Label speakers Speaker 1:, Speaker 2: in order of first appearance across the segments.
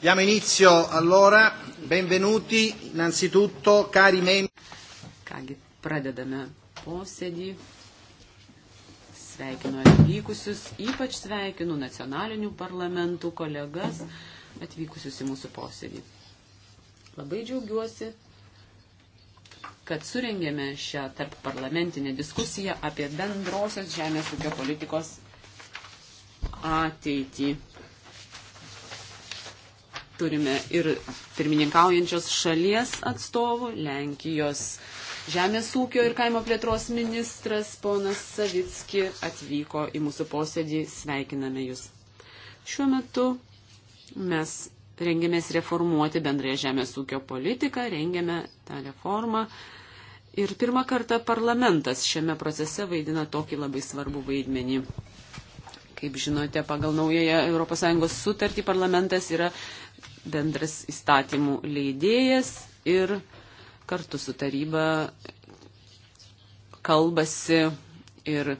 Speaker 1: Diamo inizio allora, benvenuti innanzitutto cari membri. Kągi, pradedame posėdį. Sveikinu atvykusius,
Speaker 2: ypač sveikinu nacionalinių parlamentų kolegas atvykusius į mūsų posėdį. Labai džiaugiuosi, kad surengėme šią tarp parlamentinę diskusiją apie bendrosios žemės ūkio politikos ateitį. Turime ir pirmininkaujančios šalies atstovų, Lenkijos žemės ūkio ir kaimo plėtros ministras ponas Savitski atvyko į mūsų posėdį. Sveikiname Jūs. Šiuo metu mes rengiamės reformuoti bendrąją žemės ūkio politiką, rengiame tą reformą. Ir pirmą kartą parlamentas šiame procese vaidina tokį labai svarbų vaidmenį. Kaip žinote, pagal naująją ES sutartį parlamentas yra bendras įstatymų leidėjas ir kartu su taryba kalbasi ir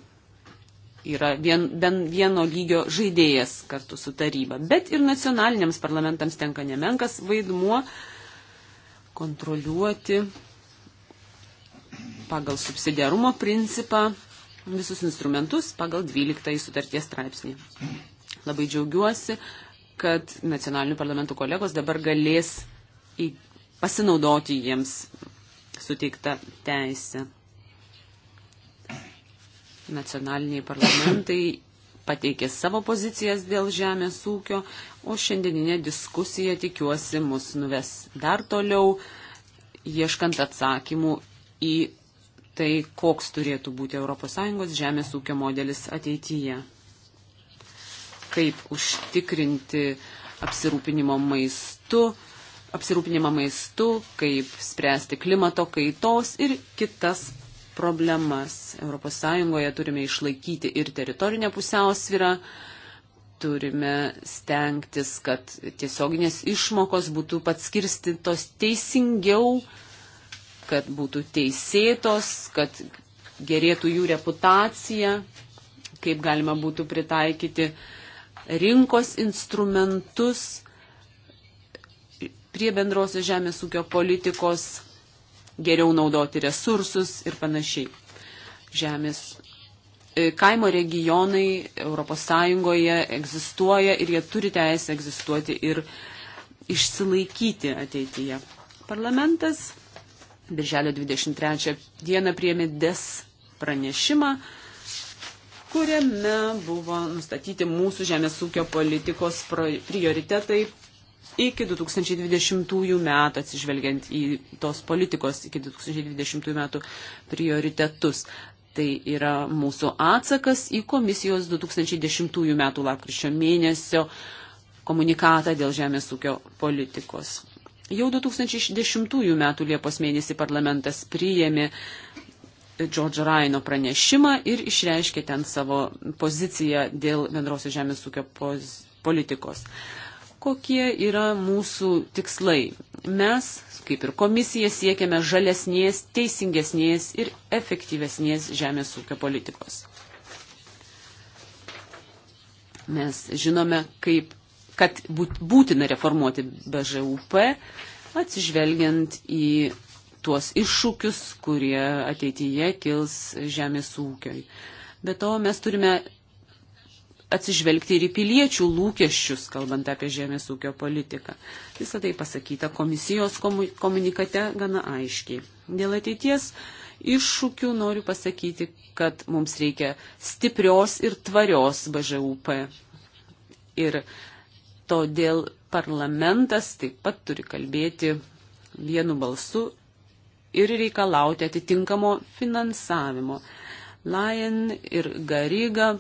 Speaker 2: yra vien, bent vieno lygio žaidėjas kartu su taryba. Bet ir nacionaliniams parlamentams tenka nemenkas vaidmuo kontroliuoti pagal subsidiarumo principą visus instrumentus pagal 12 sutarties straipsnį. Labai džiaugiuosi, kad nacionalinių parlamentų kolegos dabar galės į, pasinaudoti jiems suteiktą teisę. Nacionaliniai parlamentai pateikė savo pozicijas dėl žemės ūkio, o šiandieninė diskusija, tikiuosi, mus nuves dar toliau, ieškant atsakymų į tai, koks turėtų būti ES žemės ūkio modelis ateityje kaip užtikrinti apsirūpinimo maistu, apsirūpinimą maistu, kaip spręsti klimato kaitos ir kitas problemas. ES turime išlaikyti ir teritorinę pusiausvyrą, turime stengtis, kad tiesioginės išmokos būtų patskirstintos teisingiau, kad būtų teisėtos, kad gerėtų jų reputacija, kaip galima būtų pritaikyti uh, rinkos instrumentus prie bendrosios žemės ūkio politikos, geriau naudoti resursus ir panašiai. Žemės e, kaimo regionai ES egzistuoja ir jie turi teisę egzistuoti ir išsilaikyti ateityje. Parlamentas Birželio 23 dieną priemi des pranešimą, kuriame buvo nustatyti mūsų žemės ūkio politikos prioritetai iki 2020 metų, atsižvelgiant į tos politikos iki 2020 metų prioritetus. Tai yra mūsų atsakas į komisijos 2010 metų lapkričio mėnesio komunikatą dėl žemės ūkio politikos. Jau 2010 metų Liepos mėnesį parlamentas priėmė uh, Džordžo Raino pranešimą ir išreiškė ten savo poziciją dėl bendrosios žemės ūkio politikos. Kokie yra mūsų tikslai? Mes, kaip ir komisija, siekiame žalesnės, teisingesnės ir efektyvesnės žemės ūkio politikos. Mes žinome, kaip, kad būtina reformuoti BŽUP, atsižvelgiant į tuos iššūkius, kurie ateityje kils žemės ūkioj. Be to mes turime atsižvelgti ir į piliečių lūkesčius, kalbant apie žemės ūkio politiką. Visą tai pasakyta komisijos komunikate gana aiškiai. Dėl ateities iššūkių noriu pasakyti, kad mums reikia stiprios ir tvarios BŽUP. Ir todėl parlamentas taip pat turi kalbėti vienu balsu ir reikalauti atitinkamo finansavimo. Lion ir Garyga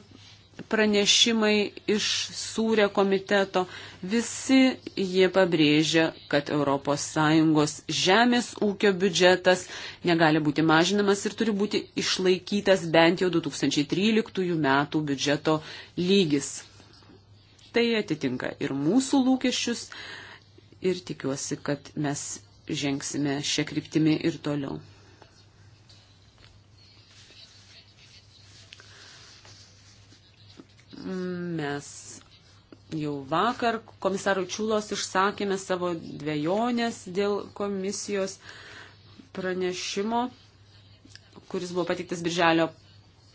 Speaker 2: pranešimai iš Sūrė komiteto, visi jie pabrėžia, kad ES žemės ūkio biudžetas negali būti mažinamas ir turi būti išlaikytas bent jau 2013 metų biudžeto lygis. Tai atitinka ir mūsų lūkesčius ir tikiuosi, kad mes žengsime šią kryptimį ir toliau. Mes jau vakar komisarų Čiūlos išsakėme savo dviejonės dėl komisijos pranešimo, kuris buvo patiktas birželio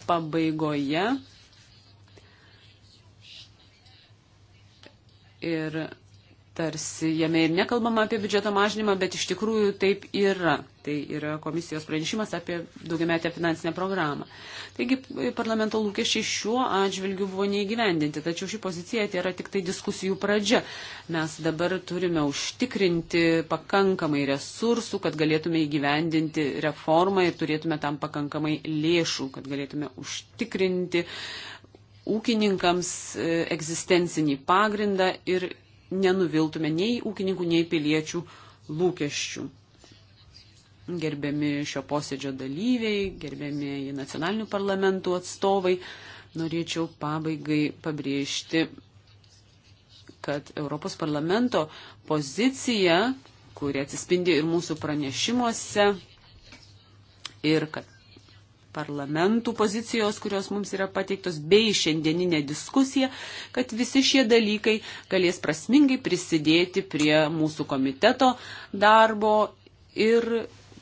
Speaker 2: pabaigoje. Ir tarsi jame ir nekalbama apie biudžeto mažinimą, bet iš tikrųjų taip yra. Tai yra komisijos pranešimas apie daugiametę finansinę programą. Taigi parlamento lūkesčiai šiuo atžvilgiu buvo neįgyvendinti, tačiau ši pozicija tai yra tik tai diskusijų pradžia. Mes dabar turime užtikrinti pakankamai resursų, kad galėtume įgyvendinti reformą ir turėtume tam pakankamai lėšų, kad galėtume užtikrinti ūkininkams e, egzistencinį pagrindą ir nenuviltume nei ūkininkų, nei piliečių lūkesčių. Gerbiami šio posėdžio dalyviai, gerbiami nacionalinių parlamentų atstovai, norėčiau pabaigai pabrėžti, kad Europos parlamento pozicija, kuri atsispindi ir mūsų pranešimuose, ir kad parlamentų pozicijos, kurios mums yra pateiktos, bei šiandieninė diskusija, kad visi šie dalykai galės prasmingai prisidėti prie mūsų komiteto darbo ir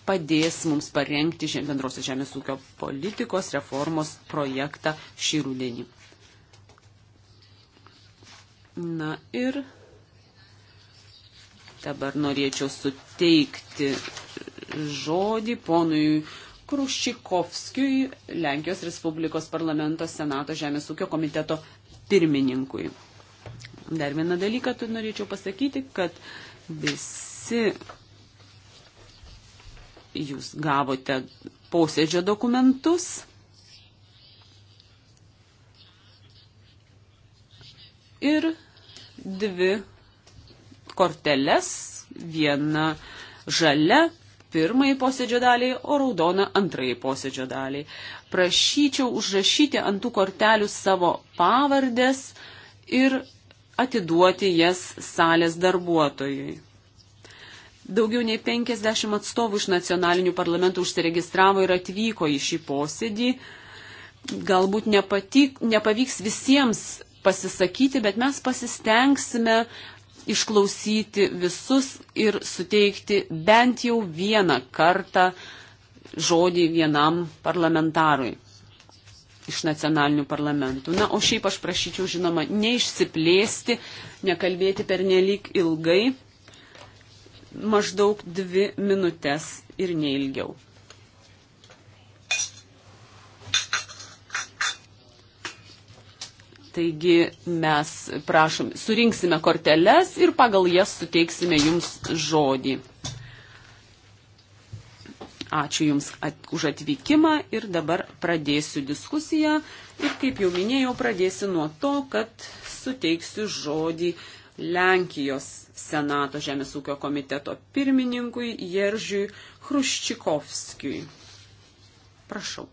Speaker 2: padės mums parengti bendrosios žemės ūkio politikos reformos projektą šį rudenį. Na ir dabar norėčiau suteikti žodį ponui Krušikovskijui, Lenkijos Respublikos parlamento Senato Žemės ūkio komiteto pirmininkui. Dar vieną dalyką tu norėčiau pasakyti, kad visi jūs gavote posėdžio dokumentus. Ir dvi korteles, viena žalia pirmąjį posėdžio dalį, o raudoną antrąjį posėdžio dalį. Prašyčiau užrašyti ant tų kortelių savo pavardės ir atiduoti jas salės darbuotojui. Daugiau nei 50 atstovų iš nacionalinių parlamentų užsiregistravo ir atvyko į šį posėdį. Galbūt nepatik, nepavyks visiems pasisakyti, bet mes pasistengsime išklausyti visus ir suteikti bent jau vieną kartą žodį vienam parlamentarui iš nacionalinių parlamentų. Na, o šiaip aš prašyčiau, žinoma, neišsiplėsti, nekalbėti per nelik ilgai, maždaug dvi minutės ir neilgiau. Taigi mes prašom, surinksime korteles ir pagal jas suteiksime jums žodį. Ačiū Jums at, už atvykimą ir dabar pradėsiu diskusiją. Ir kaip jau minėjau, pradėsiu nuo to, kad suteiksiu žodį Lenkijos Senato Žemės ūkio komiteto pirmininkui Jeržiui Hruščikovskijui.
Speaker 3: Prašau.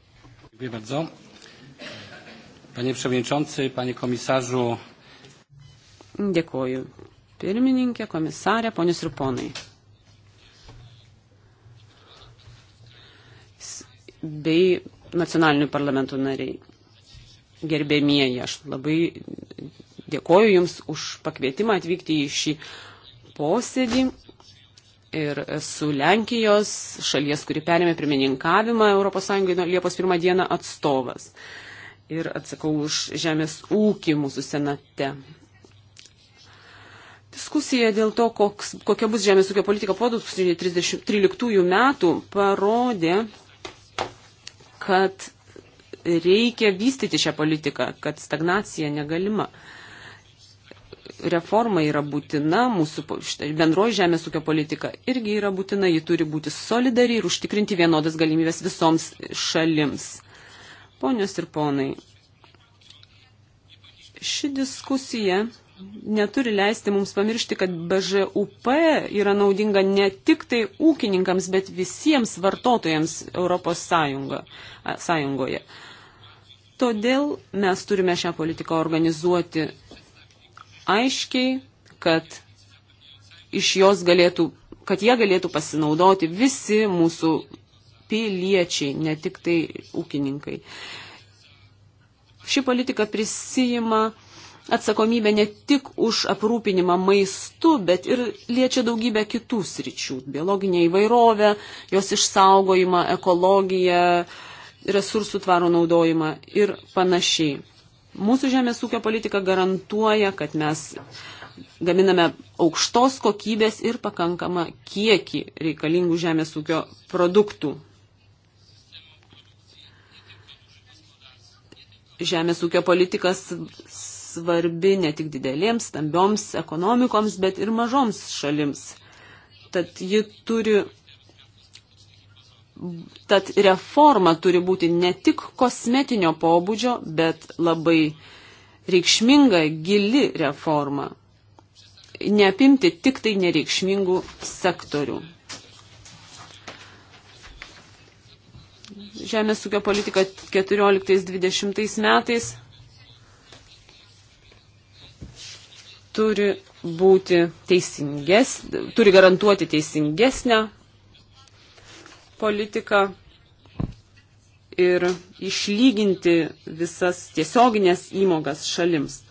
Speaker 3: Dziękuję bardzo. Panie Przewodniczący, Panie Komisarzu.
Speaker 2: Dėkoju. Pirmininkė, komisarė, ponios ir ponai. Bei nacionalinių parlamentų nariai. Gerbėmieji, aš labai dėkoju Jums už pakvietimą atvykti į šį posėdį ir su Lenkijos šalies, kuri perėmė pirmininkavimą ES Liepos 1 dieną atstovas ir atsakau už žemės ūkį mūsų senate. Diskusija dėl to, koks, kokia bus žemės ūkio politika po 2013 metų, parodė, kad reikia vystyti šią politiką, kad stagnacija negalima. Reforma yra būtina, mūsų bendroji žemės ūkio politika irgi yra būtina, ji turi būti solidari ir užtikrinti vienodas galimybės visoms šalims. Ponios ir ponai, ši diskusija neturi leisti mums pamiršti, kad BŽUP yra naudinga ne tik tai ūkininkams, bet visiems vartotojams Europos Sąjunga, Sąjungoje. Todėl mes turime šią politiką organizuoti aiškiai, kad iš jos galėtų kad jie galėtų pasinaudoti visi mūsų piliečiai, ne tik tai ūkininkai. Ši politika prisijima atsakomybę ne tik už aprūpinimą maistu, bet ir liečia daugybę kitų sričių - biologinę įvairovę, jos išsaugojimą, ekologiją, resursų tvaro naudojimą ir panašiai. Mūsų žemės ūkio politika garantuoja, kad mes gaminame aukštos kokybės ir pakankamą kiekį reikalingų žemės ūkio produktų. žemės ūkio politikas svarbi ne tik didelėms, stambioms ekonomikoms, bet ir mažoms šalims. Tad ji turi. Tad reforma turi būti ne tik kosmetinio pobūdžio, bet labai reikšminga, gili reforma. Neapimti tik tai nereikšmingų sektorių. žemės ūkio politiką 14-20 metais turi būti teisinges, turi garantuoti teisingesnę politiką ir išlyginti visas tiesioginės įmogas šalims.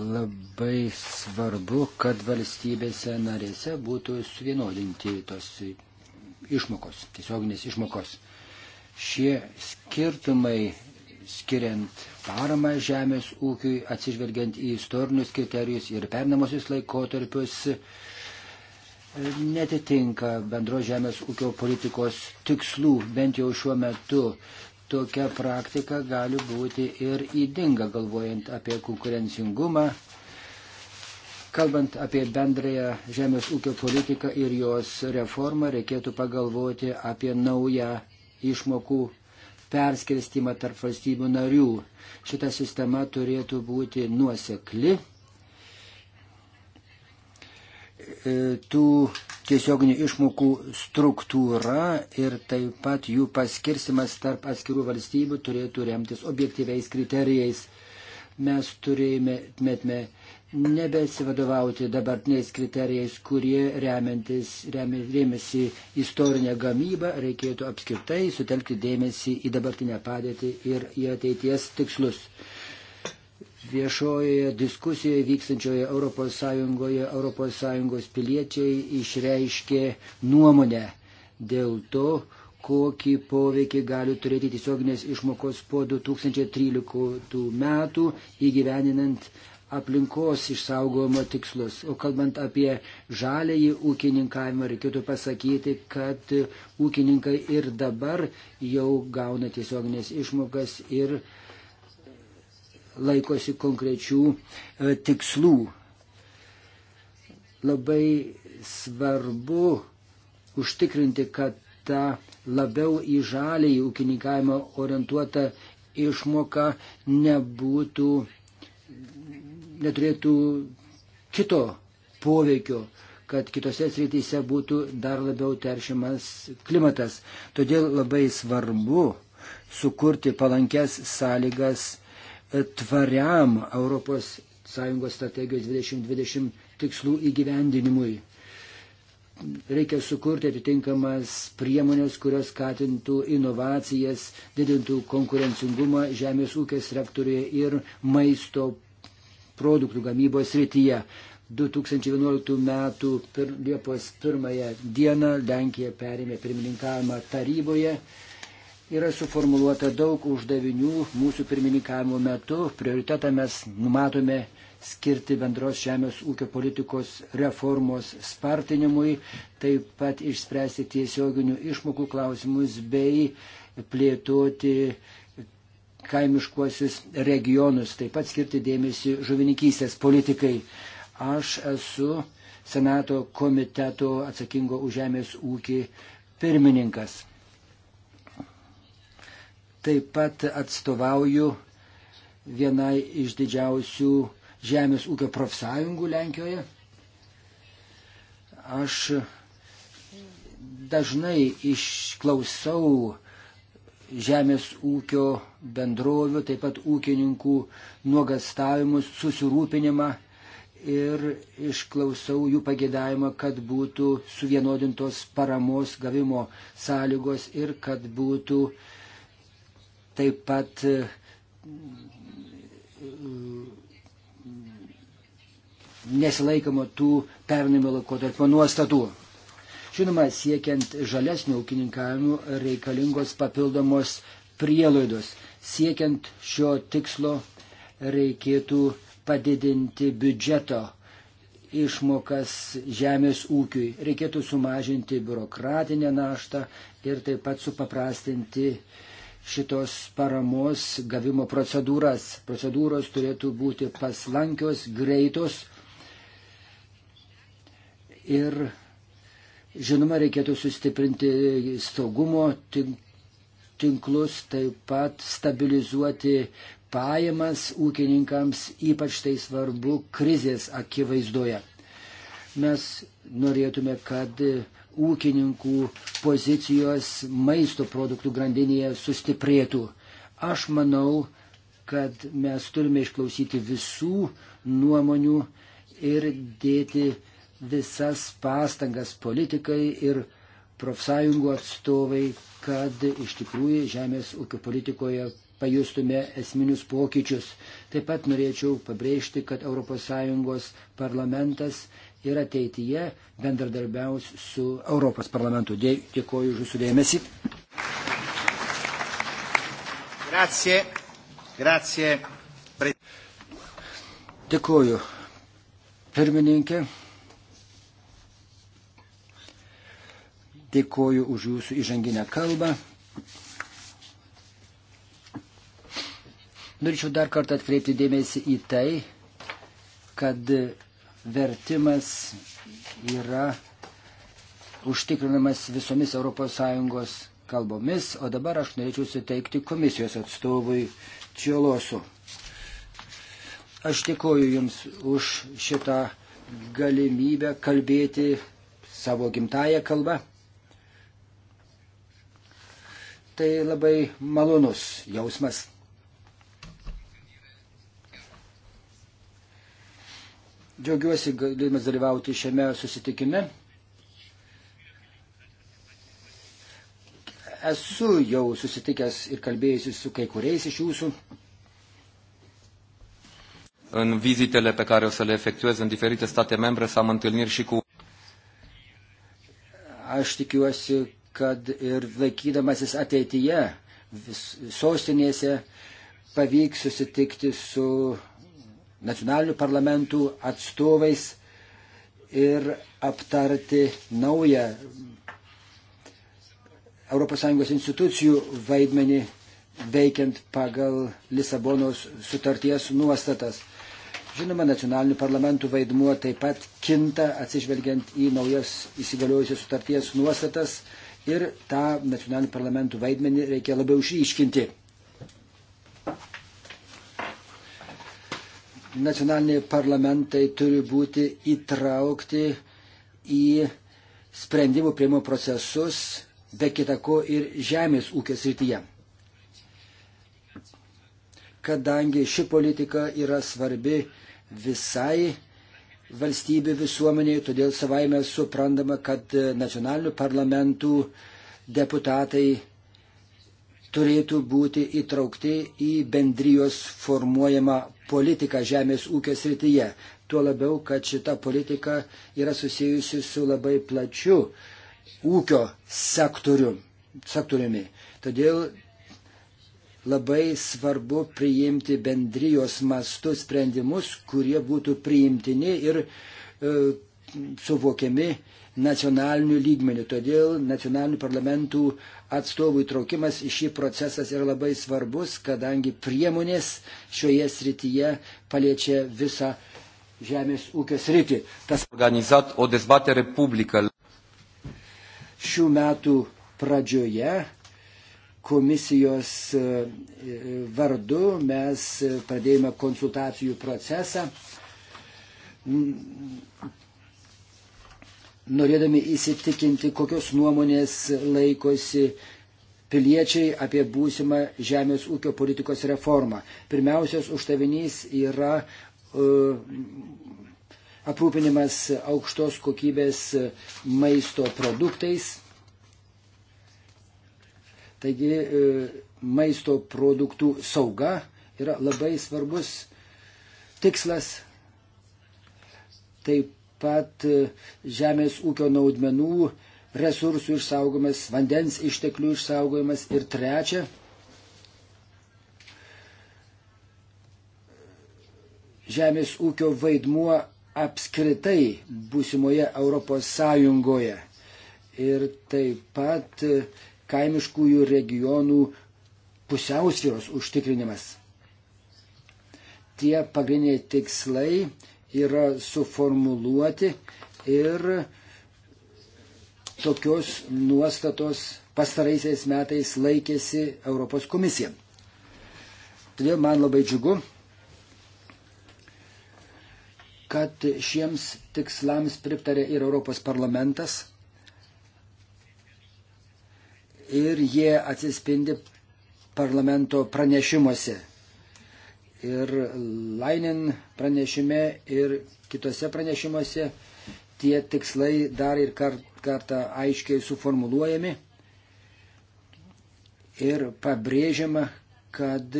Speaker 4: labai svarbu, kad valstybėse narėse būtų suvienodinti tos išmokos, tiesioginės išmokos. Šie skirtumai skiriant paramą žemės ūkiui, atsižvelgiant į istorinius kriterijus ir pernamosius laikotarpius, netitinka bendro žemės ūkio politikos tikslų, bent jau šiuo metu tokia praktika gali būti ir įdinga, galvojant apie konkurencingumą, Kalbant apie bendrąją žemės ūkio politiką ir jos reformą, reikėtų pagalvoti apie naują išmokų perskirstimą tarp valstybių narių. Šita sistema turėtų būti nuosekli E, tų tiesioginių išmokų struktūra ir taip pat jų paskirstimas tarp atskirų valstybių turėtų remtis objektyviais kriterijais. Mes turėjome, metme, nebesivadovauti dabartiniais kriterijais, kurie remiantis, remiasi istorinę gamybą, reikėtų apskritai sutelkti dėmesį į dabartinę padėtį ir į ateities tikslus viešojoje diskusijoje vykstančioje ES, ES piliečiai išreiškė nuomonę dėl to, kokį poveikį gali turėti tiesioginės išmokos po 2013 metų įgyveninant aplinkos išsaugojimo tikslus. O kalbant apie žalėjį ūkininkavimą, reikėtų pasakyti, kad ūkininkai ir dabar jau gauna tiesioginės išmokas ir uh, laikosi konkrečių e, tikslų. Labai svarbu užtikrinti, kad ta labiau į žalį ūkininkavimą orientuota išmoka nebūtų, neturėtų kito poveikio, kad kitose srityse būtų dar labiau teršiamas klimatas. Todėl labai svarbu sukurti palankes sąlygas tvariam ES strategijos 2020 tikslų įgyvendinimui. Reikia sukurti atitinkamas priemonės, kurios skatintų inovacijas, didintų konkurencingumą žemės ūkio sektoriuje ir maisto produktų gamybos srityje. 2011 m. Liepos 1 d. Lenkija perėmė pirmininkavimą taryboje Yra suformuluota daug uždavinių mūsų pirmininkavimo metu. Prioritetą mes numatome skirti bendros žemės ūkio politikos reformos spartinimui, taip pat išspręsti tiesioginių išmokų klausimus bei plėtoti kaimiškuosius regionus, taip pat skirti dėmesį žuvininkystės politikai. Aš esu Senato komiteto atsakingo už žemės ūkį pirmininkas. Taip pat atstovauju vienai iš didžiausių žemės ūkio profsąjungų Lenkijoje. Aš dažnai išklausau žemės ūkio bendrovių, taip pat ūkininkų nuogastavimus, susirūpinimą ir išklausau jų pagėdavimą, kad būtų suvienodintos paramos gavimo sąlygos ir kad būtų uh, taip pat e, nesilaikoma tų pernimo laikotarpio nuostatų. Žinoma, siekiant žalesnio ūkininkavimo reikalingos papildomos prielaidos. Siekiant šio tikslo reikėtų padidinti biudžeto išmokas žemės ūkiui. Reikėtų sumažinti biurokratinę naštą ir taip pat supaprastinti uh, šitos paramos gavimo procedūras. Procedūros turėtų būti paslankios, greitos ir žinoma reikėtų sustiprinti saugumo tinklus, taip pat stabilizuoti pajamas ūkininkams, ypač tai svarbu krizės akivaizdoje. Mes norėtume, kad ūkininkų pozicijos maisto produktų grandinėje sustiprėtų. Aš manau, kad mes turime išklausyti visų nuomonių ir dėti visas pastangas politikai ir profsąjungų atstovai, kad iš tikrųjų žemės ūkio politikoje pajustume esminius pokyčius. Taip pat norėčiau pabrėžti, kad ES parlamentas ir ateityje bendradarbiaus su Europos parlamentu. Dėkuoju už jūsų dėmesį.
Speaker 1: Grazie. Grazie. Pre...
Speaker 4: Dėkuoju. Pirmininkė. Dėkuoju už jūsų įžanginę kalbą. Norėčiau dar kartą atkreipti dėmesį į tai, kad vertimas yra užtikrinamas visomis ES kalbomis, o dabar aš norėčiau suteikti komisijos atstovui Čiolosu. Aš dėkoju Jums už šitą galimybę kalbėti savo gimtają kalbą. Tai labai malonus jausmas. Džiaugiuosi galėdamas dalyvauti šiame susitikime. Esu jau susitikęs ir kalbėjusi su kai kuriais iš jūsų.
Speaker 3: În vizitele pe care o să le efectuez în diferite state membre s-am întâlnit și cu...
Speaker 4: Aš tikiuosi, kad ir laikydamasis ateityje vis, sostinėse pavyks susitikti su nacionalinių parlamentų atstovais ir aptarti naują ES institucijų vaidmenį veikiant pagal Lisabonos sutarties nuostatas. Žinoma, nacionalinių parlamentų vaidmuo taip pat kinta atsižvelgiant į naujas įsigaliojusios sutarties nuostatas ir tą nacionalinių parlamentų vaidmenį reikia labiau išryškinti. nacionaliniai parlamentai turi būti įtraukti į sprendimų prieimimo procesus, be kitako ir žemės ūkio srityje. Kadangi ši politika yra svarbi visai valstybė visuomeniai, todėl savaime suprantama, kad nacionalinių parlamentų deputatai turėtų būti įtraukti į bendrijos formuojamą politiką žemės ūkio srityje. Tuo labiau, kad šita politika yra susijusi su labai plačiu ūkio sektoriu, sektoriumi. Todėl labai svarbu priimti bendrijos mastų sprendimus, kurie būtų priimtini ir e, suvokiami nacionaliniu lygmeniu. Todėl nacionalinių parlamentų atstovų įtraukimas į šį procesą yra labai svarbus, kadangi priemonės šioje srityje paliečia visą žemės ūkio sritį. Tas
Speaker 3: organizat o dezbatere publika.
Speaker 4: Šių metų pradžioje komisijos e, vardu mes e, pradėjome konsultacijų procesą norėdami įsitikinti, kokios nuomonės laikosi piliečiai apie būsimą žemės ūkio politikos reformą. Pirmiausias užtavinys yra uh, aprūpinimas aukštos kokybės maisto produktais. Taigi uh, maisto produktų sauga yra labai svarbus tikslas. Taip pat e, žemės ūkio naudmenų resursų išsaugomas, vandens išteklių išsaugojimas ir trečia, žemės ūkio vaidmuo apskritai būsimoje Europos Sąjungoje ir taip pat e, kaimiškųjų regionų pusiausvėros užtikrinimas. Tie pagrindiniai tikslai yra suformuluoti ir tokios nuostatos pastaraisiais metais laikėsi Europos komisija. Todėl man labai džiugu, kad šiems tikslams pritarė ir Europos parlamentas ir jie atsispindi parlamento pranešimuose ir Lainin pranešime ir kitose pranešimuose tie tikslai dar ir kartą aiškiai suformuluojami ir pabrėžiama, kad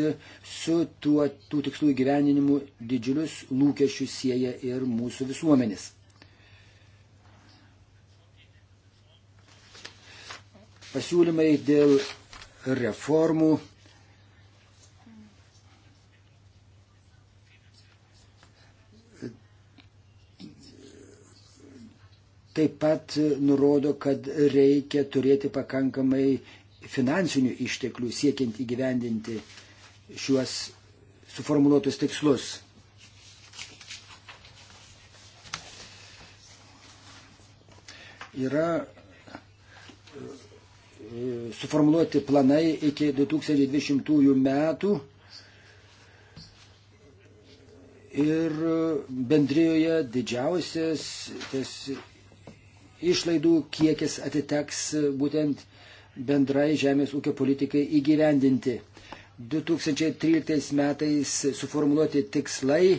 Speaker 4: su tuo, tų tikslų įgyveninimu didžiulius lūkesčius sieja ir mūsų visuomenis. Pasiūlymai dėl reformų taip pat nurodo, kad reikia turėti pakankamai finansinių išteklių siekiant įgyvendinti šiuos suformuoluotus tikslus. Yra e, suformuoluoti planai iki 2020 metų ir bendrijoje didžiausias tas išlaidų kiekis atiteks e, būtent bendrai žemės ūkio politikai įgyvendinti. 2013 metais suformuoluoti tikslai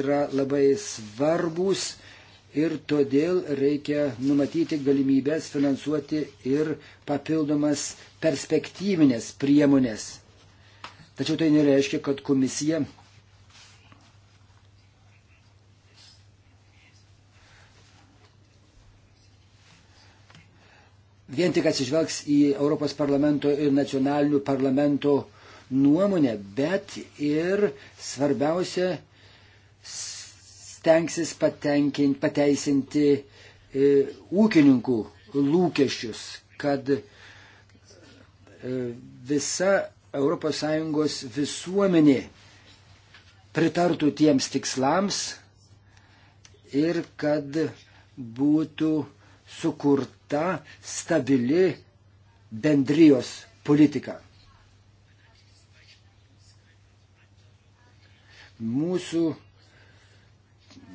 Speaker 4: yra labai svarbus ir todėl reikia numatyti galimybės finansuoti ir papildomas perspektyvinės priemonės. Tačiau tai nereiškia, kad komisija vien tik atsižvelgs į Europos parlamento ir nacionalinių parlamento nuomonę, bet ir svarbiausia stengsis pateisinti e, ūkininkų lūkesčius, kad e, visa ES visuomenė pritartų tiems tikslams ir kad būtų e, sukurta stabili bendrijos politika. Mūsų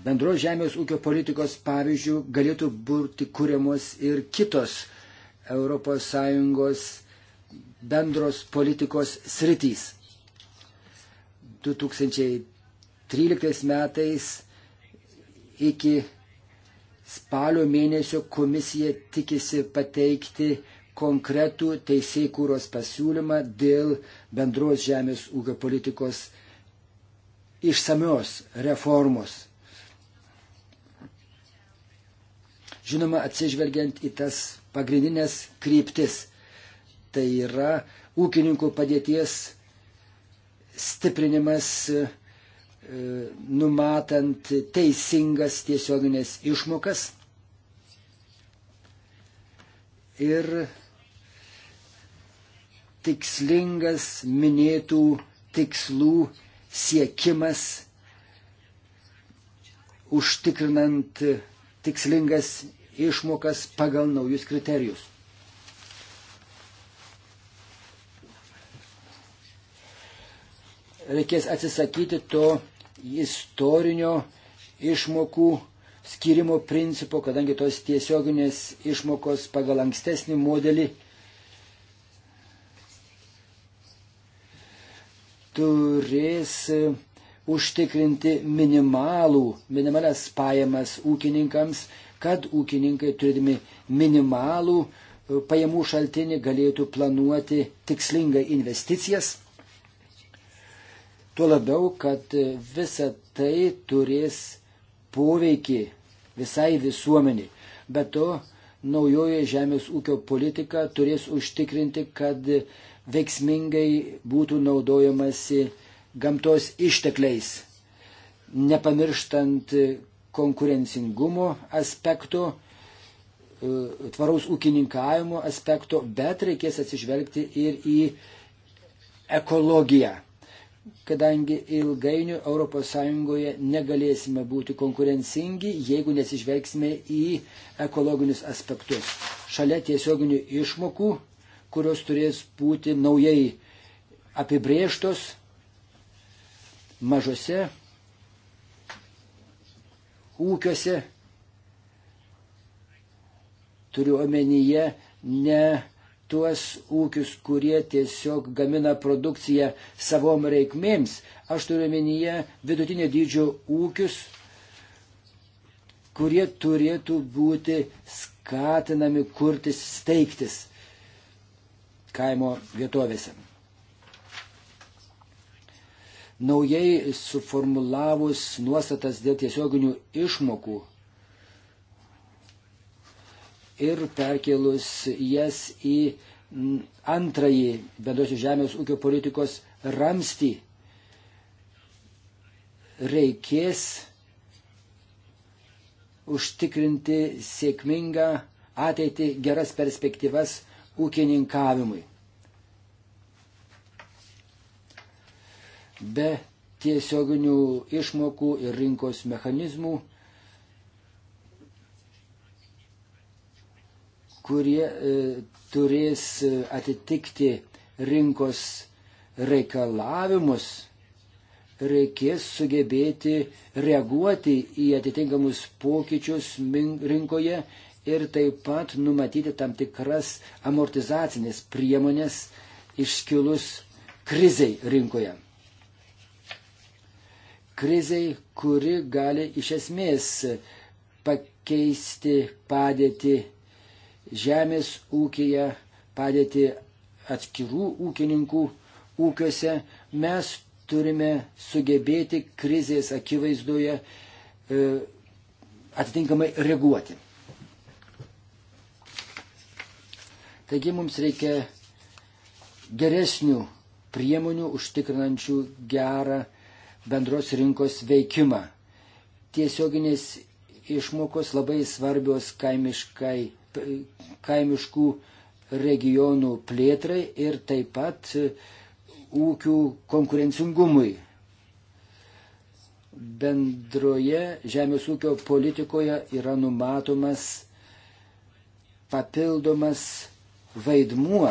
Speaker 4: bendros žemės ūkio politikos pavyzdžių galėtų būti kūriamos ir kitos ES bendros politikos sritys. 2013 metais iki Spalio mėnesio komisija tikisi pateikti konkretų teisėkūros pasiūlymą dėl bendros žemės ūkio politikos išsamios reformos. Žinoma, atsižvelgiant į tas pagrindinės kryptis, tai yra ūkininkų padėties stiprinimas numatant teisingas tiesioginės išmokas ir tikslingas minėtų tikslų siekimas, užtikrinant tikslingas išmokas pagal naujus kriterijus. Reikės atsisakyti to istorinio išmokų skirimo principo, kadangi tos tiesioginės išmokos pagal ankstesnį modelį turės e, užtikrinti minimalų, minimalias pajamas ūkininkams, kad ūkininkai turėdami minimalų e, pajamų šaltinį galėtų planuoti tikslingai investicijas. Tuo labiau, kad visa tai turės poveikį visai visuomeniai. Be to, naujoje žemės ūkio politika turės užtikrinti, kad veiksmingai būtų naudojamasi gamtos ištekliais, nepamirštant konkurencingumo aspektų, tvaraus ūkininkavimo aspektų, bet reikės atsižvelgti ir į ekologiją kadangi ilgainiui ES negalėsime būti konkurencingi, jeigu nesižvelgsime į ekologinius aspektus. Šalia tiesioginių išmokų, kurios turės būti naujai apibrėžtos mažose ūkiuose, turiu omenyje ne tuos ūkius, kurie tiesiog gamina produkciją savom reikmėms. Aš turiu menyje vidutinio dydžio ūkius, kurie turėtų būti skatinami kurtis, steigtis kaimo vietovėse. Naujai suformulavus nuostatas dėl tiesioginių išmokų ir perkelus jas į antrąjį bendrosios žemės ūkio politikos ramstį reikės užtikrinti sėkmingą ateitį, geras perspektyvas ūkininkavimui. Be tiesioginių išmokų ir rinkos mechanizmų kurie e, turės e, atitikti rinkos reikalavimus, reikės sugebėti reaguoti į atitinkamus pokyčius rinkoje ir taip pat numatyti tam tikras amortizacinės priemonės iškilus krizei rinkoje. Krizei, kuri gali iš esmės pakeisti padėtį žemės ūkija, padėti atskirų ūkininkų ūkiuose, mes turime sugebėti krizės akivaizdoje e, atitinkamai reaguoti. Taigi mums reikia geresnių priemonių užtikrinančių gerą bendros rinkos veikimą. Tiesioginės išmokos labai svarbios kaimiškai kaimiškų regionų plėtrai ir taip pat e, ūkių konkurencingumui. Bendroje žemės ūkio politikoje yra numatomas papildomas vaidmuo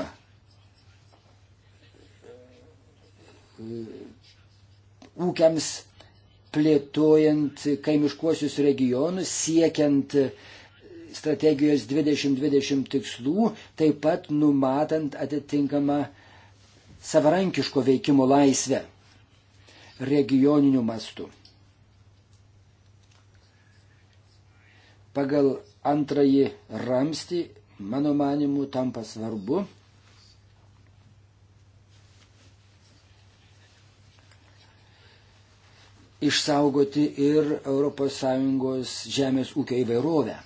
Speaker 4: e, ūkiams plėtojant kaimiškuosius regionus, siekiant uh, strategijos 2020 tikslų, taip pat numatant atitinkamą savarankiško veikimo laisvę regioniniu mastu. Pagal antrąjį ramstį, mano manimu, tampa svarbu išsaugoti ir ES žemės ūkio įvairovę.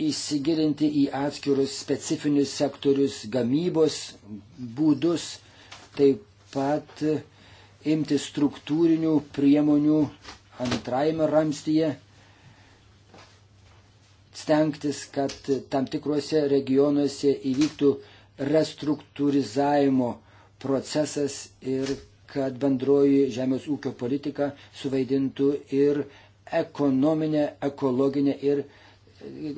Speaker 4: įsigilinti į atskirus specifinius sektorius, gamybos būdus, taip pat imti struktūrinių priemonių antrajame ramstyje, stengtis, kad tam tikrose regionuose įvyktų restruktūrizavimo procesas ir kad bendroji žemės ūkio politika suvaidintų ir ekonominę, ekologinę ir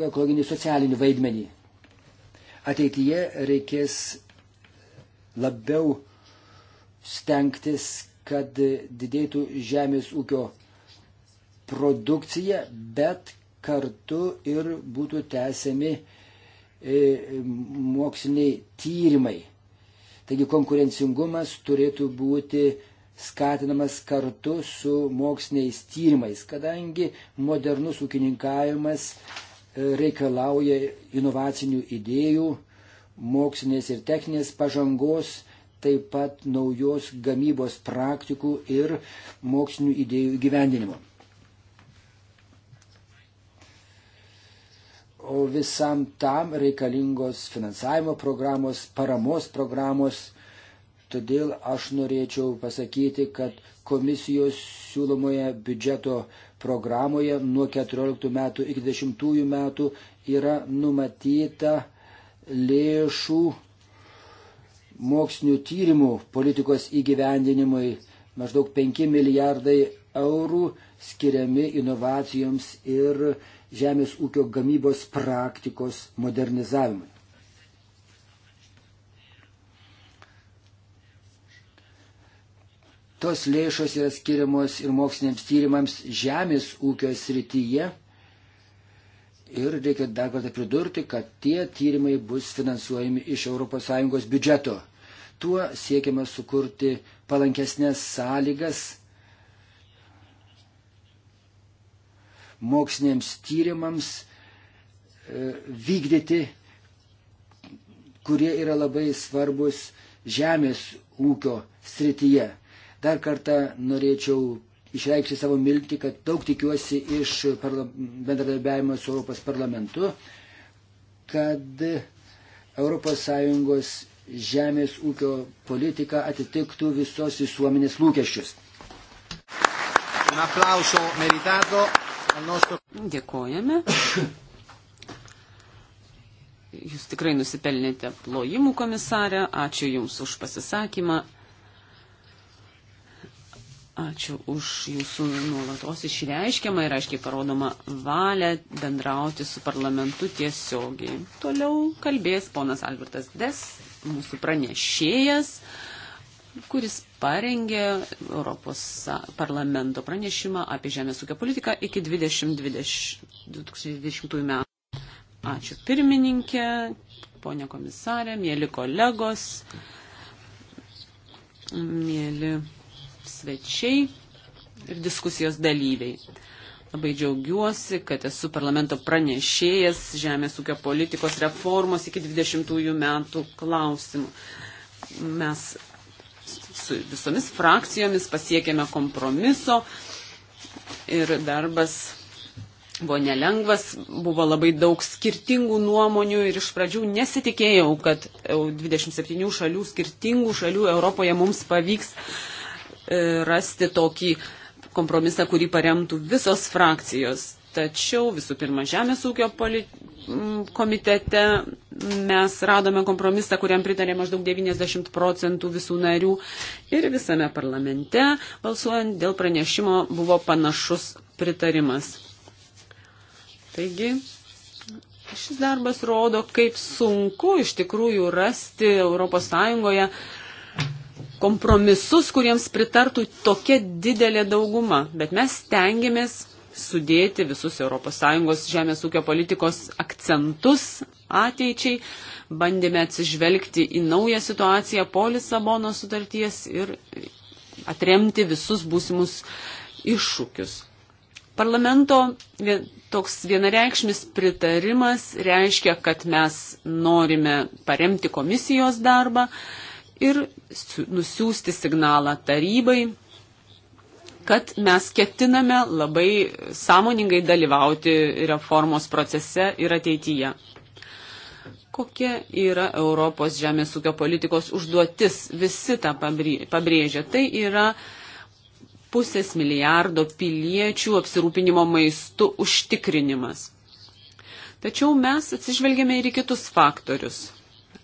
Speaker 4: ekologinį socialinį vaidmenį. Ateityje reikės labiau stengtis, kad didėtų žemės ūkio produkcija, bet kartu ir būtų tęsiami e, moksliniai tyrimai. Taigi konkurencingumas turėtų būti skatinamas kartu su moksliniais tyrimais, kadangi modernus ūkininkavimas reikalauja inovacinių idėjų, mokslinės ir techninės pažangos, taip pat naujos gamybos praktikų ir mokslinių idėjų gyvendinimo. O visam tam reikalingos finansavimo programos, paramos programos. Todėl aš norėčiau pasakyti, kad komisijos siūlomoje biudžeto programoje nuo 14 metų iki 20 metų yra numatyta lėšų mokslinių tyrimų politikos įgyvendinimui maždaug 5 milijardai eurų skiriami inovacijoms ir žemės ūkio gamybos praktikos modernizavimui. Tos lėšos yra skiriamos ir moksliniams tyrimams žemės ūkio srityje. Ir reikia dar kartą pridurti, kad tie tyrimai bus finansuojami iš ES biudžeto. Tuo siekiama sukurti palankesnės sąlygas moksliniams tyrimams e, vykdyti, kurie yra labai svarbus žemės ūkio srityje. Dar kartą norėčiau išreikšti savo milti, kad daug tikiuosi iš bendradarbiavimo su Europos parlamentu, kad ES žemės ūkio politika atitiktų visos visuomenės lūkesčius.
Speaker 2: Dėkojame. Jūs tikrai nusipelnėte plojimų komisarę. Ačiū Jums už pasisakymą. Ačiū už jūsų nuolatos išreiškiamą ir aiškiai parodomą valią bendrauti su parlamentu tiesiogiai. Toliau kalbės ponas Albertas Des, mūsų pranešėjas, kuris parengė Europos parlamento pranešimą apie žemės ūkio politiką iki 2020, 2020 metų. Ačiū pirmininkė, ponė komisarė, mėly kolegos, mėly svečiai ir diskusijos dalyviai. Labai džiaugiuosi, kad esu parlamento pranešėjas žemės ūkio politikos reformos iki 20 metų klausimų. Mes su visomis frakcijomis pasiekėme kompromiso ir darbas buvo nelengvas, buvo labai daug skirtingų nuomonių ir iš pradžių nesitikėjau, kad 27 šalių, skirtingų šalių Europoje mums pavyks uh, E, rasti tokį kompromisą, kurį paremtų visos frakcijos. Tačiau visų pirma, Žemės ūkio komitete mes radome kompromisą, kuriam pritarė maždaug 90 procentų visų narių ir visame parlamente balsuojant dėl pranešimo buvo panašus pritarimas. Taigi, šis darbas rodo, kaip sunku iš tikrųjų rasti ES kompromisus, kuriems pritartų tokia didelė dauguma. Bet mes stengiamės sudėti visus ES žemės ūkio politikos akcentus ateičiai, bandėme atsižvelgti į naują situaciją po Lisabono sutarties ir atremti visus būsimus iššūkius. Parlamento toks vienareikšmis pritarimas reiškia, kad mes norime paremti komisijos darbą, ir nusiųsti signalą tarybai, kad mes ketiname labai sąmoningai dalyvauti reformos procese ir ateityje. Kokia yra Europos žemės ūkio politikos užduotis? Visi tą pabrėžia. Tai yra pusės milijardo piliečių apsirūpinimo maistu užtikrinimas. Tačiau mes atsižvelgiame ir į kitus faktorius.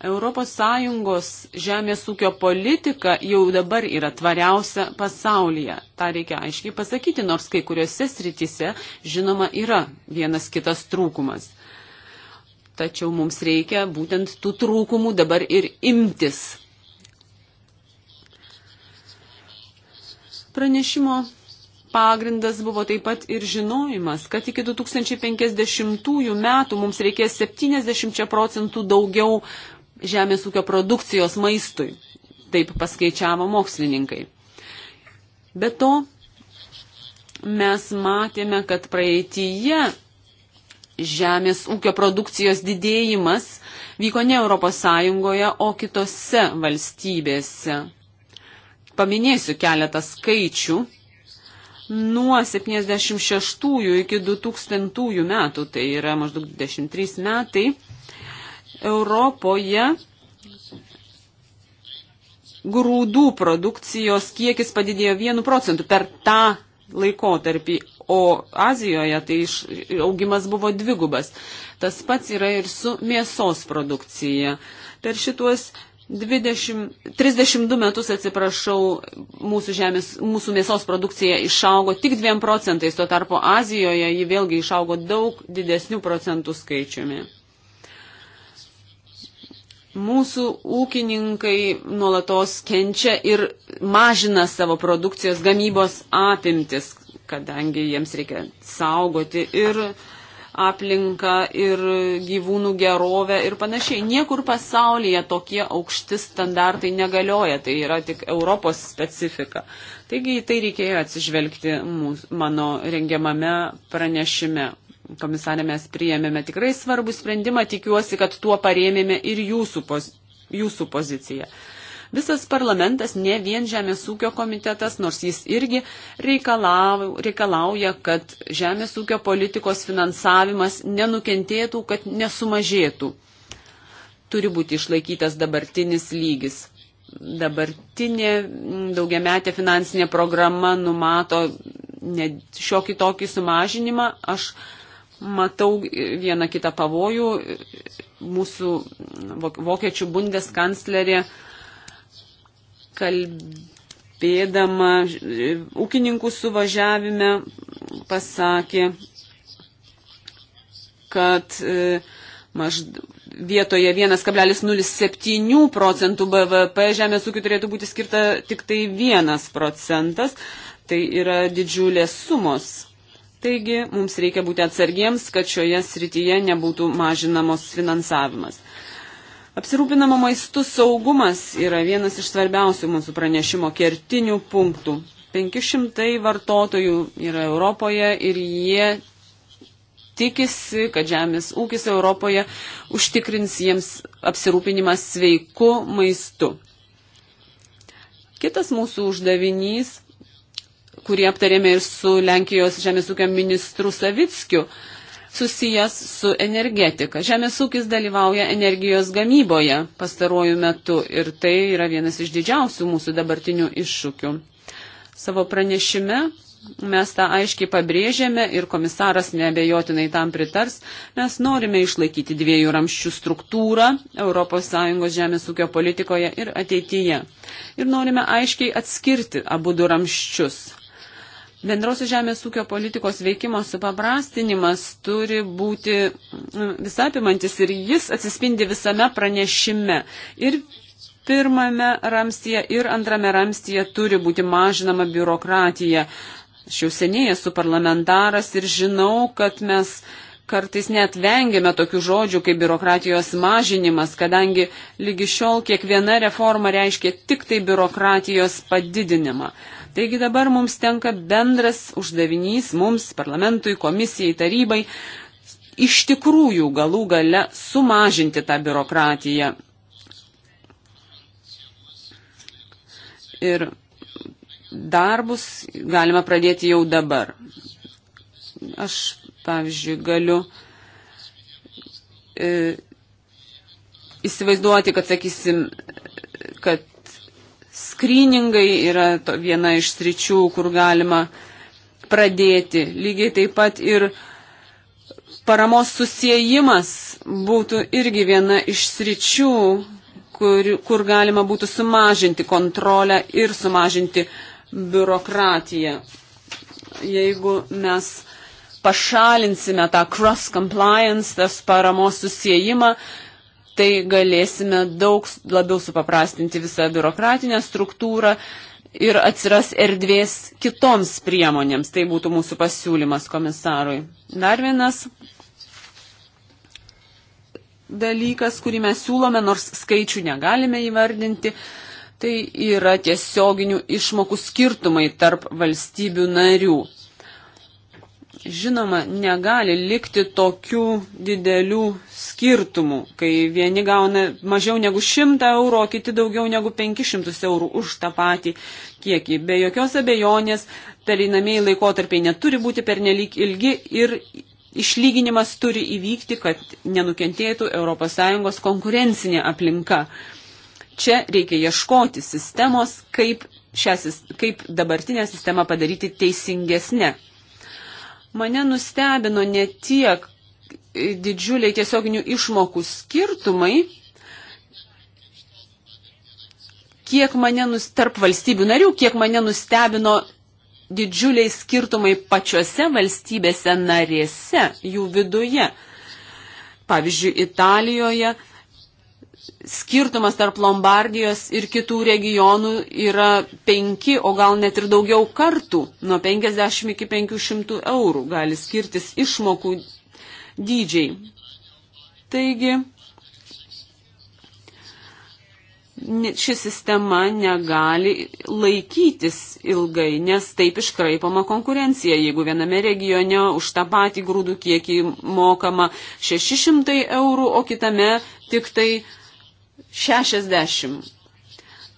Speaker 2: ES žemės ūkio politika jau dabar yra tvariausia pasaulyje. Ta reikia aiškiai pasakyti, nors kai kuriuose srityse, žinoma, yra vienas kitas trūkumas. Tačiau mums reikia būtent tų trūkumų dabar ir imtis. Pranešimo pagrindas buvo taip pat ir žinojimas, kad iki 2050 metų mums reikės 70 procentų daugiau žemės ūkio produkcijos maistui, taip paskaičiavo mokslininkai. Be to, mes matėme, kad praeitįje žemės ūkio produkcijos didėjimas vyko ne ES, o kitose valstybėse. Paminėsiu keletą skaičių. Nuo 76 iki 2000 metų, tai yra maždaug 23 metai, Europoje grūdų produkcijos kiekis padidėjo 1 procentu per tą laikotarpį, o Azijoje tai iš, augimas buvo dvigubas. Tas pats yra ir su mėsos produkcija. Per šituos 20, 32 metus, atsiprašau, mūsų, žemės, mūsų mėsos produkcija išaugo tik 2 procentais, tuo tarpu Azijoje ji vėlgi išaugo daug didesnių procentų skaičiumi. Mūsų ūkininkai nuolatos kenčia ir mažina savo produkcijos gamybos apimtis, kadangi jiems reikia saugoti ir aplinką, ir gyvūnų gerovę ir panašiai. Niekur pasaulyje tokie aukšti standartai negalioja, tai yra tik Europos specifika. Taigi į tai reikėjo atsižvelgti mūsų, mano rengiamame pranešime komisarė, mes priėmėme tikrai svarbų sprendimą, tikiuosi, kad tuo parėmėme ir jūsų, poz, jūsų poziciją. Visas parlamentas, ne vien Žemės ūkio komitetas, nors jis irgi reikalau, reikalauja, kad Žemės ūkio politikos finansavimas nenukentėtų, kad nesumažėtų. Turi būti išlaikytas dabartinis lygis dabartinė daugiametė finansinė programa numato šiokį tokį sumažinimą. Aš matau vieną kitą pavojų. Mūsų vokiečių bundeskanclerė kalbėdama ūkininkų suvažiavime pasakė, kad e, maždaug vietoje 1,07 procentų BVP žemės ūkiu turėtų būti skirta tik tai 1 procentas. Tai yra didžiulės sumos. Taigi mums reikia būti atsargiems, kad šioje srityje nebūtų mažinamos finansavimas. Apsirūpinamo maistu saugumas yra vienas iš svarbiausių mūsų pranešimo kertinių punktų. 500 vartotojų yra Europoje ir jie tikisi, kad žemės ūkis Europoje užtikrins jiems apsirūpinimą sveiku maistu. Kitas mūsų uždavinys kurį aptarėme ir su Lenkijos žemės ūkio ministru Savickiu, susijęs su energetika. Žemės ūkis dalyvauja energijos gamyboje pastaruoju metu ir tai yra vienas iš didžiausių mūsų dabartinių iššūkių. Savo pranešime mes tą aiškiai pabrėžėme ir komisaras nebejotinai tam pritars, mes norime išlaikyti dviejų ramščių struktūrą ES žemės ūkio politikoje ir ateityje. Ir norime aiškiai atskirti abu du ramščius. Bendrausios žemės ūkio politikos veikimo supaprastinimas turi būti nu, visapimantis ir jis atsispindi visame pranešime. Ir pirmame ramstyje, ir antrame ramstyje turi būti mažinama biurokratija. Aš jau seniai esu parlamentaras ir žinau, kad mes kartais net vengiame tokių žodžių kaip biurokratijos mažinimas, kadangi lygi šiol kiekviena reforma reiškia tik tai biurokratijos padidinimą. Taigi dabar mums tenka bendras uždavinys mums, parlamentui, komisijai, tarybai, iš tikrųjų galų gale sumažinti tą biurokratiją. Ir darbus galima pradėti jau dabar. Aš, pavyzdžiui, galiu e, įsivaizduoti, kad, sakysim, kad Skryningai yra viena iš sričių, kur galima pradėti. Lygiai taip pat ir paramos susijimas būtų irgi viena iš sričių, kur, kur galima būtų sumažinti kontrolę ir sumažinti biurokratiją. Jeigu mes pašalinsime tą cross compliance, tas paramos susijimą, tai galėsime daug labiau supaprastinti visą biurokratinę struktūrą ir atsiras erdvės kitoms priemonėms. Tai būtų mūsų pasiūlymas komisarui. Dar vienas dalykas, kurį mes siūlome, nors skaičių negalime įvardinti, tai yra tiesioginių išmokų skirtumai tarp valstybių narių žinoma, negali likti tokių didelių skirtumų, kai vieni gauna mažiau negu 100 eurų, o kiti daugiau negu 500 eurų už tą patį kiekį. Be jokios abejonės, pereinamieji laikotarpiai neturi būti pernelyg ilgi ir išlyginimas turi įvykti, kad nenukentėtų ES konkurencinė aplinka. Čia reikia ieškoti sistemos, kaip, šią, kaip dabartinę sistemą padaryti teisingesnę Mane nustebino ne tiek didžiuliai tiesioginių išmokų skirtumai, kiek mane nus, tarp valstybių narių, kiek mane nustebino didžiuliai skirtumai pačiose valstybėse narėse, jų viduje. Pavyzdžiui, Italijoje skirtumas tarp Lombardijos ir kitų regionų yra 5, o gal net ir daugiau kartų. Nuo 50 iki 500 eurų gali skirtis išmokų dydžiai. Taigi, ši sistema negali laikytis ilgai, nes taip iškraipama konkurencija. Jeigu viename regione už tą patį grūdų kiekį mokama 600 eurų, o kitame tik tai 60.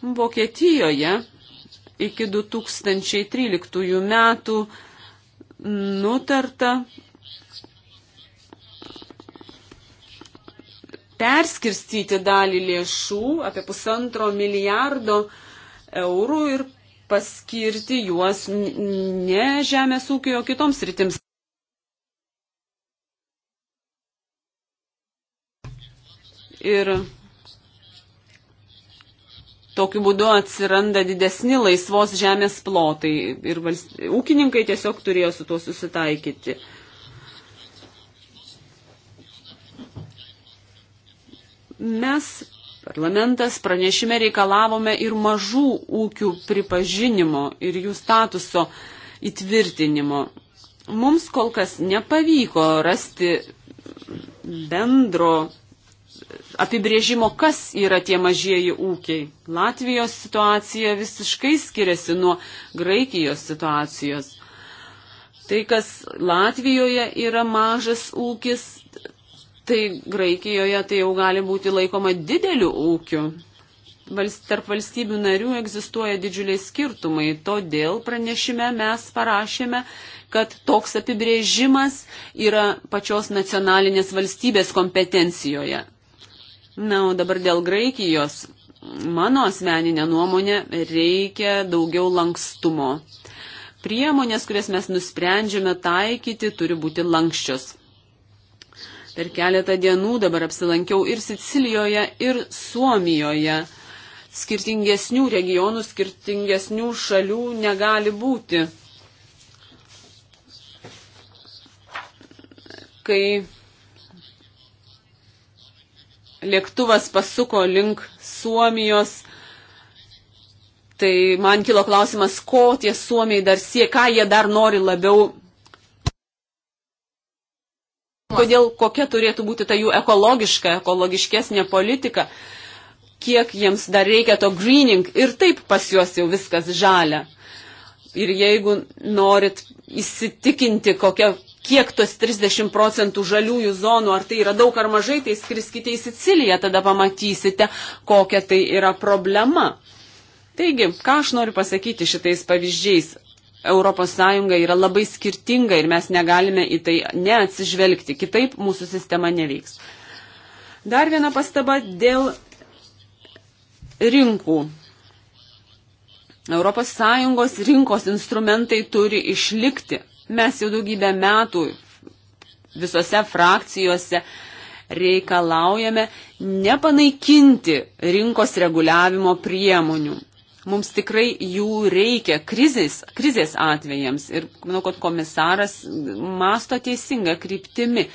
Speaker 2: Vokietijoje iki 2013 metų nutarta perskirstyti dalį lėšų apie pusantro milijardo eurų ir paskirti juos ne žemės ūkio kitoms rytims. Ir tokiu būdu atsiranda didesni laisvos žemės plotai ir valst... ūkininkai tiesiog turėjo su tuo susitaikyti. Mes, parlamentas, pranešime reikalavome ir mažų ūkių pripažinimo ir jų statuso įtvirtinimo. Mums kol kas nepavyko rasti bendro apibrėžimo, kas yra tie mažieji ūkiai. Latvijos situacija visiškai skiriasi nuo Graikijos situacijos. Tai, kas Latvijoje yra mažas ūkis, tai Graikijoje tai jau gali būti laikoma dideliu ūkiu. Valst, tarp valstybių narių egzistuoja didžiuliai skirtumai, todėl pranešime mes parašėme, kad toks apibrėžimas yra pačios nacionalinės valstybės kompetencijoje. Na, o dabar dėl Graikijos. Mano asmeninė nuomonė reikia daugiau lankstumo. Priemonės, kurias mes nusprendžiame taikyti, turi būti lankščios. Per keletą dienų dabar apsilankiau ir Sicilijoje, ir Suomijoje. Skirtingesnių regionų, skirtingesnių šalių negali būti. Kai lėktuvas pasuko link Suomijos. Tai man kilo klausimas, ko tie Suomiai dar sie, ką jie dar nori labiau. Kodėl, kokia turėtų būti ta jų ekologiška, ekologiškesnė politika, kiek jiems dar reikia to greening ir taip pas juos jau viskas žalia. Ir jeigu norit įsitikinti, kokia kiek tos 30 procentų žaliųjų zonų, ar tai yra daug ar mažai, tai skriskite į Siciliją, tada pamatysite, kokia tai yra problema. Taigi, ką aš noriu pasakyti šitais pavyzdžiais? ES yra labai skirtinga ir mes negalime į tai neatsižvelgti, kitaip mūsų sistema neveiks. Dar viena pastaba dėl rinkų. ES rinkos instrumentai turi išlikti Mes jau daugybę metų visose frakcijose reikalaujame nepanaikinti rinkos reguliavimo priemonių. Mums tikrai jų reikia krizės, krizės atvejams ir manau, kad komisaras masto teisinga kryptimi.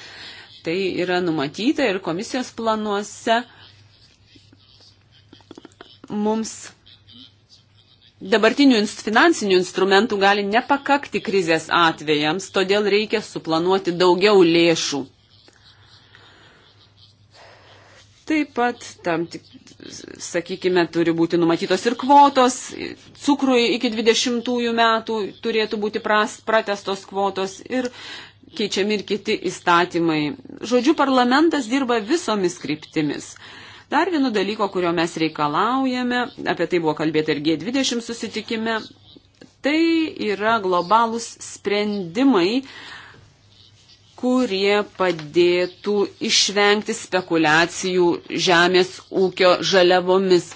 Speaker 2: Tai yra numatyta ir komisijos planuose mums dabartinių finansinių instrumentų gali nepakakti krizės atvejams, todėl reikia suplanuoti daugiau lėšų. Taip pat, tam, tik, sakykime, turi būti numatytos ir kvotos, cukrui iki 20 metų turėtų būti pras, pratestos kvotos ir keičiami ir kiti įstatymai. Žodžiu, parlamentas dirba visomis kryptimis. Uh, Dar vieno dalyko, kurio mes reikalaujame, apie tai buvo kalbėta ir G20 susitikime, tai yra globalūs sprendimai, kurie padėtų išvengti spekulacijų žemės ūkio žaliavomis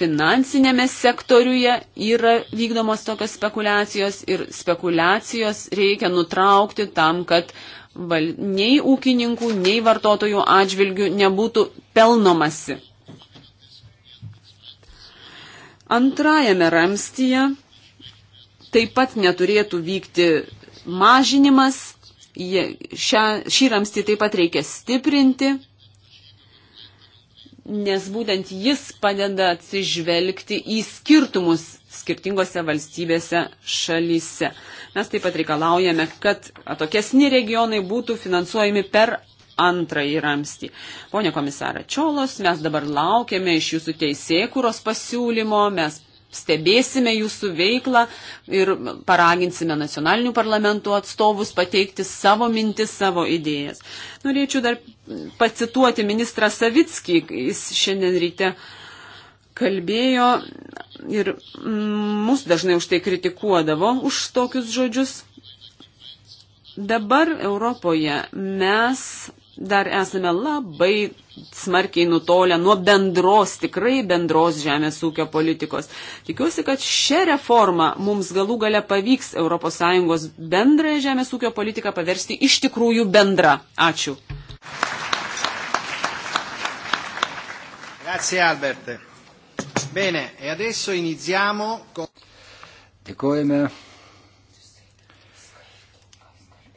Speaker 2: finansinėme sektoriuje yra vykdomos tokios spekulacijos ir spekulacijos reikia nutraukti tam, kad val, nei ūkininkų, nei vartotojų atžvilgių nebūtų pelnomasi. Antrajame ramstyje taip pat neturėtų vykti mažinimas, šią, šį ramstį taip pat reikia stiprinti, nes būtent jis padeda atsižvelgti į skirtumus skirtingose valstybėse šalyse. Mes taip pat reikalaujame, kad atokesni regionai būtų finansuojami per antrąjį ramstį. Pone komisarą Čiolos, mes dabar laukiame iš jūsų teisėkuros pasiūlymo, mes stebėsime jūsų veiklą ir paraginsime nacionalinių parlamentų atstovus pateikti savo mintis, savo idėjas. Norėčiau dar pacituoti ministrą Savickį, jis šiandien ryte uh, kalbėjo ir mus dažnai už tai kritikuodavo, už tokius žodžius. Dabar Europoje mes dar esame labai smarkiai nutolę nuo bendros, tikrai bendros žemės ūkio politikos. Tikiuosi, kad šią reformą mums galų gale pavyks ES bendrąją žemės ūkio politiką paversti iš tikrųjų bendrą. Ačiū.
Speaker 1: Grazie, Albert. Bene, e adesso iniziamo con... Dėkojame.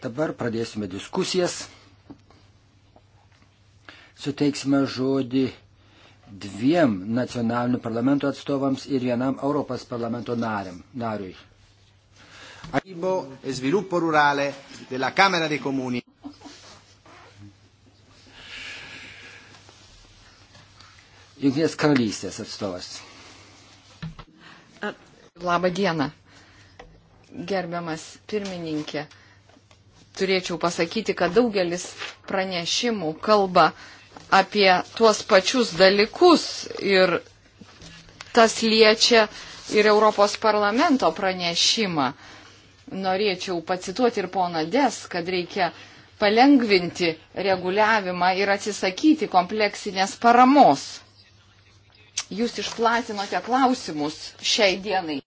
Speaker 4: Dabar pradėsime diskusijas. Suteiksime žodį dviem nacionalinių parlamento atstovams ir vienam Europos parlamento nariam, nariui.
Speaker 1: Aibo e sviluppo rurale della Camera dei Comuni.
Speaker 4: Junkinės karalystės atstovas.
Speaker 5: Labą dieną, gerbiamas pirmininkė. Turėčiau pasakyti, kad daugelis pranešimų kalba apie tuos pačius dalykus ir tas liečia ir Europos parlamento pranešimą. Norėčiau pacituoti ir poną Des, kad reikia palengvinti reguliavimą ir atsisakyti kompleksinės paramos jūs išplatinote klausimus šiai dienai.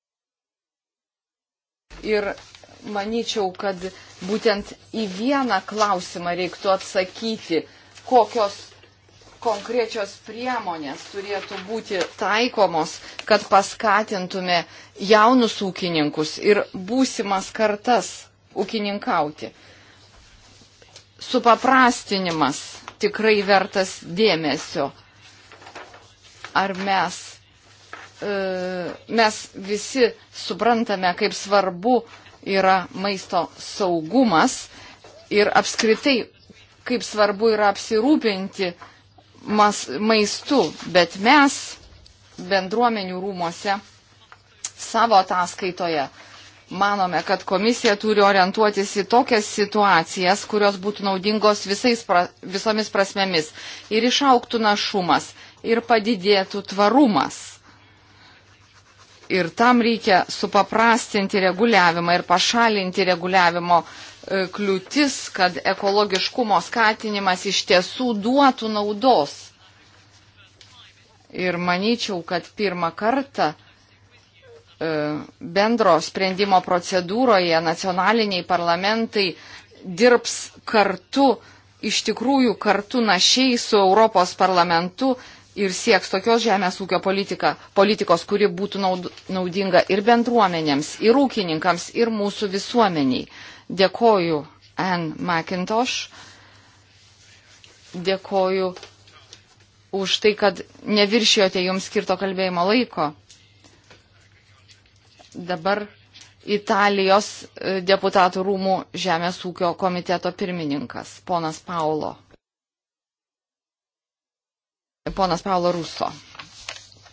Speaker 5: Ir manyčiau, kad būtent į vieną klausimą reiktų atsakyti, kokios konkrečios priemonės turėtų būti taikomos, kad paskatintume jaunus ūkininkus ir būsimas kartas ūkininkauti. Supaprastinimas tikrai vertas dėmesio ar mes, e, mes visi suprantame, kaip svarbu yra maisto saugumas ir apskritai, kaip svarbu yra apsirūpinti mas, maistu, bet mes bendruomenių rūmose savo ataskaitoje manome, kad komisija turi orientuotis į tokias situacijas, kurios būtų naudingos visais, pra, visomis prasmėmis ir išauktų našumas, ir padidėtų tvarumas. Ir tam reikia supaprastinti reguliavimą ir pašalinti reguliavimo e, kliūtis, kad ekologiškumo skatinimas iš tiesų duotų naudos. Ir manyčiau, kad pirmą kartą e, bendro sprendimo procedūroje nacionaliniai parlamentai dirbs kartu, iš tikrųjų kartu našiai su Europos parlamentu, ir sieks tokios žemės ūkio politika, politikos, kuri būtų naudinga ir bendruomenėms, ir ūkininkams, ir mūsų visuomeniai. Dėkoju Ann McIntosh, dėkoju už tai, kad neviršijote jums skirto kalbėjimo laiko. Dabar Italijos e, deputatų rūmų žemės ūkio komiteto pirmininkas, ponas Paulo. Ponas Paulo Ruso,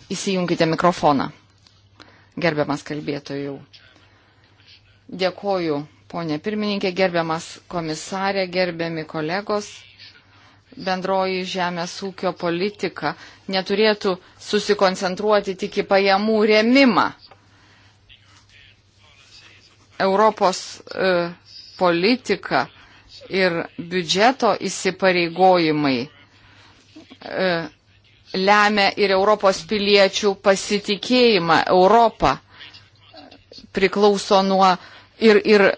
Speaker 5: įsijunkite mikrofoną. Gerbiamas kalbėtojų. Dėkoju, ponė pirmininkė, gerbiamas komisarė, gerbiami kolegos. Bendroji žemės ūkio politika neturėtų susikoncentruoti tik į pajamų rėmimą. Europos e, politika ir biudžeto įsipareigojimai e, lemia ir Europos piliečių pasitikėjimą. Europa priklauso nuo ir, ir e,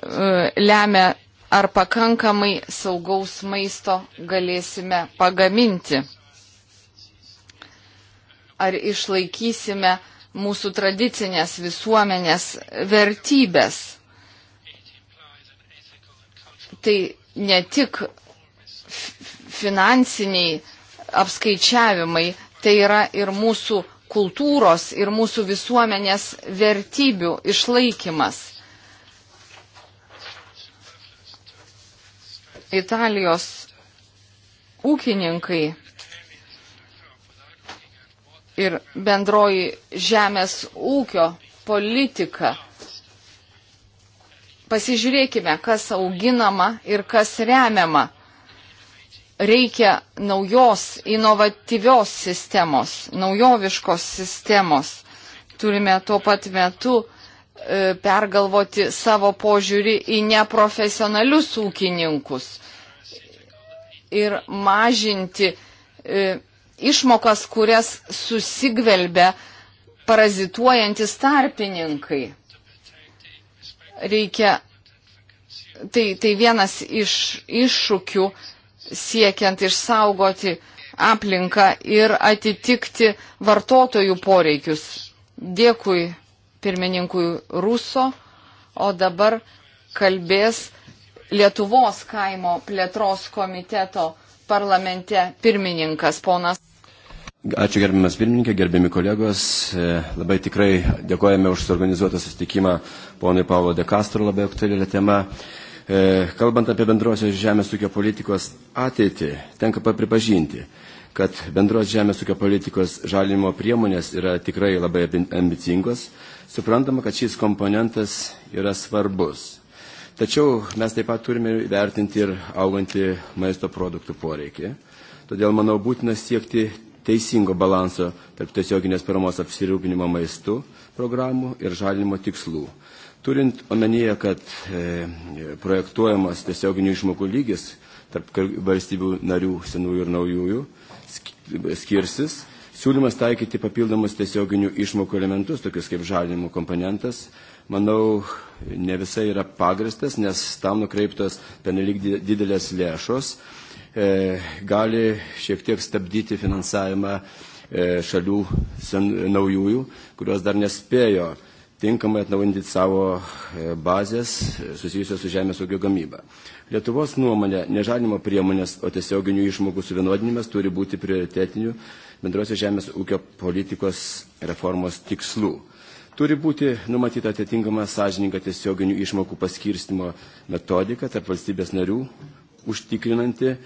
Speaker 5: lemia, ar pakankamai saugaus maisto galėsime pagaminti. Ar išlaikysime mūsų tradicinės visuomenės vertybės. Tai ne tik finansiniai apskaičiavimai tai yra ir mūsų kultūros, ir mūsų visuomenės vertybių išlaikimas. Italijos ūkininkai ir bendroji žemės ūkio politika. Pasižiūrėkime, kas auginama ir kas remiama reikia naujos, inovatyvios sistemos, naujoviškos sistemos. Turime tuo pat metu e, pergalvoti savo požiūrį į neprofesionalius ūkininkus ir mažinti e, išmokas, kurias susigvelbia parazituojantis tarpininkai. Reikia, tai, tai vienas iš iššūkių, siekiant išsaugoti aplinką ir atitikti vartotojų poreikius. Dėkui pirmininkui Ruso, o dabar kalbės Lietuvos kaimo plėtros komiteto parlamente pirmininkas ponas.
Speaker 6: Ačiū gerbiamas pirmininkė, gerbiami kolegos. E, labai tikrai dėkojame už suorganizuotą susitikimą ponui Paulo De Castro labai aktualią temą. E, kalbant apie bendrosios žemės ūkio politikos ateitį, tenka pripažinti, kad bendros žemės ūkio politikos žalinimo priemonės yra tikrai labai ambicingos. Suprantama, kad šis komponentas yra svarbus. Tačiau mes taip pat turime vertinti ir augantį maisto produktų poreikį. Todėl, manau, būtina siekti teisingo balanso tarp tiesioginės paramos apsirūpinimo maistu programų ir žalinimo tikslų Turint omenyje, kad e, projektuojamas tiesioginių išmokų lygis tarp valstybių narių senųjų ir naujųjų skirsis, siūlymas taikyti papildomus tiesioginių išmokų elementus, tokius kaip žalinimo komponentas, manau, ne visai yra pagristas, nes tam nukreiptos penelik didelės lėšos e, gali šiek tiek stabdyti finansavimą e, šalių sen, naujųjų, kurios dar nespėjo tinkamai atnaujinti savo e, bazės e, susijusios su žemės ūkio gamyba. Lietuvos nuomonė, nežalinimo priemonės, o tiesioginių išmokų suvienodinimas turi būti prioritetinių bendrosios žemės ūkio politikos reformos tikslų. Turi būti numatyta atitinkama sąžininga tiesioginių išmokų paskirstimo metodika tarp valstybės narių, užtikrinanti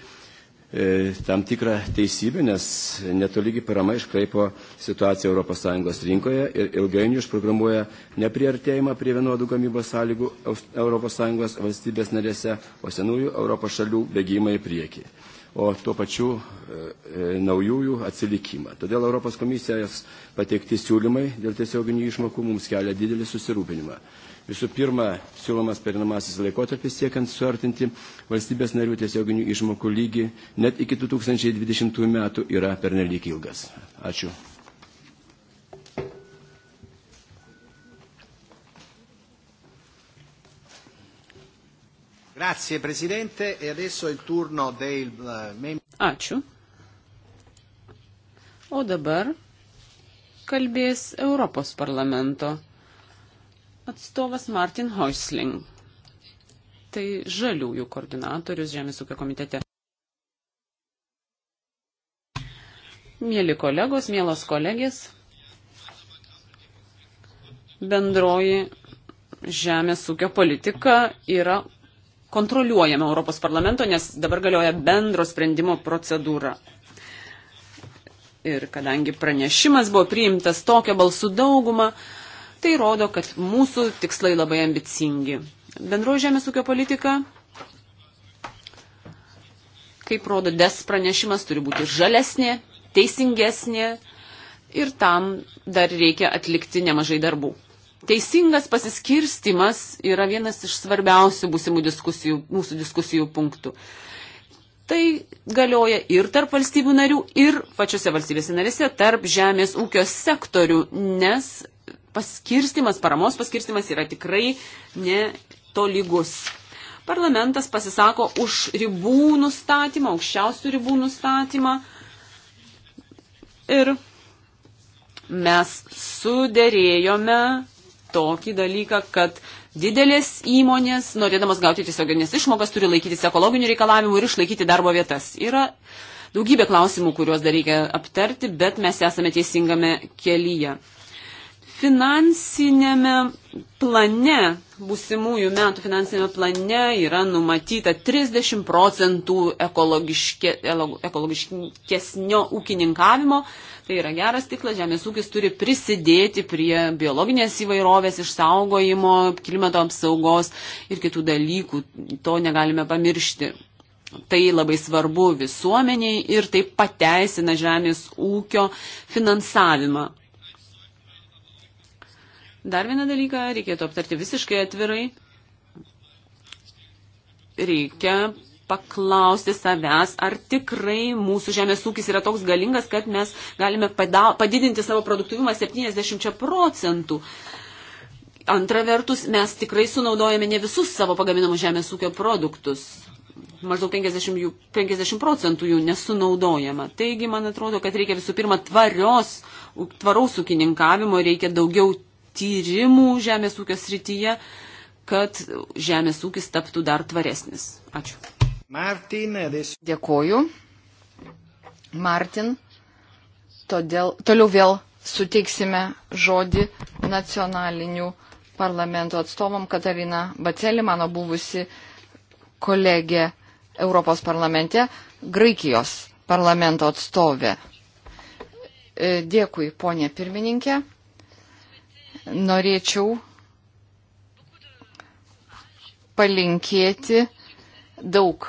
Speaker 6: E, tam tikrą teisybę, nes netolygi parama iškraipo situaciją ES rinkoje ir ilgainiui išprogramuoja nepriartėjimą prie vienodų gamybos sąlygų ES valstybės narėse, o senųjų Europos šalių bėgimą į priekį o tuo pačiu e, e, naujųjų atsilikimą. Todėl Europos komisijos pateikti siūlymai dėl tiesioginių išmokų mums kelia didelį susirūpinimą. Visų pirma, siūlomas perinamasis laikotarpis siekiant suartinti valstybės narių tiesioginių išmokų lygį net iki 2020 metų yra pernelyg ilgas. Ačiū.
Speaker 1: Grazie Presidente e adesso è il turno dei eh, membri.
Speaker 2: Ačiū. O dabar kalbės Europos parlamento atstovas Martin Hoisling. Tai žaliųjų koordinatorius Žemės ūkio komitete. Mėly kolegos, mielos kolegės, bendroji žemės ūkio politika yra kontroliuojama Europos parlamento, nes dabar galioja bendro sprendimo procedūra. Ir kadangi pranešimas buvo priimtas tokia balsų dauguma, Tai rodo, kad mūsų tikslai labai ambicingi. Bendro žemės ūkio politika, kaip rodo DES pranešimas, turi būti žalesnė, teisingesnė ir tam dar reikia atlikti nemažai darbų. Teisingas pasiskirstimas yra vienas iš svarbiausių būsimų diskusijų, mūsų diskusijų punktų. Tai galioja ir tarp valstybių narių, ir pačiose valstybėse narėse, tarp žemės ūkio sektorių, nes paskirstimas, paramos paskirstimas yra tikrai netolygus. Parlamentas pasisako už ribų nustatymą, aukščiausių ribų nustatymą ir mes sudėrėjome tokį dalyką, kad didelės įmonės, norėdamas gauti tiesioginės išmokas, turi laikytis ekologinių reikalavimų ir išlaikyti darbo vietas. Yra daugybė klausimų, kuriuos dar reikia aptarti, bet mes esame teisingame kelyje. Finansinėme plane, būsimųjų metų finansinėme plane yra numatyta 30 procentų ekologiške, ekologiškesnio ūkininkavimo. Tai yra geras tiklas, žemės ūkis turi prisidėti prie biologinės įvairovės išsaugojimo, klimato apsaugos ir kitų dalykų. To negalime pamiršti. Tai labai svarbu visuomeniai ir tai pateisina žemės ūkio finansavimą. Dar vieną dalyką reikėtų aptarti visiškai atvirai. Reikia paklausti savęs, ar tikrai mūsų žemės ūkis yra toks galingas, kad mes galime padidinti savo produktivumą 70 procentų. Antra vertus, mes tikrai sunaudojame ne visus savo pagaminamus žemės ūkio produktus. Maždaug 50, jų, 50 procentų jų nesunaudojama. Taigi, man atrodo, kad reikia visų pirma tvarios, tvaraus ūkininkavimo, reikia daugiau tyrimų žemės ūkio srityje, kad žemės ūkis taptų dar tvaresnis. Ačiū.
Speaker 1: Martin, this... Dėkoju.
Speaker 5: Martin, todėl, toliau vėl suteiksime žodį nacionalinių parlamento atstovom Katarina Bacelį, mano buvusi kolegė Europos parlamente, Graikijos parlamento atstovė. E, dėkui, ponė pirmininkė norėčiau palinkėti daug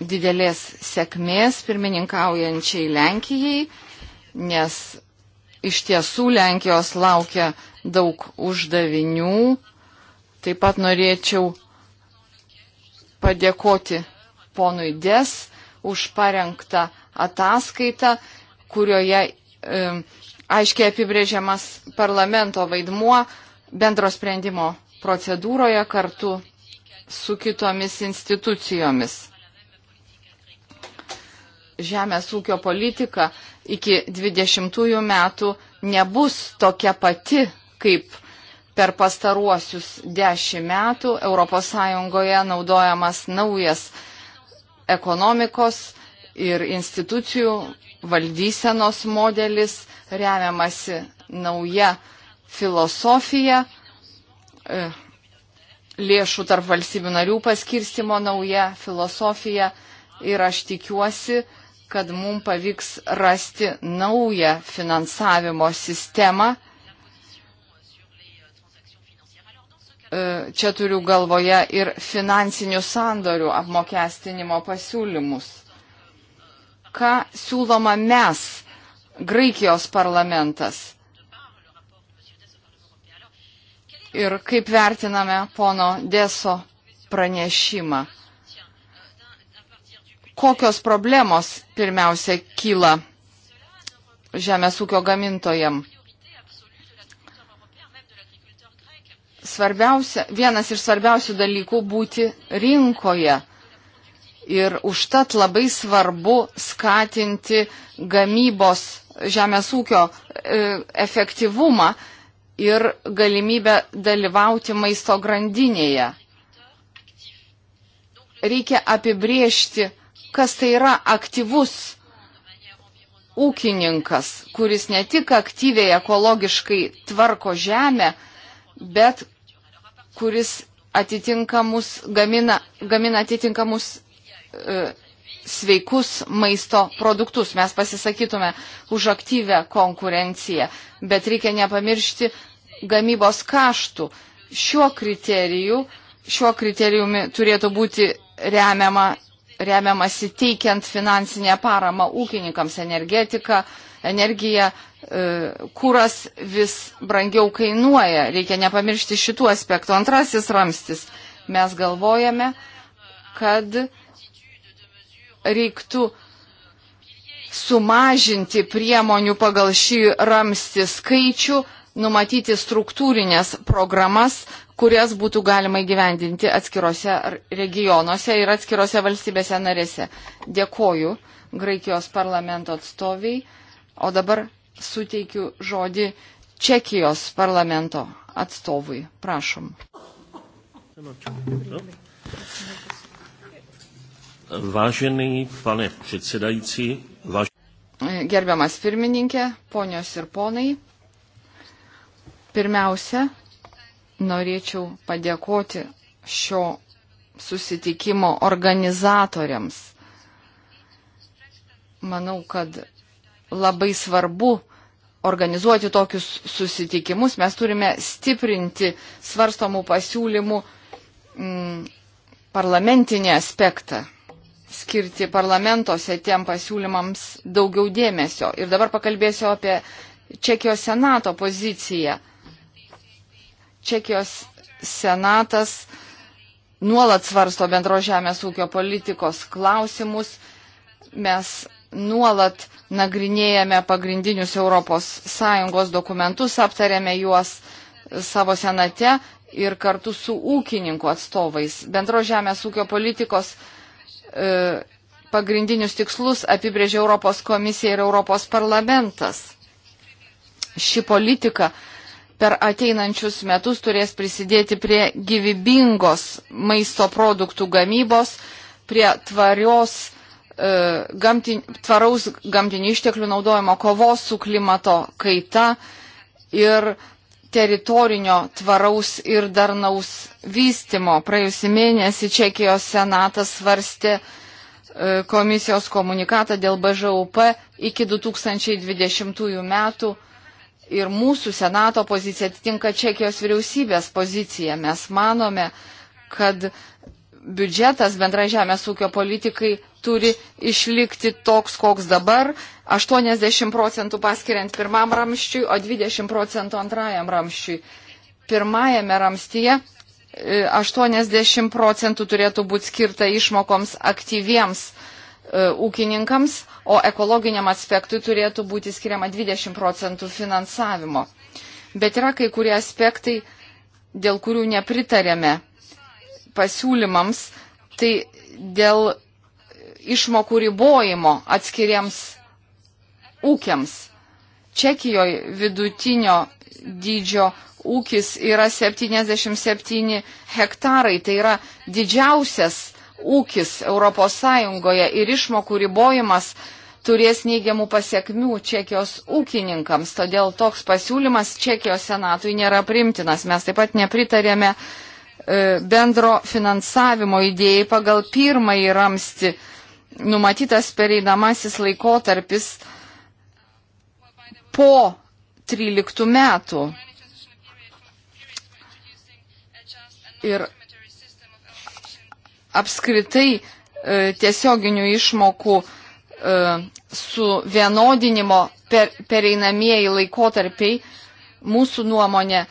Speaker 5: didelės sėkmės pirmininkaujančiai Lenkijai, nes iš tiesų Lenkijos laukia daug uždavinių. Taip pat norėčiau padėkoti ponui Des už parengtą ataskaitą, kurioje e, aiškiai apibrėžiamas parlamento vaidmuo bendro sprendimo procedūroje kartu su kitomis institucijomis. Žemės ūkio politika iki 20 metų nebus tokia pati, kaip per pastaruosius 10 metų ES naudojamas naujas ekonomikos ir institucijų valdysenos modelis, remiamasi nauja filosofija, e, lėšų tarp valstybių narių paskirstimo nauja filosofija ir aš tikiuosi, kad mums pavyks rasti naują finansavimo sistemą. E, čia turiu galvoje ir finansinių sandorių apmokestinimo pasiūlymus ką siūloma mes, Graikijos parlamentas. Ir kaip vertiname pono Deso pranešimą. Kokios problemos pirmiausia kyla žemės ūkio gamintojam? Svarbiausia, vienas iš svarbiausių dalykų būti rinkoje Ir užtat labai svarbu skatinti gamybos žemės ūkio e, efektyvumą ir galimybę dalyvauti maisto grandinėje. Reikia apibriežti, kas tai yra aktyvus ūkininkas, kuris ne tik aktyviai ekologiškai tvarko žemę, bet kuris atitinkamus, gamina, gamina atitinkamus E, sveikus maisto produktus. Mes pasisakytume už aktyvę konkurenciją, bet reikia nepamiršti gamybos kaštų. Šiuo, kriteriju, šiuo kriterijumi turėtų būti remiama, remiamasi teikiant finansinę paramą ūkininkams energetiką, energiją, e, kūras vis brangiau kainuoja. Reikia nepamiršti šitų aspektų. Antrasis ramstis. Mes galvojame, kad reiktų sumažinti priemonių pagal šį ramsti skaičių, numatyti struktūrinės programas, kurias būtų galima įgyvendinti atskirose regionuose ir atskirose valstybėse narėse. Dėkoju Graikijos parlamento atstoviai, o dabar suteikiu žodį Čekijos parlamento atstovui. Prašom.
Speaker 1: Ačiū.
Speaker 6: Vážený pane předsedající, váž...
Speaker 5: Gerbiamas pirmininkė, ponios ir ponai, pirmiausia, norėčiau padėkoti šio susitikimo organizatoriams. Manau, kad labai svarbu organizuoti tokius susitikimus. Mes turime stiprinti svarstomų pasiūlymų m, mm, parlamentinį aspektą skirti parlamentuose tiem pasiūlymams daugiau dėmesio. Ir dabar pakalbėsiu apie Čekijos senato poziciją. Čekijos senatas nuolat svarsto bendro žemės ūkio politikos klausimus. Mes nuolat nagrinėjame pagrindinius ES dokumentus, aptarėme juos savo senate ir kartu su ūkininkų atstovais. Bendro žemės ūkio politikos klausimus E, pagrindinius tikslus apibrėžė Europos komisija ir Europos parlamentas. Ši politika per ateinančius metus turės prisidėti prie gyvybingos maisto produktų gamybos, prie tvarios, e, gamtin, tvaraus gamtinių išteklių naudojimo, kovos su klimato kaita ir teritorinio tvaraus ir darnaus vystimo. Praėjusį mėnesį Čekijos senatas svarstė e, komisijos komunikatą dėl BŽUP iki 2020 metų ir mūsų senato pozicija atitinka Čekijos vyriausybės poziciją. Mes manome, kad biudžetas bendra žemės ūkio politikai turi išlikti toks, koks dabar. 80 procentų paskiriant pirmam ramščiui, o 20 procentų antrajam ramščiui. Pirmajame ramstyje 80 e, procentų turėtų būti skirta išmokoms aktyviems e, ūkininkams, o ekologiniam aspektui turėtų būti skiriama 20 procentų finansavimo. Bet yra kai kurie aspektai, dėl kurių nepritarėme pasiūlymams, tai dėl išmokų ribojimo atskiriems ūkiams. Čekijoje vidutinio dydžio ūkis yra 77 hektarai, tai yra didžiausias ūkis ES ir išmokų ribojimas turės neigiamų pasiekmių Čekijos ūkininkams, todėl toks pasiūlymas Čekijos senatui nėra primtinas. Mes taip pat nepritarėme uh, E, bendro finansavimo idėjai pagal pirmąjį ramsti numatytas pereinamasis laikotarpis po 13 metų. Ir apskritai e, tiesioginių išmokų e, su vienodinimo per, pereinamieji laikotarpiai mūsų nuomonė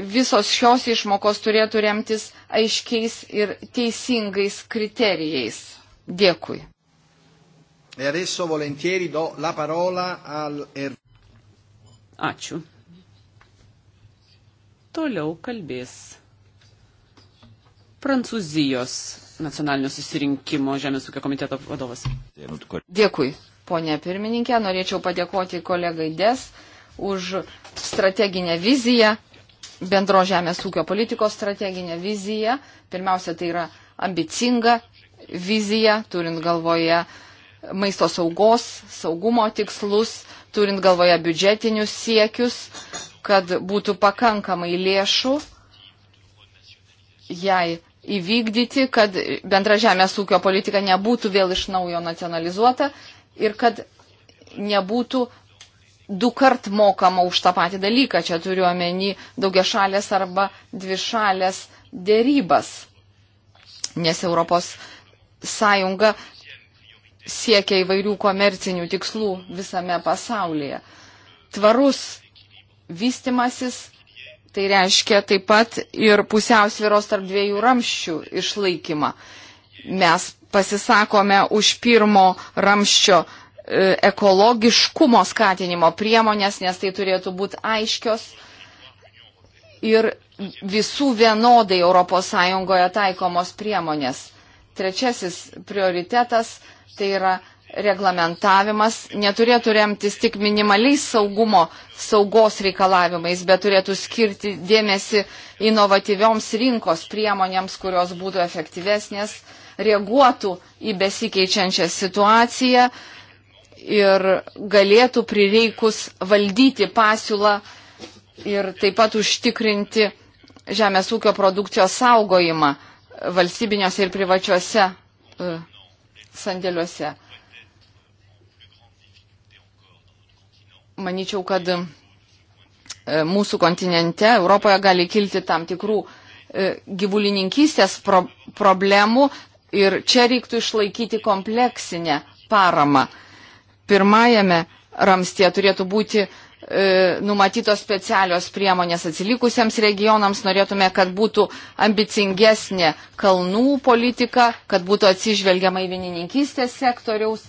Speaker 5: visos šios išmokos turėtų remtis aiškiais ir teisingais kriterijais.
Speaker 1: Dėkui. E er- Ačiū. Toliau kalbės
Speaker 2: Prancūzijos nacionalinio susirinkimo Žemės ūkio komiteto vadovas.
Speaker 5: Dėkui, ponė pirmininkė. Norėčiau padėkoti kolegai Des už strateginę viziją bendro žemės ūkio politikos strateginę viziją. Pirmiausia, tai yra ambicinga vizija, turint galvoje maisto saugos, saugumo tikslus, turint galvoje biudžetinius siekius, kad būtų pakankamai lėšų jai įvykdyti, kad bendra žemės ūkio politika nebūtų vėl iš naujo nacionalizuota ir kad nebūtų du kart mokama už tą patį dalyką. Čia turiu omeny daugia šalės arba dvi šalės dėrybas. Nes Europos Sąjunga siekia įvairių komercinių tikslų visame pasaulyje. Tvarus vystimasis tai reiškia taip pat ir pusiausviros tarp dviejų ramščių išlaikymą. Mes pasisakome už pirmo ramščio E, ekologiškumo skatinimo priemonės, nes tai turėtų būti aiškios ir visų vienodai ES taikomos priemonės. Trečiasis prioritetas tai yra reglamentavimas neturėtų remtis tik minimaliais saugumo saugos reikalavimais, bet turėtų skirti dėmesį inovatyvioms rinkos priemonėms, kurios būtų efektyvesnės, reaguotų į besikeičiančią situaciją, uh, ir galėtų prireikus valdyti pasiūlą ir taip pat užtikrinti žemės ūkio produkcijos saugojimą valstybiniuose ir privačiuose e, sandėliuose. Maničiau, kad e, mūsų kontinente, Europoje gali kilti tam tikrų e, gyvulininkystės pro problemų ir čia reiktų išlaikyti kompleksinę paramą pirmajame ramstie turėtų būti e, numatytos specialios priemonės atsilikusiems regionams. Norėtume, kad būtų ambicingesnė kalnų politika, kad būtų atsižvelgiama į vienininkystės sektoriaus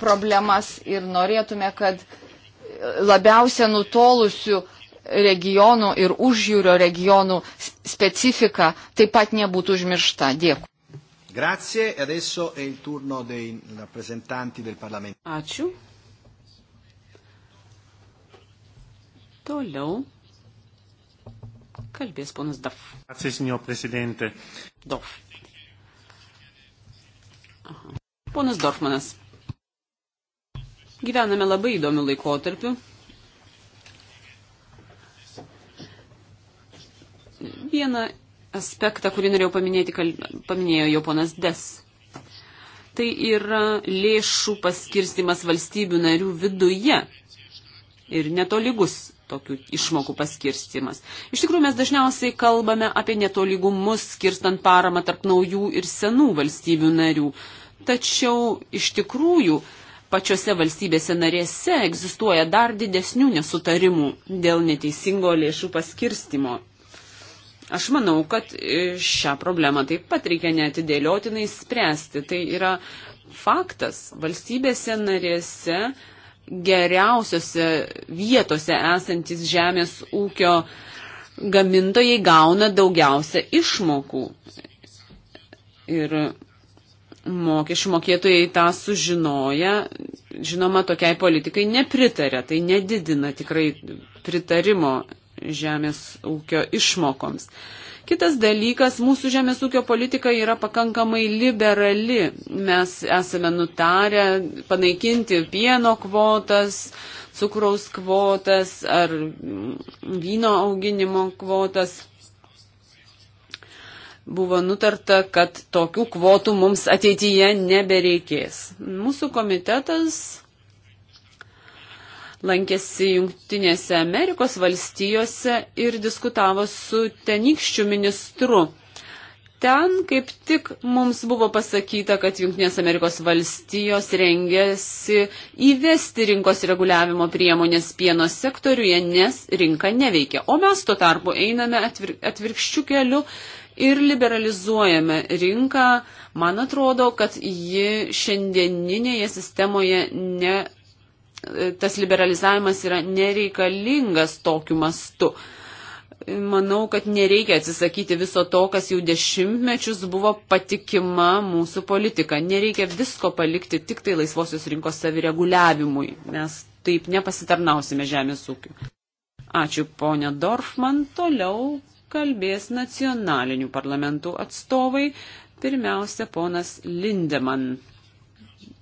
Speaker 5: problemas ir norėtume, kad e, labiausia nutolusių regionų ir užjūrio regionų specifika taip pat nebūtų užmiršta. Dėkui.
Speaker 1: Grazie, e adesso è il turno dei rappresentanti del Parlamento. Ačiū.
Speaker 2: Toliau kalbės ponas Daf.
Speaker 1: Ačiū, signor prezidente.
Speaker 2: Daf. Aha. Ponas Dorfmanas. Gyvename labai įdomių laikotarpių. Viena aspektą, kurį norėjau paminėti, kal... paminėjo jau ponas Des. Tai yra lėšų paskirstimas valstybių narių viduje ir netoligus tokių išmokų paskirstimas. Iš tikrųjų, mes dažniausiai kalbame apie netoligumus, skirstant paramą tarp naujų ir senų valstybių narių. Tačiau iš tikrųjų pačiose valstybėse narėse egzistuoja dar didesnių nesutarimų dėl neteisingo lėšų paskirstimo Aš manau, kad e, šią problemą taip pat reikia neatidėliotinai spręsti. Tai yra faktas. Valstybėse narėse geriausiose vietose esantis žemės ūkio gamintojai gauna daugiausia išmokų. Ir mokesčių mokėtojai tą sužinoja, žinoma, tokiai politikai nepritarė, tai nedidina tikrai pritarimo žemės ūkio išmokoms. Kitas dalykas, mūsų žemės ūkio politika yra pakankamai liberali. Mes esame nutarę panaikinti pieno kvotas, cukraus kvotas ar vyno auginimo kvotas. Buvo nutarta, kad tokių kvotų mums ateityje nebereikės. Mūsų komitetas lankėsi Junktinėse Amerikos valstijose ir diskutavo su tenykščiu ministru. Ten kaip tik mums buvo pasakyta, kad Junktinės Amerikos valstijos rengėsi įvesti rinkos reguliavimo priemonės pieno sektoriuje, nes rinka neveikia. O mes tuo tarpu einame atvir atvirkščių kelių ir liberalizuojame rinką, man atrodo, kad ji šiandieninėje sistemoje ne, tas liberalizavimas yra nereikalingas tokiu mastu. Manau, kad nereikia atsisakyti viso to, kas jau dešimtmečius buvo patikima mūsų politika. Nereikia visko palikti tik tai laisvosios rinkos savireguliavimui, nes taip nepasitarnausime žemės ūkiu. Ačiū, ponė Dorfman. Toliau kalbės nacionalinių parlamentų atstovai. Pirmiausia, ponas Lindeman,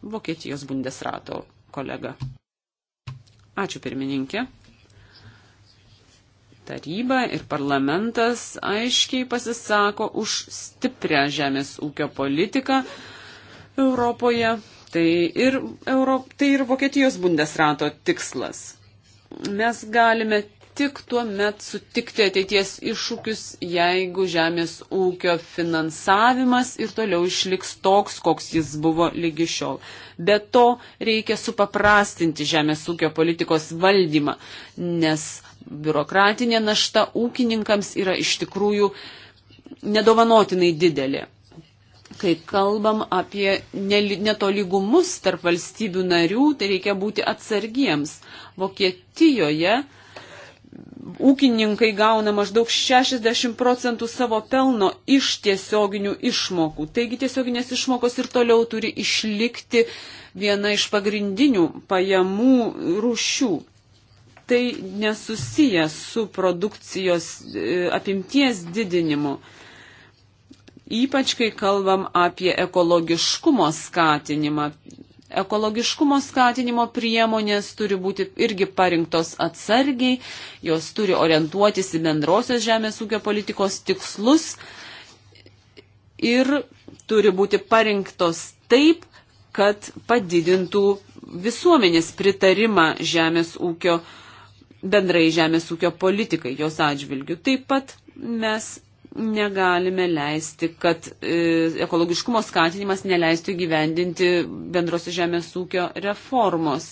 Speaker 2: Vokietijos bundesrato kolega. Ačiū pirmininkė. Taryba ir parlamentas aiškiai pasisako už stiprią žemės ūkio politiką Europoje. Tai ir, Euro, tai ir Vokietijos bundesrato tikslas. Mes galime tik tuo met sutikti ateities iššūkius, jeigu žemės ūkio finansavimas ir toliau išliks toks, koks jis buvo lygi šiol. Be to reikia supaprastinti žemės ūkio politikos valdymą, nes biurokratinė našta ūkininkams yra iš tikrųjų nedovanotinai didelė. Kai kalbam apie netolygumus tarp valstybių narių, tai reikia būti atsargiems. Vokietijoje ūkininkai gauna maždaug 60 procentų savo pelno iš tiesioginių išmokų. Taigi tiesioginės išmokos ir toliau turi išlikti viena iš pagrindinių pajamų rūšių. Tai nesusiję su produkcijos e, apimties didinimu. Ypač kai kalbam apie ekologiškumo skatinimą, Ekologiškumo skatinimo priemonės turi būti irgi parinktos atsargiai, jos turi orientuotis į bendrosios žemės ūkio politikos tikslus ir turi būti parinktos taip, kad padidintų visuomenės pritarimą žemės ūkio bendrai žemės ūkio politikai jos atžvilgių. Taip pat mes negalime leisti, kad e, ekologiškumo skatinimas neleistų gyvendinti bendrosios žemės ūkio reformos.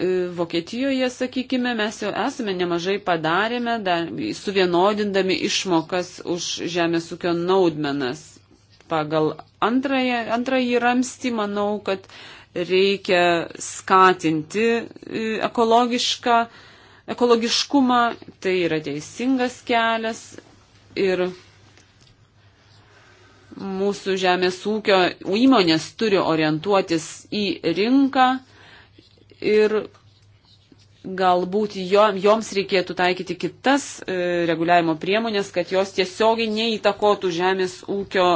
Speaker 2: E, Vokietijoje, sakykime, mes jau esame nemažai padarėme, dar, suvienodindami išmokas už žemės ūkio naudmenas. Pagal antrąjį, antrąjį ramstį manau, kad reikia skatinti e, ekologišką uh, ekologiškumą, tai yra teisingas kelias ir mūsų žemės ūkio įmonės turi orientuotis į rinką ir galbūt joms reikėtų taikyti kitas e, reguliavimo priemonės, kad jos tiesiogiai neįtakotų žemės ūkio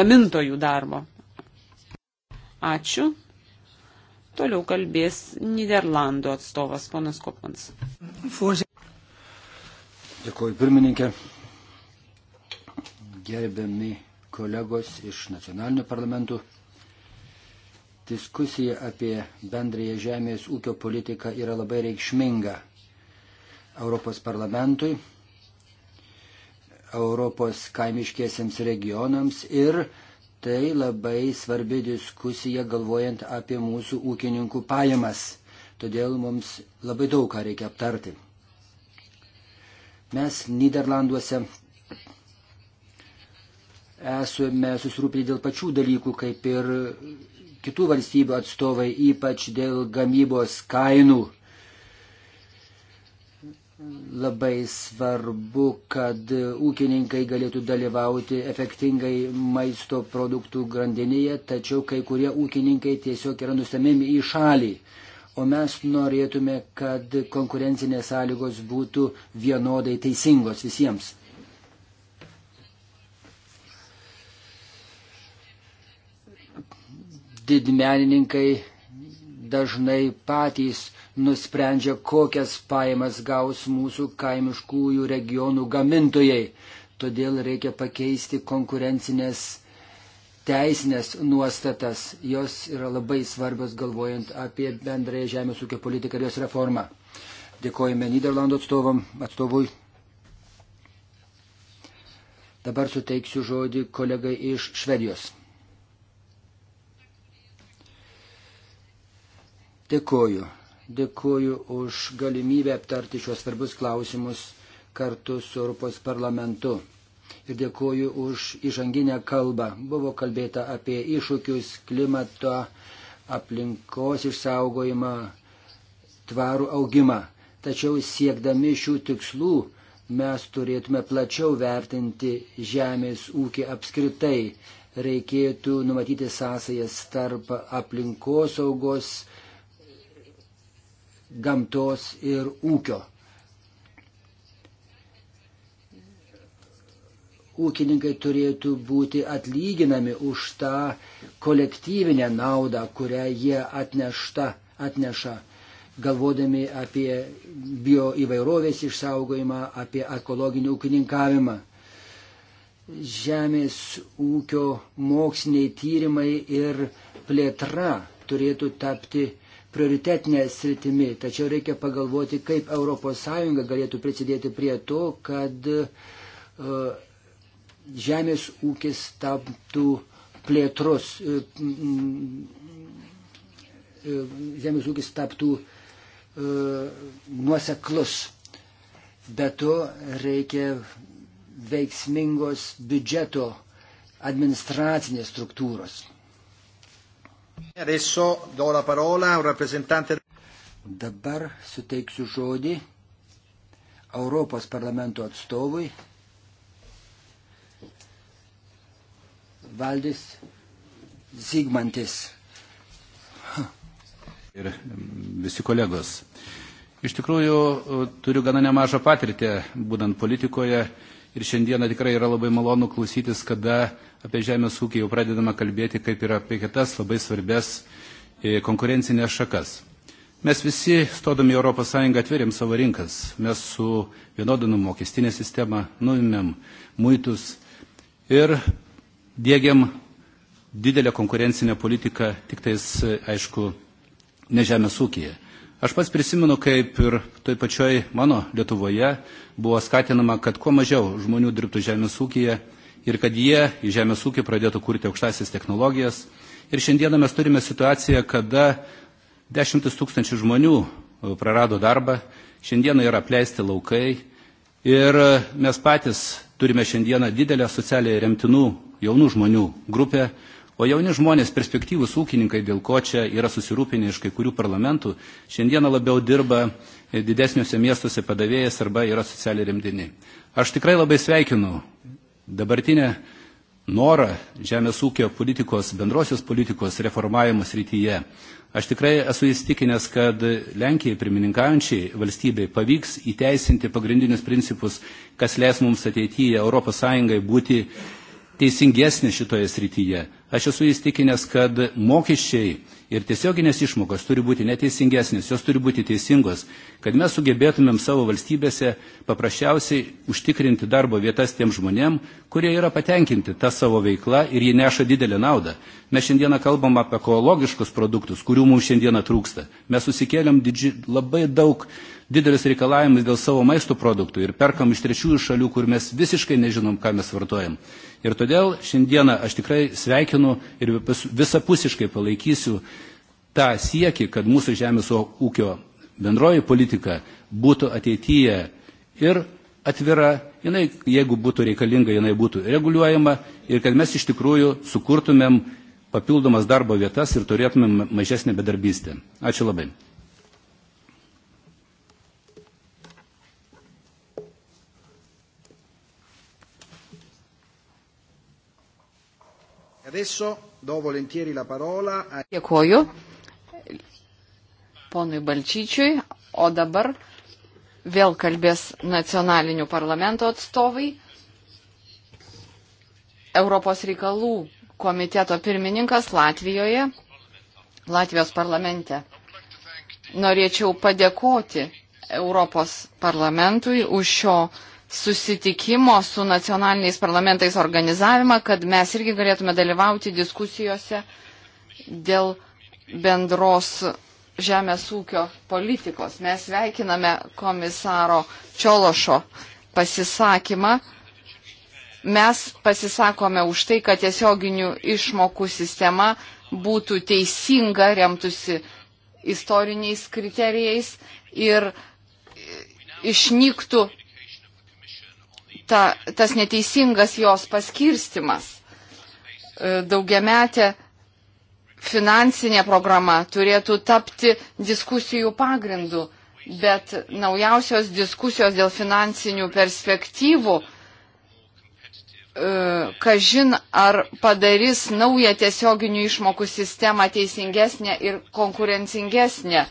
Speaker 2: gamintojų darbo. Ačiū. Toliau kalbės Niderlandų atstovas, ponas Kopmans.
Speaker 4: Dėkuoju pirmininkė. Gerbiami kolegos iš nacionalinių parlamentų. Diskusija apie bendrąją žemės ūkio politiką yra labai reikšminga Europos parlamentui, Europos kaimiškiesiems regionams ir Tai labai svarbi diskusija galvojant apie mūsų ūkininkų pajamas. Todėl mums labai daug ką reikia aptarti. Mes Niderlanduose esame susirūpinę dėl pačių dalykų, kaip ir kitų valstybių atstovai, ypač dėl gamybos kainų Labai svarbu, kad ūkininkai galėtų dalyvauti efektingai maisto produktų grandinėje, tačiau kai kurie ūkininkai tiesiog yra nustamimi į šalį. O mes norėtume, kad konkurencinės sąlygos būtų vienodai teisingos visiems. didmenininkai dažnai patys nusprendžia, kokias pajamas gaus mūsų kaimiškųjų regionų gamintojai. Todėl reikia pakeisti konkurencinės teisinės nuostatas. Jos yra labai svarbios galvojant apie bendrąją žemės ūkio politiką ir jos reformą. Dėkojame Niderlandų atstovam, atstovui. Dabar suteiksiu žodį kolegai iš Švedijos. Dėkoju. Dėkuoju už galimybę aptarti šios svarbus klausimus kartu su Europos parlamentu. Ir dėkuoju už įžanginę kalbą. Buvo kalbėta apie iššūkius, klimato, aplinkos išsaugojimą, tvarų augimą. Tačiau siekdami šių tikslų mes turėtume plačiau vertinti žemės ūkį apskritai. Reikėtų numatyti sąsajas tarp aplinkosaugos, saugos gamtos ir ūkio. Ūkininkai turėtų būti atlyginami už tą kolektyvinę naudą, kurią jie atnešta, atneša, galvodami apie bio įvairovės išsaugojimą, apie ekologinį ūkininkavimą žemės ūkio moksliniai tyrimai ir plėtra turėtų tapti prioritetinė sritimi, tačiau reikia pagalvoti, kaip ES galėtų prisidėti prie to, kad e, žemės ūkis taptų plėtros, e, e, žemės ūkis taptų nuoseklus. Be to reikia veiksmingos biudžeto administracinės struktūros. E Dabar suteiksiu žodį Europos parlamento atstovui Valdis Zygmantis.
Speaker 3: Ir visi kolegos. Iš tikrųjų, e, turiu gana nemažą patirtį, būdant politikoje, ir šiandieną tikrai yra labai malonu klausytis, kada apie žemės ūkį jau pradedama kalbėti kaip ir apie kitas labai svarbės e, konkurencinės šakas. Mes visi, stodami į ES, atvėrėm savo rinkas. Mes su vienodinu mokestinė sistema nuimėm muitus ir dėgiam didelę konkurencinę politiką, tik tais, e, aišku, ne žemės ūkyje. Aš pats prisimenu, kaip ir toj pačioj mano Lietuvoje buvo skatinama, kad kuo mažiau žmonių dirbtų žemės ūkyje ir kad jie į žemės ūkį pradėtų kurti aukštasias technologijas. Ir šiandieną mes turime situaciją, kada dešimtis tūkstančių žmonių e, prarado darbą, šiandieną yra apleisti laukai ir e, mes patys turime šiandieną didelę socialiai remtinų jaunų žmonių grupę, O jauni žmonės, perspektyvus ūkininkai, dėl ko čia yra susirūpinę iš kai kurių parlamentų, šiandieną labiau dirba e, didesniuose miestuose padavėjas arba yra socialiai remdini. Aš tikrai labai sveikinu dabartinę norą žemės ūkio politikos, bendrosios politikos reformavimo srityje. Aš tikrai esu įstikinęs, kad Lenkijai pirmininkaujančiai valstybei pavyks įteisinti pagrindinius principus, kas leis mums ateityje ES būti teisingesnė šitoje srityje. Aš esu įstikinęs, kad mokesčiai ir tiesioginės išmokos turi būti neteisingesnės, jos turi būti teisingos, kad mes sugebėtumėm savo valstybėse paprasčiausiai užtikrinti darbo vietas tiem žmonėm, kurie yra patenkinti tą savo veiklą ir jie neša didelę naudą. Mes šiandieną kalbam apie ekologiškus produktus, kurių mums šiandieną trūksta. Mes susikėlėm didži... labai daug didelius reikalavimus dėl savo maisto produktų ir perkam iš trečiųjų šalių, kur mes visiškai nežinom, ką mes vartojam. Ir todėl šiandieną aš tikrai sveikinu ir visapusiškai palaikysiu tą siekį, kad mūsų žemės ūkio bendroji politika būtų ateityje ir atvira, jinai, jeigu būtų reikalinga, jinai būtų reguliuojama ir kad mes iš tikrųjų sukurtumėm papildomas darbo vietas ir turėtumėm mažesnę bedarbystę. Ačiū labai.
Speaker 1: Dėkoju
Speaker 5: ponui Balčyčiui, o dabar vėl kalbės nacionalinių parlamento atstovai. Europos reikalų komiteto pirmininkas Latvijoje, Latvijos parlamente. Norėčiau padėkoti Europos parlamentui už šio susitikimo su nacionaliniais parlamentais organizavimą, kad mes irgi galėtume dalyvauti diskusijose dėl bendros žemės ūkio politikos. Mes veikiname komisaro Čiološo pasisakymą. Mes pasisakome už tai, kad tiesioginių išmokų sistema būtų teisinga, remtusi istoriniais kriterijais ir išnyktų ta, tas neteisingas jos paskirstimas. E, daugiametė finansinė programa turėtų tapti diskusijų pagrindu, bet naujausios diskusijos dėl finansinių perspektyvų, e, kažin ar padarys naują tiesioginių išmokų sistemą teisingesnę ir konkurencingesnę,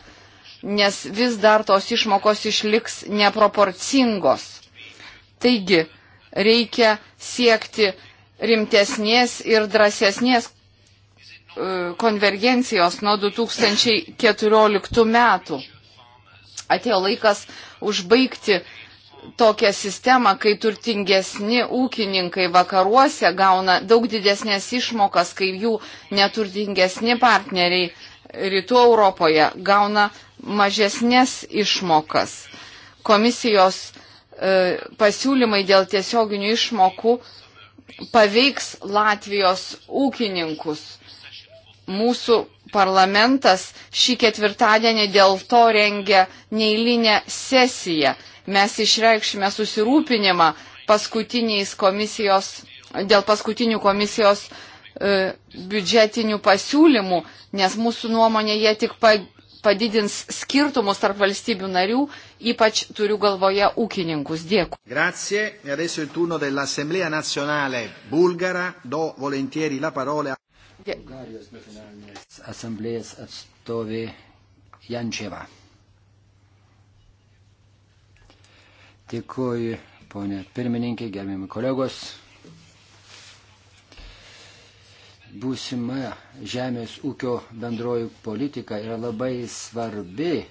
Speaker 5: nes vis dar tos išmokos išliks neproporcingos. Taigi, reikia siekti rimtesnės ir drąsesnės e, konvergencijos nuo 2014 metų. Atėjo laikas užbaigti tokią sistemą, kai turtingesni ūkininkai vakaruose gauna daug didesnės išmokas, kai jų neturtingesni partneriai rytų Europoje gauna mažesnės išmokas. Komisijos E, pasiūlymai dėl tiesioginių išmokų paveiks Latvijos ūkininkus. Mūsų parlamentas šį ketvirtadienį dėl to rengia neįlinę sesiją. Mes išreikšime susirūpinimą paskutiniais komisijos, dėl paskutinių komisijos e, biudžetinių pasiūlymų, nes mūsų nuomonė jie tik padidins skirtumus tarp valstybių narių, ypač turiu galvoje ūkininkus. Dėkui.
Speaker 1: Grazie. E adesso il turno dell'Assemblea nazionale bulgara. Do volentieri la parola. Bulgarijos
Speaker 4: nacionalinės asamblėjas atstovė Jančeva. Dėkuoju, ponė pirmininkė, gerbiami kolegos būsima žemės ūkio bendroji politika yra labai svarbi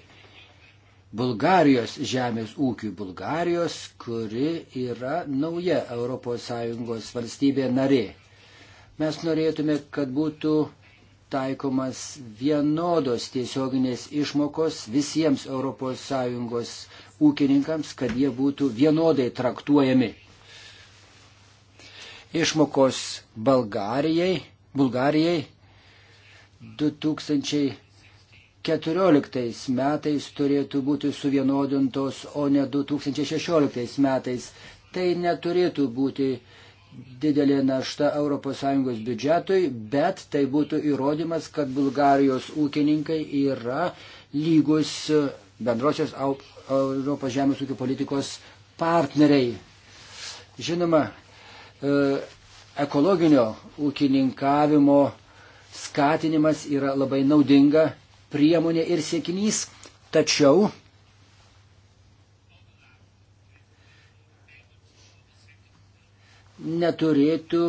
Speaker 4: Bulgarijos žemės ūkiui Bulgarijos, kuri yra nauja ES valstybė narė. Mes norėtume, kad būtų taikomas vienodos tiesioginės išmokos visiems ES ūkininkams, kad jie būtų vienodai traktuojami. Išmokos Bulgarijai Bulgarijai 2014 metais turėtų būti suvienodintos, o ne 2016 metais. Tai neturėtų būti didelė našta ES biudžetui, bet tai būtų įrodymas, kad Bulgarijos ūkininkai yra lygus bendrosios Europos žemės ūkio politikos partneriai. Žinoma, e, ekologinio ūkininkavimo skatinimas yra labai naudinga priemonė ir siekinys, tačiau neturėtų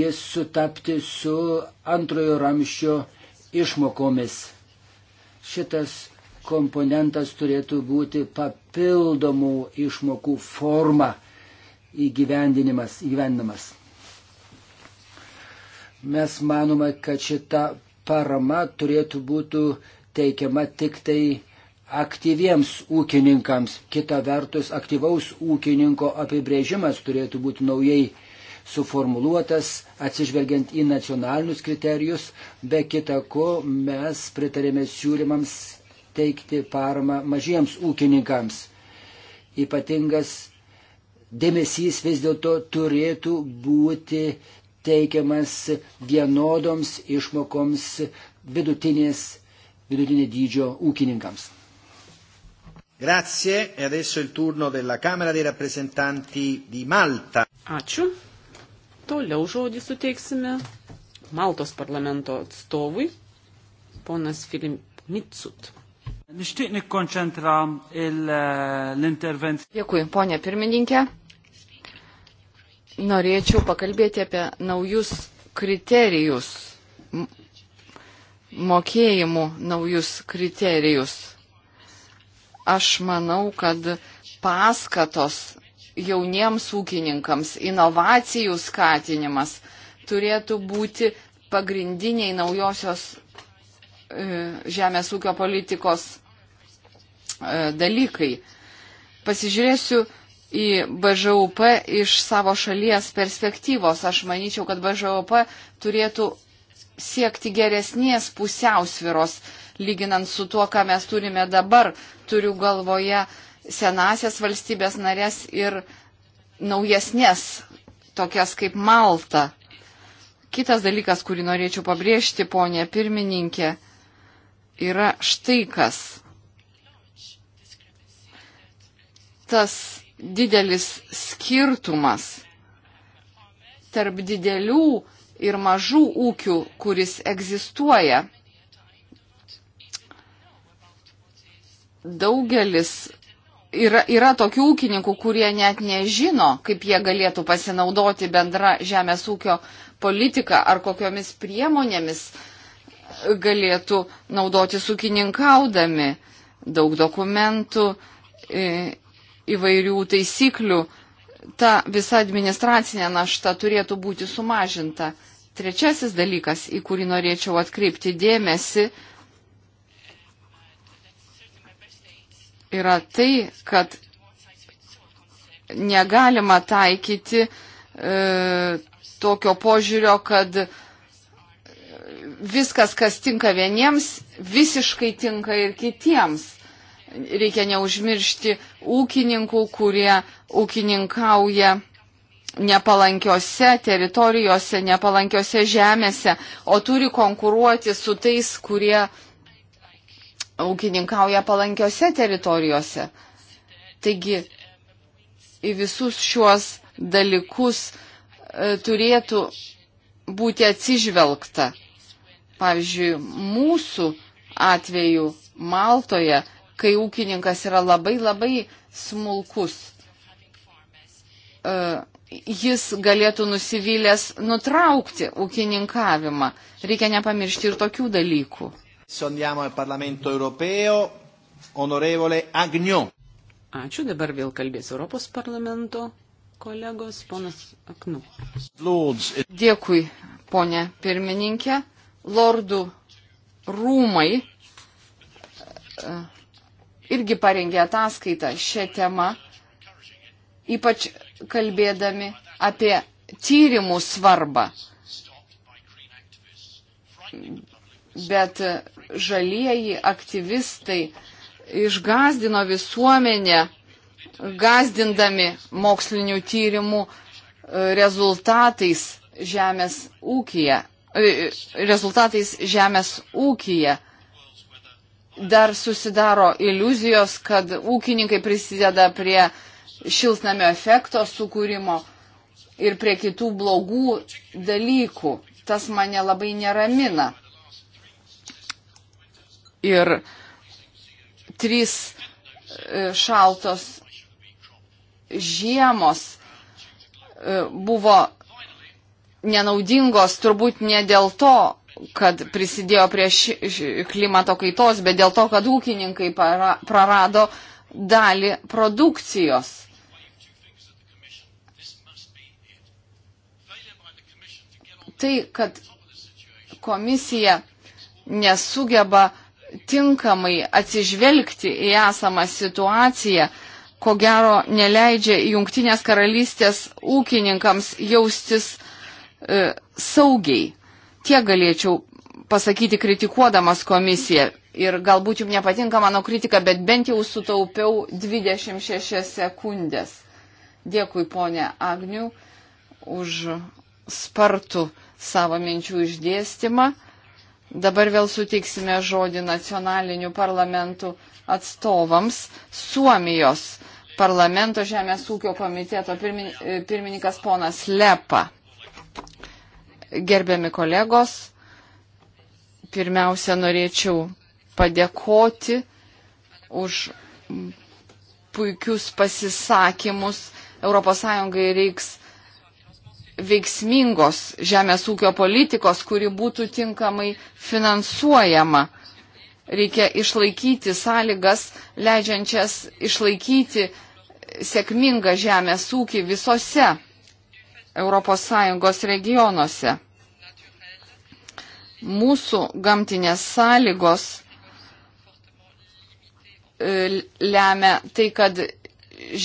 Speaker 4: jis sutapti su antrojo ramščio išmokomis. Šitas komponentas turėtų būti papildomų išmokų forma įgyvendinimas. įgyvendinimas. Mes manome, kad šita parama turėtų būti teikiama tik tai aktyviems ūkininkams. Kita vertus, aktyvaus ūkininko apibrėžimas turėtų būti naujai suformuluotas, atsižvelgiant į nacionalinius kriterijus, be kita ko mes pritarėme siūlymams teikti paramą mažiems ūkininkams. Ypatingas dėmesys vis dėlto turėtų būti teikiamas vienodoms išmokoms
Speaker 1: vidutinės, vidutinė dydžio ūkininkams. Grazie. E adesso il turno della Camera dei rappresentanti di Malta. Ačiū. Toliau žodį suteiksime Maltos parlamento
Speaker 2: atstovui, ponas Filip Mitsut. Eh,
Speaker 5: Dėkui, ponė pirmininkė norėčiau pakalbėti apie naujus kriterijus, mokėjimų naujus kriterijus. Aš manau, kad paskatos jauniems ūkininkams, inovacijų skatinimas turėtų būti pagrindiniai naujosios e, žemės ūkio politikos e, dalykai. Pasižiūrėsiu į BŽUP iš savo šalies perspektyvos. Aš manyčiau, kad BŽUP turėtų siekti geresnės pusiausviros, lyginant su tuo, ką mes turime dabar. Turiu galvoje senasias valstybės narės ir naujesnės, tokias kaip Malta. Kitas dalykas, kurį norėčiau pabrėžti, ponė pirmininkė, yra štai kas. Tas didelis skirtumas tarp didelių ir mažų ūkių, kuris egzistuoja. Daugelis yra, yra tokių ūkininkų, kurie net nežino, kaip jie galėtų pasinaudoti bendra žemės ūkio politika ar kokiomis priemonėmis galėtų naudoti sukininkaudami. Daug dokumentų e, įvairių taisyklių, ta visa administracinė našta turėtų būti sumažinta. Trečiasis dalykas, į kurį norėčiau atkreipti dėmesį, yra tai, kad negalima taikyti e, tokio požiūrio, kad viskas, kas tinka vieniems, visiškai tinka ir kitiems reikia neužmiršti ūkininkų, kurie ūkininkauja nepalankiose teritorijose, nepalankiose žemėse, o turi konkuruoti su tais, kurie ūkininkauja palankiose teritorijose. Taigi į visus šiuos dalykus e, turėtų būti atsižvelgta. Pavyzdžiui, mūsų atveju Maltoje kai ūkininkas yra labai labai smulkus. E, jis galėtų nusivylęs nutraukti ūkininkavimą. Reikia nepamiršti ir tokių dalykų.
Speaker 1: Ačiū, dabar vėl kalbės Europos parlamento
Speaker 5: kolegos ponas Aknu. Dėkui, ponė pirmininkė. Lordų rūmai e, irgi parengė ataskaitą šią temą, ypač kalbėdami apie tyrimų svarbą. Bet žalieji aktyvistai išgazdino visuomenę, gazdindami mokslinių tyrimų e, rezultatais žemės ūkija. E, e, rezultatais žemės ūkija dar susidaro iliuzijos, kad ūkininkai prisideda prie šiltnamio efekto sukūrimo ir prie kitų blogų dalykų. Tas mane labai neramina. Ir trys e, šaltos žiemos e, buvo nenaudingos turbūt ne dėl to, kad prisidėjo prie klimato kaitos, bet dėl to, kad ūkininkai para, prarado dalį produkcijos. Tai, kad komisija nesugeba tinkamai atsižvelgti į esamą situaciją, ko gero neleidžia jungtinės karalystės ūkininkams jaustis e, saugiai tiek galėčiau pasakyti kritikuodamas komisiją. Ir galbūt jums nepatinka mano kritika, bet bent jau sutaupiau 26 sekundės. Dėkui, ponė Agnių, už spartų savo minčių išdėstymą. Dabar vėl suteiksime žodį nacionalinių parlamentų atstovams. Suomijos parlamento žemės ūkio komiteto pirmin, pirmininkas ponas Lepa. Gerbiami kolegos, pirmiausia, norėčiau padėkoti už puikius pasisakymus. ES reiks veiksmingos žemės ūkio politikos, kuri būtų tinkamai finansuojama. Reikia išlaikyti sąlygas, leidžiančias išlaikyti sėkmingą žemės ūkį visose ES regionuose. Mūsų gamtinės sąlygos e, lemia tai, kad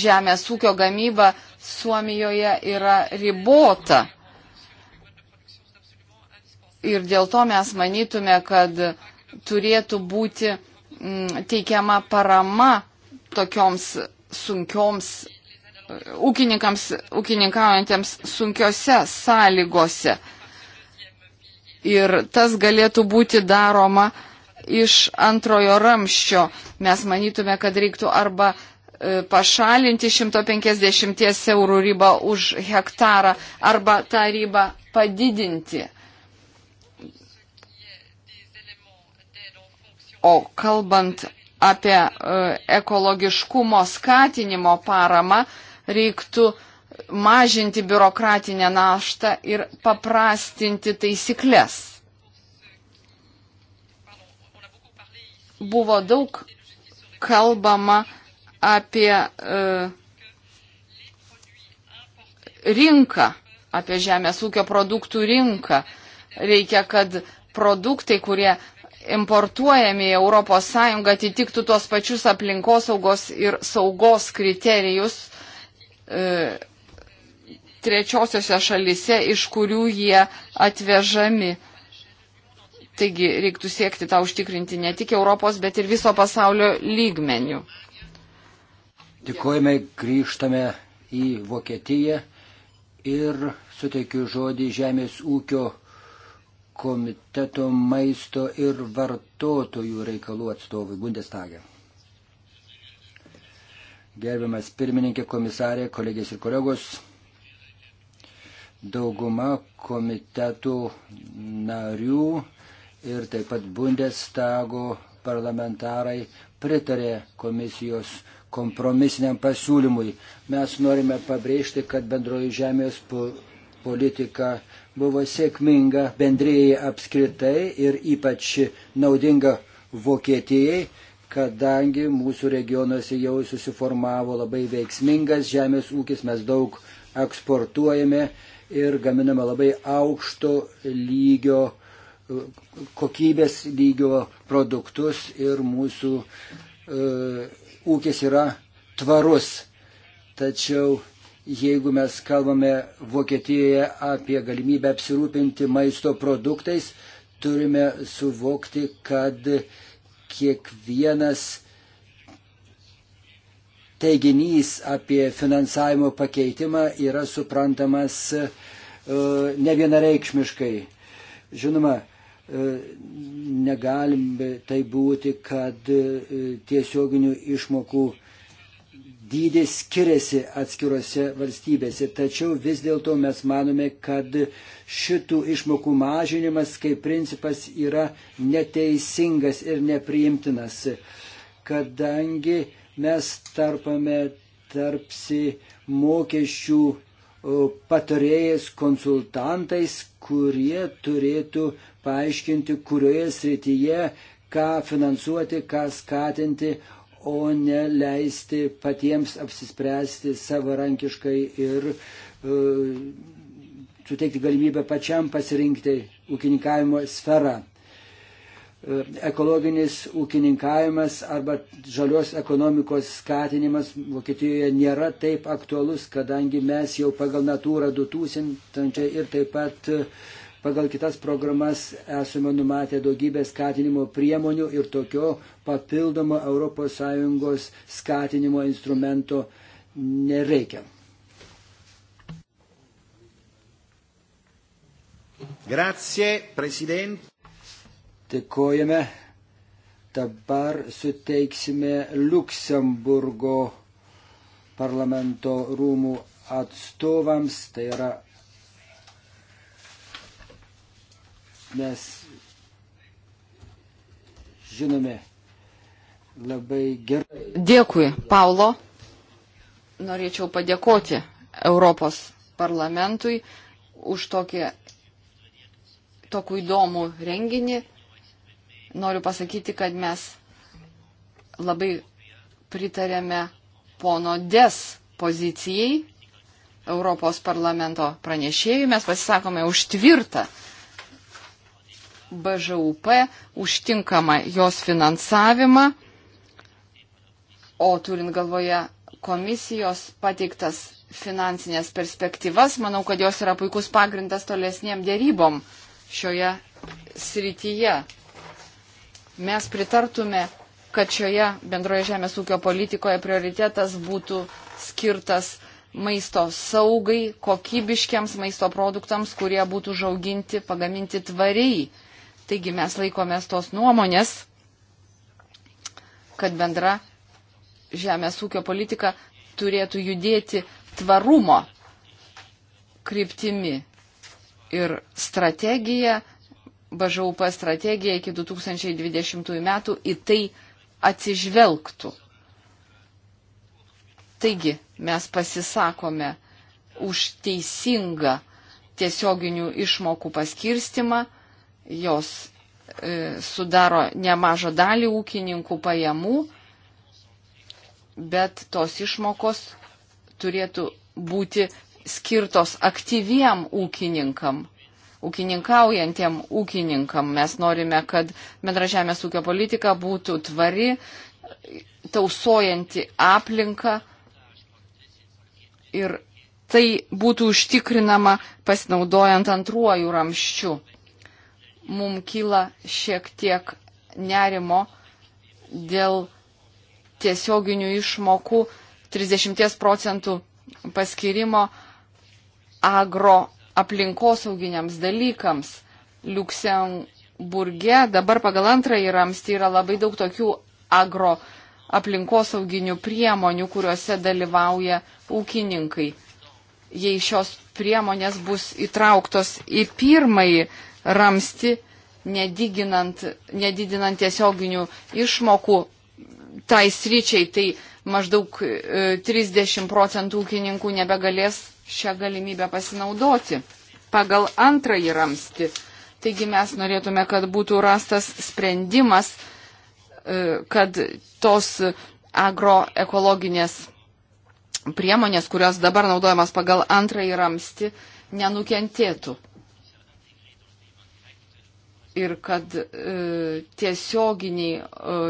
Speaker 5: žemės ūkio gamyba Suomijoje yra ribota. Ir dėl to mes manytume, kad turėtų būti teikiama parama tokioms sunkioms ūkininkams, ūkininkaujantiems sunkiose sąlygose. Ir tas galėtų būti daroma iš antrojo ramščio. Mes manytume, kad reiktų arba e, pašalinti 150 eurų ribą už hektarą arba tą ribą padidinti. O kalbant apie e, ekologiškumo skatinimo paramą, reiktų mažinti biurokratinę naštą ir paprastinti taisyklės. Buvo daug kalbama apie uh, rinką, apie žemės ūkio produktų rinką. Reikia, kad produktai, kurie importuojami į ES atitiktų tuos pačius aplinkosaugos ir saugos kriterijus, E, trečiosiose šalise, iš kurių jie atvežami. Taigi reiktų siekti tą užtikrinti ne tik Europos, bet ir viso pasaulio lygmenių.
Speaker 4: Dėkojame, grįžtame į Vokietiją ir suteikiu žodį Žemės ūkio komiteto maisto ir vartotojų reikalų atstovui Bundestage. Gerbiamas pirmininkė, komisarė, kolegės ir kolegos, dauguma komitetų narių ir taip pat Bundestago parlamentarai pritarė komisijos kompromisiniam pasiūlymui. Mes norime pabrėžti, kad bendroji žemės politika buvo sėkminga bendrėjai apskritai ir ypač naudinga Vokietijai kadangi mūsų regionuose jau susiformavo labai veiksmingas žemės ūkis, mes daug eksportuojame ir gaminame labai aukšto lygio, kokybės lygio produktus ir mūsų e, ūkis yra tvarus. Tačiau jeigu mes kalbame Vokietijoje apie galimybę apsirūpinti maisto produktais, turime suvokti, kad kiekvienas teiginys apie finansavimo pakeitimą yra suprantamas e, nevienareikšmiškai. Žinoma, e, negalim tai būti, kad e, tiesioginių išmokų dydis skiriasi atskiruose valstybėse, tačiau vis dėlto mes manome, kad šitų išmokų mažinimas kaip principas yra neteisingas ir nepriimtinas, kadangi mes tarpame tarpsi mokesčių patarėjais, konsultantais, kurie turėtų paaiškinti, kurioje srityje ką finansuoti, ką skatinti, o ne leisti patiems apsispręsti savarankiškai ir e, suteikti galimybę pačiam pasirinkti ūkininkavimo sferą e, ekologinis ūkininkavimas arba žalios ekonomikos skatinimas Vokietijoje nėra taip aktualus, kadangi mes jau pagal natūrą 2000 ir taip pat Pagal kitas programas esame numatę daugybę skatinimo priemonių ir tokio papildomo ES skatinimo instrumento nereikia. Grazie, Presidente. Dėkojame. Dabar suteiksime Luksemburgo parlamento rūmų atstovams, tai yra Mes žinome labai gerai. Dėkui,
Speaker 5: Paulo. Norėčiau padėkoti Europos parlamentui už tokį, tokį įdomų renginį. Noriu pasakyti, kad mes labai pritarėme pono Des pozicijai Europos parlamento pranešėjui. Mes pasisakome už tvirtą BŽUP užtinkama jos finansavimą, o turint galvoje komisijos pateiktas finansinės perspektyvas, manau, kad jos yra puikus pagrindas tolesniem dėrybom šioje srityje. Mes pritartume, kad šioje bendroje žemės ūkio politikoje prioritetas būtų skirtas maisto saugai, kokybiškiams maisto produktams, kurie būtų žauginti, pagaminti tvariai. Taigi mes laikomės tos nuomonės, kad bendra žemės ūkio politika turėtų judėti tvarumo kryptimi ir strategija, BŽUP strategija iki 2020 metų į tai atsižvelgtų. Taigi mes pasisakome už teisingą tiesioginių išmokų paskirstimą Jos e, sudaro nemažą dalį ūkininkų pajamų, bet tos išmokos turėtų būti skirtos aktyviem ūkininkam, ūkininkaujantiem ūkininkam. Mes norime, kad bendražėmės ūkio politika būtų tvari, tausojanti aplinką ir tai būtų užtikrinama pasinaudojant antruoju ramščiu mums kyla šiek tiek nerimo dėl tiesioginių išmokų 30 procentų paskirimo agro aplinkosauginiams dalykams. Liuksemburgė dabar pagal antrąjį ramstį yra labai daug tokių agro aplinkosauginių priemonių, kuriuose dalyvauja ūkininkai. Jei šios priemonės bus įtrauktos į pirmąjį ramsti, nedidinant, nedidinant tiesioginių išmokų tai sryčiai, tai maždaug 30 e, procentų ūkininkų nebegalės šią galimybę pasinaudoti pagal antrąjį ramsti. Taigi mes norėtume, kad būtų rastas sprendimas, e, kad tos agroekologinės priemonės, kurios dabar naudojamas pagal antrąjį ramsti, nenukentėtų ir kad e, e,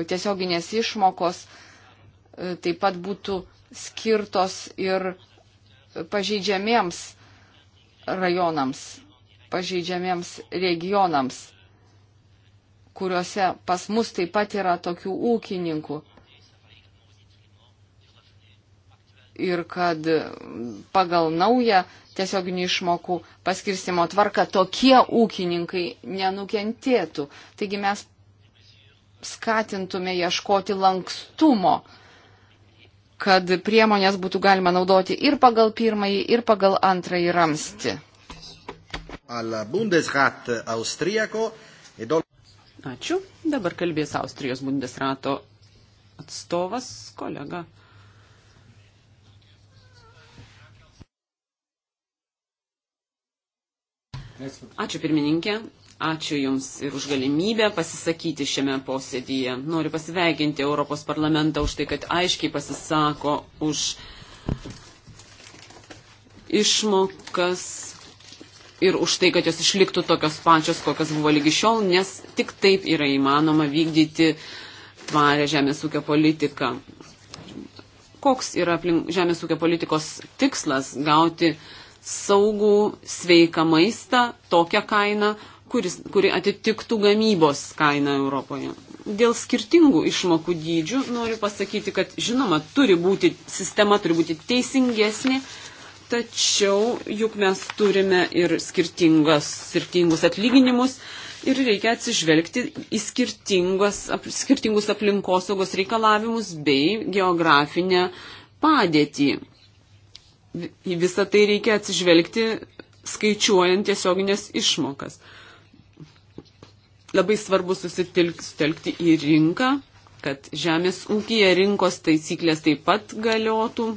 Speaker 5: tiesioginės išmokos e, taip pat būtų skirtos ir pažeidžiamiems rajonams, pažeidžiamiems regionams, kuriuose pas mus taip pat yra tokių ūkininkų. ir kad pagal naują tiesioginių išmokų paskirstimo tvarką tokie ūkininkai nenukentėtų. Taigi mes skatintume ieškoti lankstumo, kad priemonės būtų galima naudoti ir pagal pirmąjį, ir pagal antrąjį ramsti.
Speaker 1: E
Speaker 2: Ačiū. Dabar kalbės Austrijos Bundesrato atstovas, kolega Ačiū pirmininkė, ačiū Jums ir už galimybę pasisakyti šiame posėdyje. Noriu pasiveikinti Europos parlamentą už tai, kad aiškiai pasisako už išmokas ir už tai, kad jos išliktų tokios pačios, kokios buvo lygi šiol, nes tik taip yra įmanoma vykdyti tvarę žemės ūkio politiką. Koks yra aplink, žemės ūkio politikos tikslas gauti uh, saugų, sveiką maistą tokią kainą, kuris, kuri atitiktų gamybos kainą Europoje. Dėl skirtingų išmokų dydžių noriu pasakyti, kad žinoma, turi būti, sistema turi būti teisingesnė, tačiau juk mes turime ir skirtingus atlyginimus ir reikia atsižvelgti į ap, skirtingus aplinkosaugos reikalavimus bei geografinę padėtį į visą tai reikia atsižvelgti skaičiuojant tiesioginės išmokas. Labai svarbu susitelkti į rinką, kad žemės ūkija rinkos taisyklės taip pat galiotų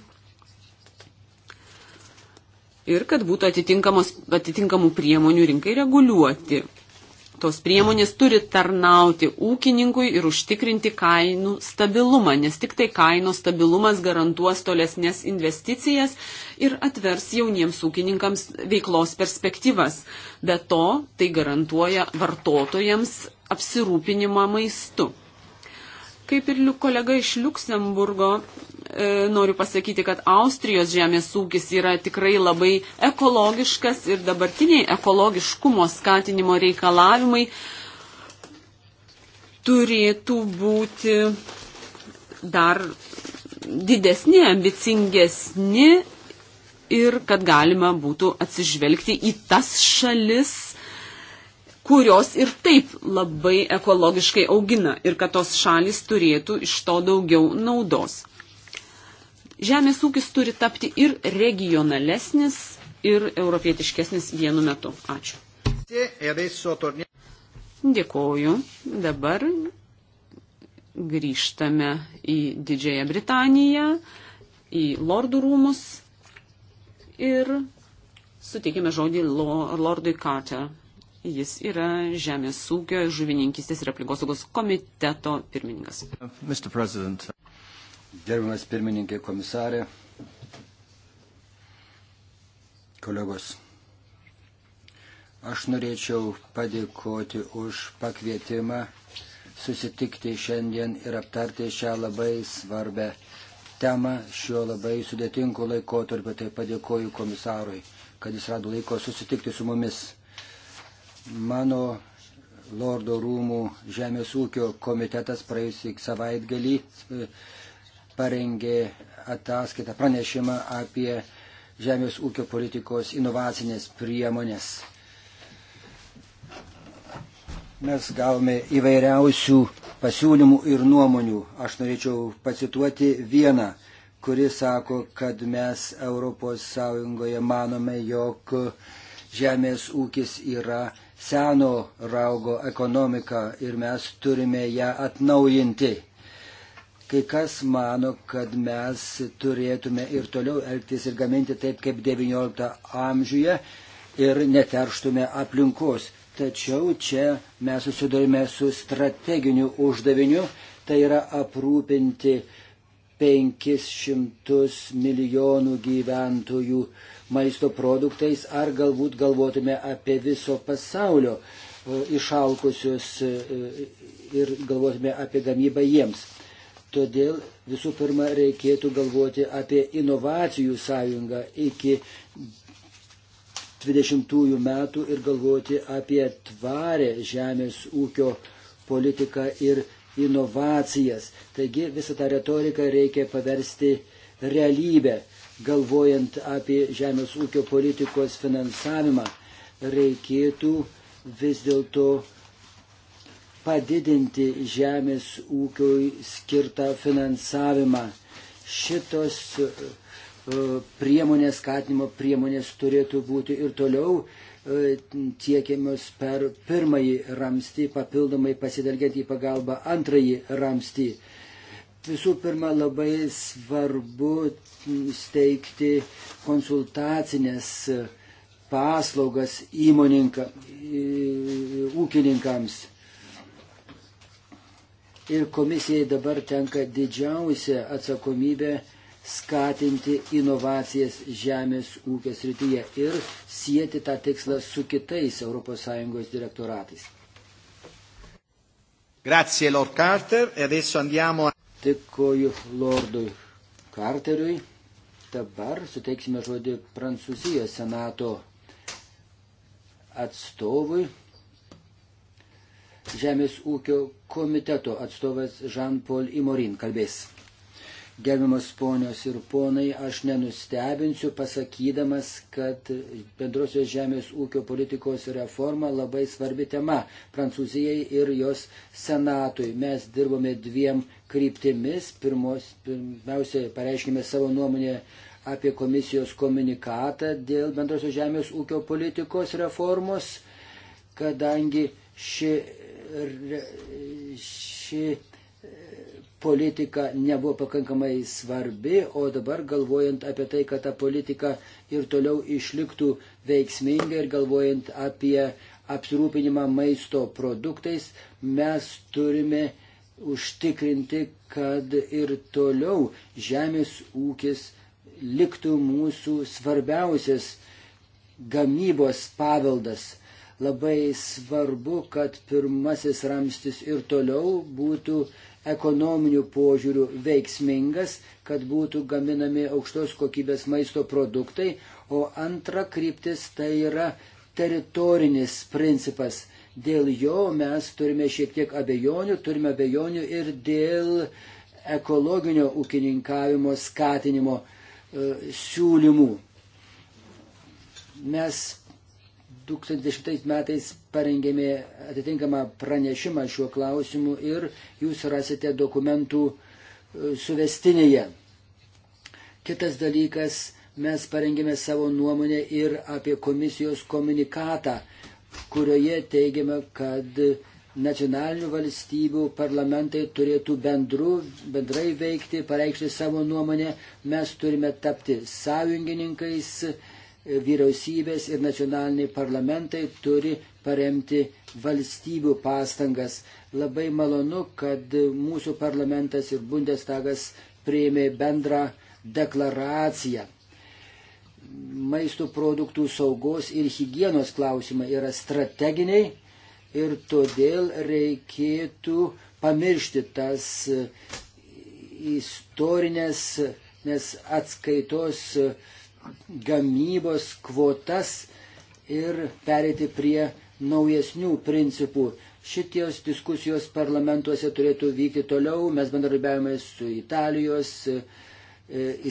Speaker 2: ir kad būtų atitinkamų priemonių rinkai reguliuoti. Tos priemonės turi tarnauti ūkininkui ir užtikrinti kainų stabilumą, nes tik tai kainų stabilumas garantuos tolesnės investicijas ir atvers jauniems ūkininkams veiklos perspektyvas. Be to, tai garantuoja vartotojams apsirūpinimą maistu. Kaip ir kolega iš Luksemburgo, E, noriu pasakyti, kad Austrijos žemės ūkis yra tikrai labai ekologiškas ir dabartiniai ekologiškumo skatinimo reikalavimai turėtų būti dar didesni, ambicingesni ir kad galima būtų atsižvelgti į tas šalis, kurios ir taip labai ekologiškai augina ir kad tos šalis turėtų iš to daugiau naudos žemės ūkis turi tapti ir regionalesnis, ir europietiškesnis vienu metu. Ačiū. Dėkoju. Dabar grįžtame į Didžiąją Britaniją, į Lordų rūmus ir suteikime žodį Lordui Carter. Jis yra Žemės ūkio, žuvininkistės ir aplinkosaugos komiteto pirmininkas.
Speaker 6: Gerbiamas pirmininkė
Speaker 4: komisarė, kolegos, aš norėčiau padėkoti už pakvietimą susitikti šiandien ir aptarti šią labai svarbę temą šiuo labai sudėtingu laikotarpiu. Tai padėkoju komisarui, kad jis rado laiko susitikti su mumis. Mano Lordo rūmų Žemės ūkio komitetas praėjusį savaitgalį parengė ataskaitą pranešimą apie žemės ūkio politikos inovacinės priemonės. Mes gavome įvairiausių pasiūlymų ir nuomonių. Aš norėčiau pacituoti vieną, kuris sako, kad mes ES manome, jog žemės ūkis yra seno raugo ekonomika ir mes turime ją atnaujinti Kai kas mano, kad mes turėtume ir toliau elgtis ir gaminti taip kaip XIX amžiuje ir neterštume aplinkos. Tačiau čia mes susidurime su strateginiu uždaviniu, tai yra aprūpinti 500 milijonų gyventojų maisto produktais, ar galbūt galvotume apie viso pasaulio e, išalkusius e, ir galvotume apie gamybą jiems. Todėl visų pirma reikėtų galvoti apie inovacijų sąjungą iki 20 metų ir galvoti apie tvarę žemės ūkio politiką ir inovacijas. Taigi visą tą retoriką reikia paversti realybę. Galvojant apie žemės ūkio politikos finansavimą, reikėtų vis dėlto padidinti žemės ūkioj skirtą finansavimą. Šitos e, priemonės, skatinimo priemonės turėtų būti ir toliau e, tiekiamos per pirmąjį ramstį, papildomai pasidelgiant į pagalbą antrąjį ramstį. Visų pirma, labai svarbu steigti konsultacinės paslaugas įmoninkams, ūkininkams ir komisijai dabar tenka didžiausia atsakomybė skatinti inovacijas žemės ūkio srityje ir sieti tą tikslą su kitais ES direktoratais. Grazie Lord Carter e adesso andiamo a... Dėkoju Lordui Carteriui. Dabar suteiksime žodį Prancūzijos senato atstovui Žemės ūkio komiteto atstovas Jean-Paul Imorin kalbės. Gerbiamas ponios ir ponai, aš nenustebinsiu pasakydamas, kad bendrosios žemės ūkio politikos reforma labai svarbi tema Prancūzijai ir jos senatui. Mes dirbome dviem kryptimis. Pirmos, pirmiausia, pareiškime savo nuomonę apie komisijos komunikatą dėl bendrosios žemės ūkio politikos reformos, kadangi ši ši e, politika nebuvo pakankamai svarbi, o dabar galvojant apie tai, kad ta politika ir toliau išliktų veiksminga ir galvojant apie apsirūpinimą maisto produktais, mes turime užtikrinti, kad ir toliau žemės ūkis liktų mūsų svarbiausias gamybos paveldas Labai svarbu, kad pirmasis ramstis ir toliau būtų ekonominių požiūrių veiksmingas, kad būtų gaminami aukštos kokybės maisto produktai, o antra kryptis tai yra teritorinis principas. Dėl jo mes turime šiek tiek abejonių, turime abejonių ir dėl ekologinio ūkininkavimo skatinimo e, siūlymų. Mes 2010 metais parengėme atitinkamą pranešimą šiuo klausimu ir jūs rasite dokumentų e, suvestinėje. Kitas dalykas, mes parengėme savo nuomonę ir apie komisijos komunikatą, kurioje teigiame, kad nacionalinių valstybių parlamentai turėtų bendru, bendrai veikti, pareikšti savo nuomonę, mes turime tapti sąjungininkais vyriausybės ir nacionaliniai parlamentai turi paremti valstybių pastangas. Labai malonu, kad mūsų parlamentas ir Bundestagas prieimė bendrą deklaraciją. Maisto produktų saugos ir hygienos klausimai yra strateginiai ir todėl reikėtų pamiršti tas istorinės nes atskaitos uh, gamybos kvotas ir pereiti prie naujesnių principų. Šitos diskusijos parlamentuose turėtų vykti toliau. Mes bendradarbiavome su Italijos, e,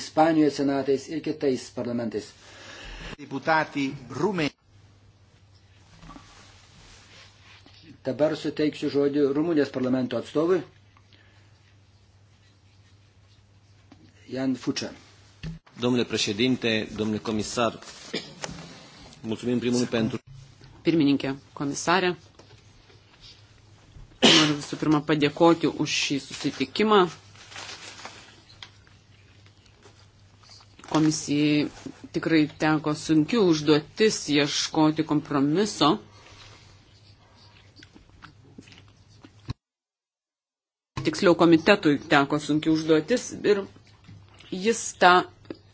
Speaker 4: Ispanijos senatais ir kitais parlamentais.
Speaker 1: Deputati Rumė.
Speaker 4: Dabar suteiksiu žodį Rumunijos parlamento atstovui. Jan Fučia.
Speaker 3: Domnule președinte, domnule comisar, mulțumim
Speaker 2: primul pentru. Pirmininkė, komisarė, noriu visų pirma padėkoti už šį susitikimą. Komisijai tikrai teko sunkių užduotis ieškoti kompromiso. Tiksliau komitetui teko sunkių užduotis ir jis tą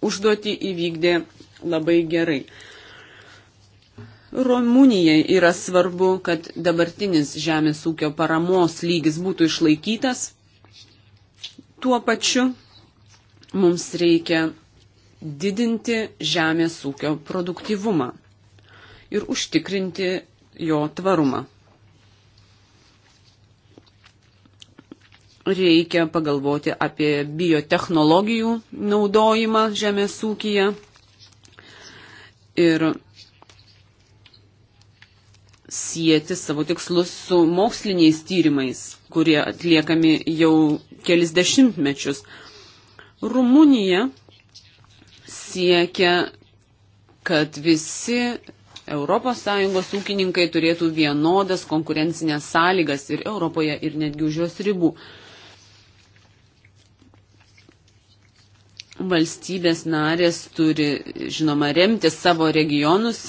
Speaker 2: užduoti įvykdė labai gerai. Rumunijai yra svarbu, kad dabartinis žemės ūkio paramos lygis būtų išlaikytas. Tuo pačiu mums reikia didinti žemės ūkio produktivumą ir užtikrinti jo tvarumą. Reikia pagalvoti apie biotehnologijų naudojimą žemės ūkyje. Ir sieti savo tikslus su moksliniais tyrimais, kurie atliekami jau kelis dešimtmečius. Rumunija siekia, kad visi ES ūkininkai turėtų vienodas konkurencinės sąlygas ir Europoje, ir netgi už jos ribų. Valstybės narės turi, žinoma, remti savo regionus.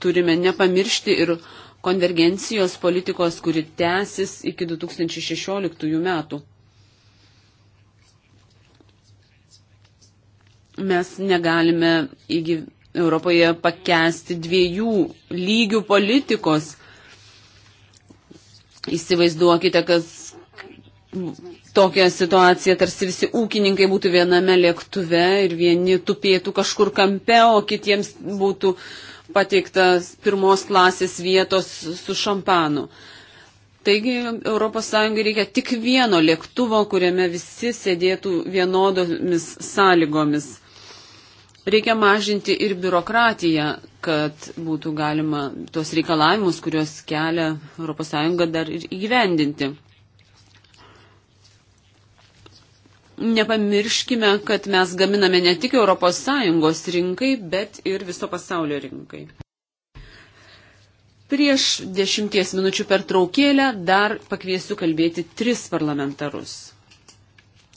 Speaker 2: Turime nepamiršti ir konvergencijos politikos, kuri tęsis iki 2016 metų. Mes negalime įgy... Europoje pakęsti dviejų lygių politikos. Įsivaizduokite, kas tokią situaciją, tarsi visi ūkininkai būtų viename lėktuve ir vieni tupėtų kažkur kampe, o kitiems būtų pateiktas pirmos klasės vietos su šampanu. Taigi ES reikia tik vieno lėktuvo, kuriame visi sėdėtų vienodomis sąlygomis. Reikia mažinti ir biurokratiją, kad būtų galima tuos reikalavimus, kuriuos kelia ES dar ir įgyvendinti. nepamirškime, kad mes gaminame ne tik ES rinkai, bet ir viso pasaulio rinkai. Prieš dešimties minučių per traukėlę dar pakviesiu kalbėti tris parlamentarus,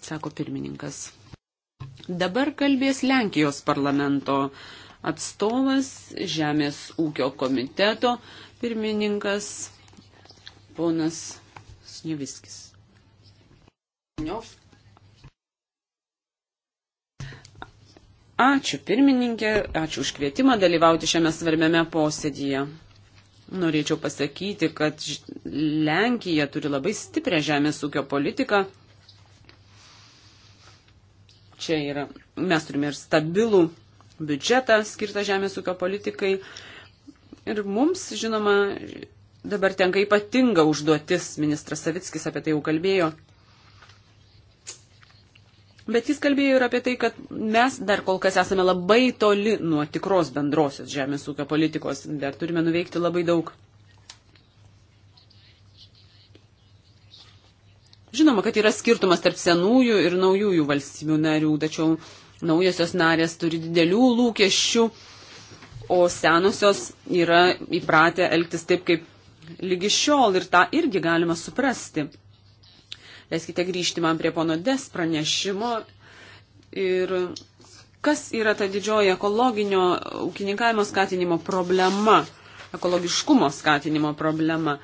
Speaker 2: sako pirmininkas. Dabar kalbės Lenkijos parlamento atstovas, Žemės ūkio komiteto pirmininkas, ponas Sneviskis. Niovskis. Ačiū pirmininkė, ačiū už kvietimą dalyvauti šiame svarbiame posėdyje. Norėčiau pasakyti, kad Lenkija turi labai stiprią žemės ūkio politiką. Čia yra, mes turime ir stabilų biudžetą skirtą žemės ūkio politikai. Ir mums, žinoma, dabar tenka ypatinga užduotis, ministras Savickis apie tai jau kalbėjo, Bet jis kalbėjo ir apie tai, kad mes dar kol kas esame labai toli nuo tikros bendrosios žemės ūkio politikos, dar turime nuveikti labai daug. Žinoma, kad yra skirtumas tarp senųjų ir naujųjų valstybių narių, tačiau naujosios narės turi didelių lūkesčių, o senosios yra įpratę elgtis taip, kaip lygi šiol ir tą irgi galima suprasti. Leiskite grįžti man prie pono Des pranešimo. Ir kas yra ta didžioji ekologinio ūkininkavimo skatinimo problema, ekologiškumo skatinimo problema?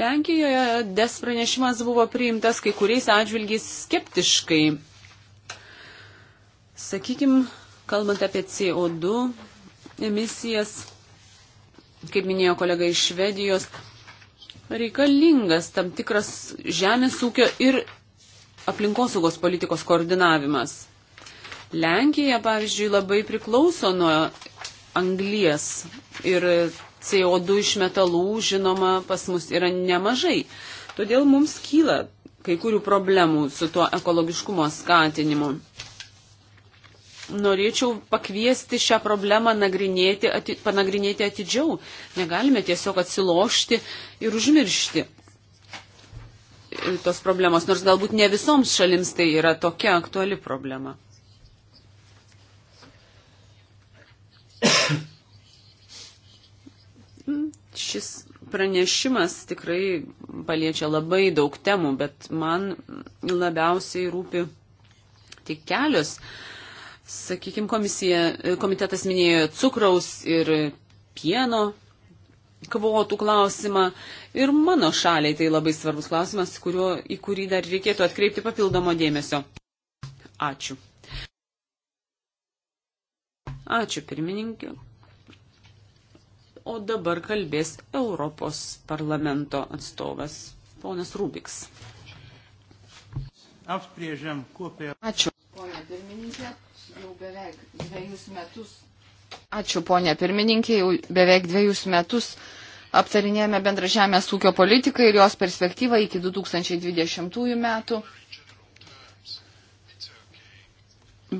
Speaker 2: Lenkijoje des pranešimas buvo priimtas kai kuriais atžvilgiais skeptiškai. Sakykime, kalbant apie CO2 emisijas, kaip minėjo kolega iš Švedijos, reikalingas tam tikras žemės ūkio ir aplinkosaugos politikos koordinavimas. Lenkija, pavyzdžiui, labai priklauso nuo anglies ir CO2 iš metalų, žinoma, pas mus yra nemažai. Todėl mums kyla kai kurių problemų su tuo ekologiškumo skatinimu norėčiau pakviesti šią problemą nagrinėti, ati, panagrinėti atidžiau. Negalime tiesiog atsilošti ir užmiršti tos problemos, nors galbūt ne visoms šalims tai yra tokia aktuali problema. Šis pranešimas tikrai paliečia labai daug temų, bet man labiausiai rūpi tik kelios. Uh, Sakykime, komisija, e, komitetas minėjo cukraus ir pieno kvotų klausimą. Ir mano šaliai tai labai svarbus klausimas, kurio, į kurį dar reikėtų atkreipti papildomo dėmesio. Ačiū. Ačiū pirmininkė. O dabar kalbės Europos parlamento atstovas, ponas Rubiks.
Speaker 3: Ačiū.
Speaker 5: Pone pirmininkė jau beveik dviejus metus. Ačiū, ponė pirmininkė, jau beveik dviejus metus aptarinėjame bendrą žemės ūkio politiką ir jos perspektyvą iki 2020 metų.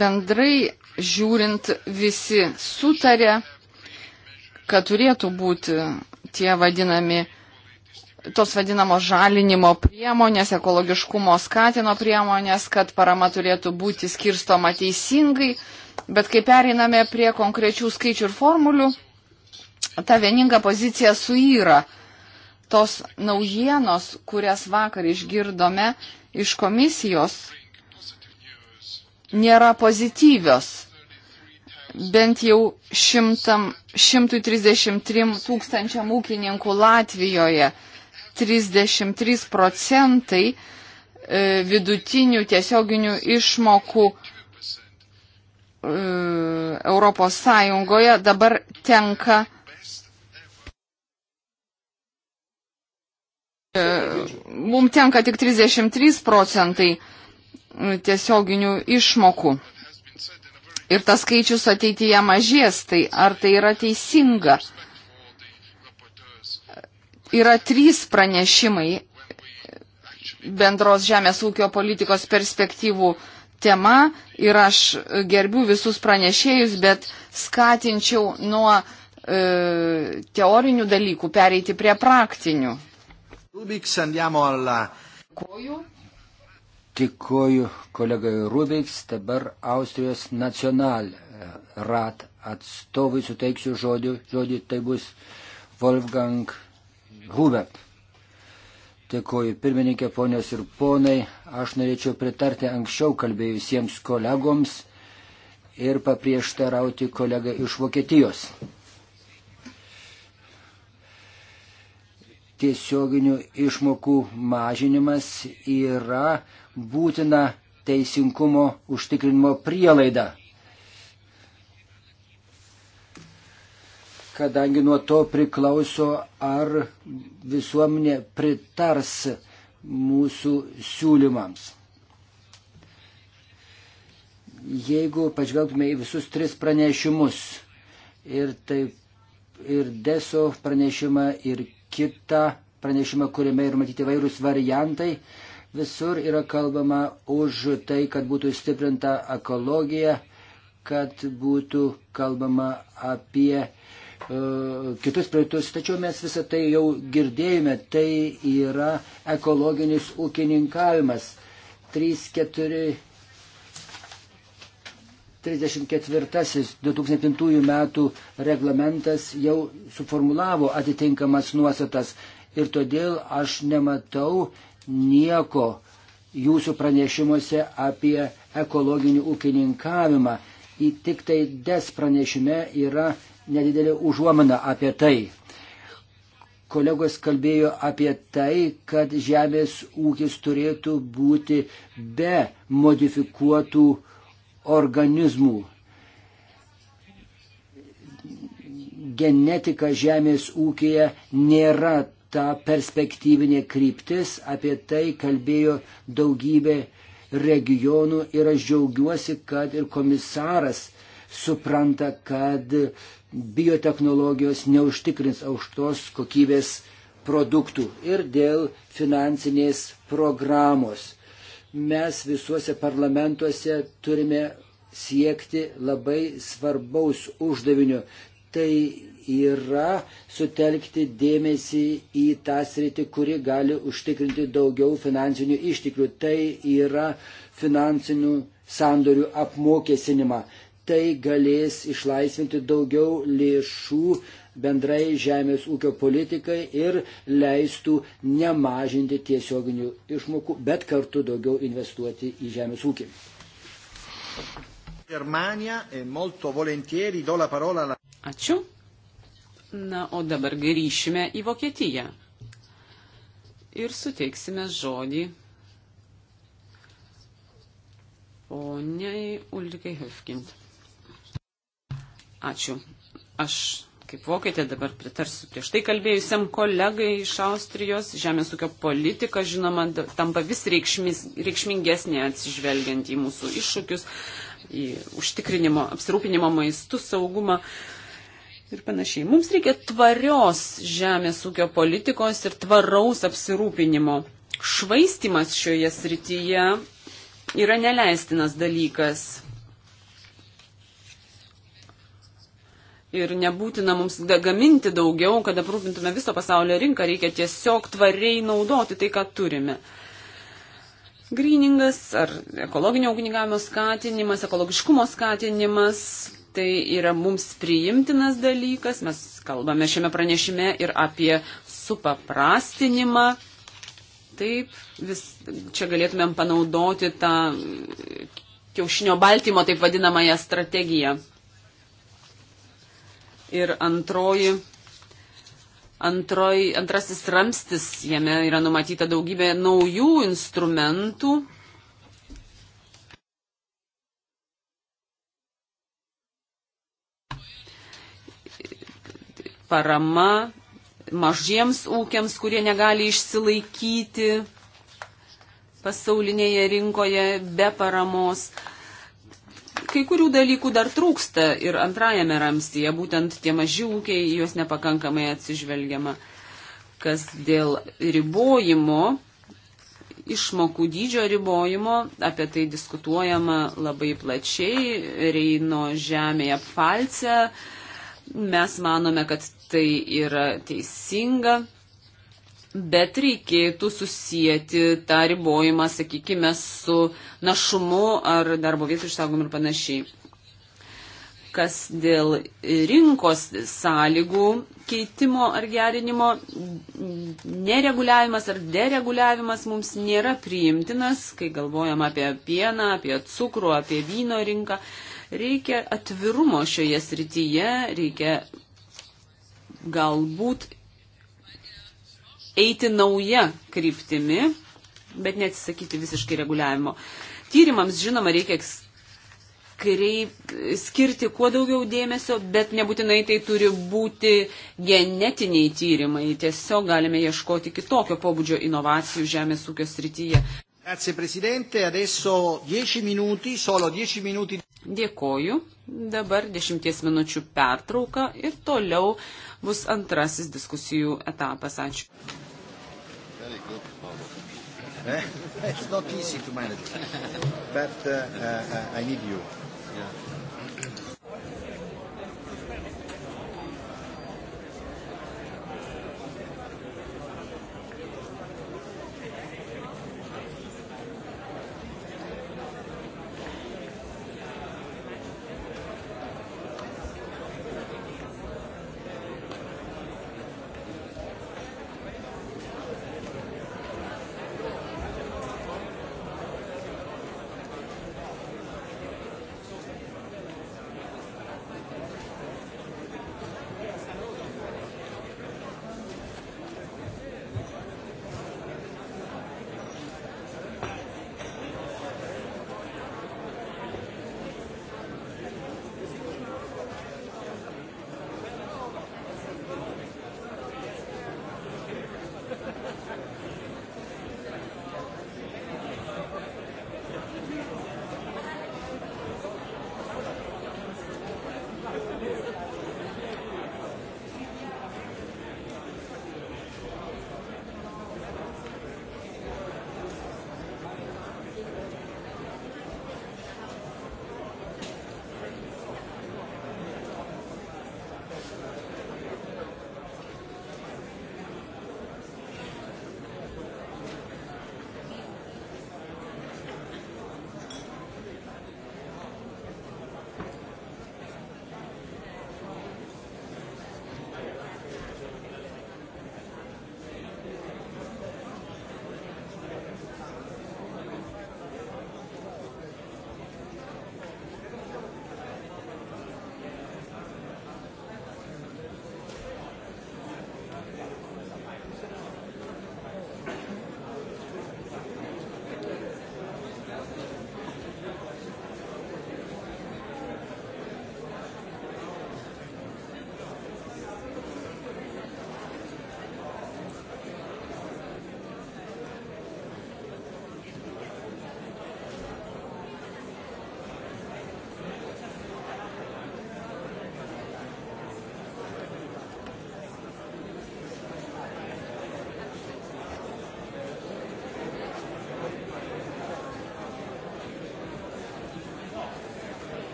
Speaker 5: Bendrai žiūrint, visi sutarė, kad turėtų būti tie vadinami tos vadinamos žalinimo priemonės, ekologiškumo skatino priemonės, kad parama turėtų būti skirstoma teisingai, bet kai pereiname prie konkrečių skaičių ir formulių, ta vieninga pozicija suyra. Tos naujienos, kurias vakar išgirdome iš komisijos, nėra pozityvios bent jau šimtam, 133 tūkstančiam ūkininkų Latvijoje 33 procentai e, vidutinių tiesioginių išmokų e, Europos Sąjungoje dabar tenka e, mums tenka tik 33 procentai tiesioginių išmokų. Ir tas skaičius ateityje mažės, tai ar tai yra teisinga? yra trys pranešimai bendros žemės ūkio politikos perspektyvų tema ir aš gerbiu visus pranešėjus, bet skatinčiau nuo e, teorinių dalykų pereiti prie praktinių.
Speaker 4: Dėkuoju. Dėkuoju kolegai Rubiks, dabar Austrijos nacional e, rat atstovui suteiksiu žodį, žodį tai bus Wolfgang Hubep. Dėkuoju pirmininkė, ponios ir ponai. Aš norėčiau pritarti anksčiau kalbėjusiems kolegoms ir paprieštarauti kolegą iš Vokietijos. Tiesioginių išmokų mažinimas yra būtina teisingumo užtikrinimo prielaida. kadangi nuo to priklauso, ar visuomenė pritars mūsų siūlymams. Jeigu pažvelgtume į visus tris pranešimus ir, taip, ir deso pranešimą ir kitą pranešimą, kuriame yra matyti vairūs variantai, visur yra kalbama už tai, kad būtų stiprinta ekologija, kad būtų kalbama apie uh, E, kitus projektus, tačiau mes visą tai jau girdėjome, tai yra ekologinis ūkininkavimas. 34, 34 2005 metų reglamentas jau suformulavo atitinkamas nuostatas ir todėl aš nematau nieko jūsų pranešimuose apie ekologinį ūkininkavimą. Į tik tai des pranešime yra nedidelė užuomina apie tai. Kolegos kalbėjo apie tai, kad žemės ūkis turėtų būti be modifikuotų organizmų. Genetika žemės ūkėje nėra ta perspektyvinė kryptis, apie tai kalbėjo daugybė regionų ir aš džiaugiuosi, kad ir komisaras supranta, kad biotehnologijos neužtikrins aukštos kokybės produktų ir dėl finansinės programos. Mes visuose parlamentuose turime siekti labai svarbaus uždavinio. Tai yra sutelkti dėmesį į tą sritį, kuri gali užtikrinti daugiau finansinių išteklių. Tai yra finansinių sandorių apmokėsinimą tai galės išlaisvinti daugiau lėšų bendrai žemės ūkio politikai ir leistų nemažinti tiesioginių išmokų, bet kartu daugiau investuoti į žemės ūkį.
Speaker 1: E, Ačiū. Na, o dabar grįšime į Vokietiją
Speaker 2: ir suteiksime žodį poniai Ulrikai Höfkind. Ačiū. Aš kaip vokietė dabar pritarsiu prieš tai kalbėjusiam kolegai iš Austrijos. Žemės ūkio politika, žinoma, tampa vis reikšmis, reikšmingesnė atsižvelgiant į mūsų iššūkius, į užtikrinimo, apsirūpinimo maistų saugumą. Ir panašiai. Mums reikia tvarios žemės ūkio politikos ir tvaraus apsirūpinimo. Švaistimas šioje srityje yra neleistinas dalykas ir nebūtina mums gaminti daugiau, kad aprūpintume viso pasaulio rinką, reikia tiesiog tvariai naudoti tai, ką turime. Greeningas ar ekologinio ugnigavimo skatinimas, ekologiškumo skatinimas, tai yra mums priimtinas dalykas, mes kalbame šiame pranešime ir apie supaprastinimą. Taip, vis, čia galėtumėm panaudoti tą kiaušinio baltymo taip vadinamąją strategiją ir antroji. Antroj, antrasis ramstis, jame yra numatyta daugybė naujų instrumentų, parama mažiems ūkiams, kurie negali išsilaikyti pasaulinėje rinkoje be paramos kai kurių dalykų dar trūksta ir antrajame ramstyje, būtent tie maži ūkiai, juos nepakankamai atsižvelgiama. Kas dėl ribojimo, išmokų dydžio ribojimo, apie tai diskutuojama labai plačiai, Reino žemėje Pfalce. Mes manome, kad tai yra teisinga, bet reikėtų susijęti tą ribojimą, sakykime, su našumu ar darbo vietų išsaugomu ir panašiai. Kas dėl rinkos sąlygų keitimo ar gerinimo, nereguliavimas ar dereguliavimas mums nėra priimtinas, kai galvojam apie pieną, apie cukrų, apie vyno rinką. Reikia atvirumo šioje srityje, reikia galbūt eiti nauja kryptimi, bet neatsisakyti visiškai reguliavimo. Tyrimams, žinoma, reikia kreip, skirti kuo daugiau dėmesio, bet nebūtinai tai turi būti genetiniai tyrimai. Tiesiog galime ieškoti kitokio pobūdžio inovacijų žemės ūkio srityje.
Speaker 1: Grazie Presidente, adesso 10 minuti, solo
Speaker 2: 10 minuti. Dėkoju, dabar 10 minučių pertrauka ir toliau bus antrasis diskusijų etapas. Ačiū. Very good, Paolo. Eh?
Speaker 1: it's not easy to manage, but uh, uh, uh I need you. Yeah.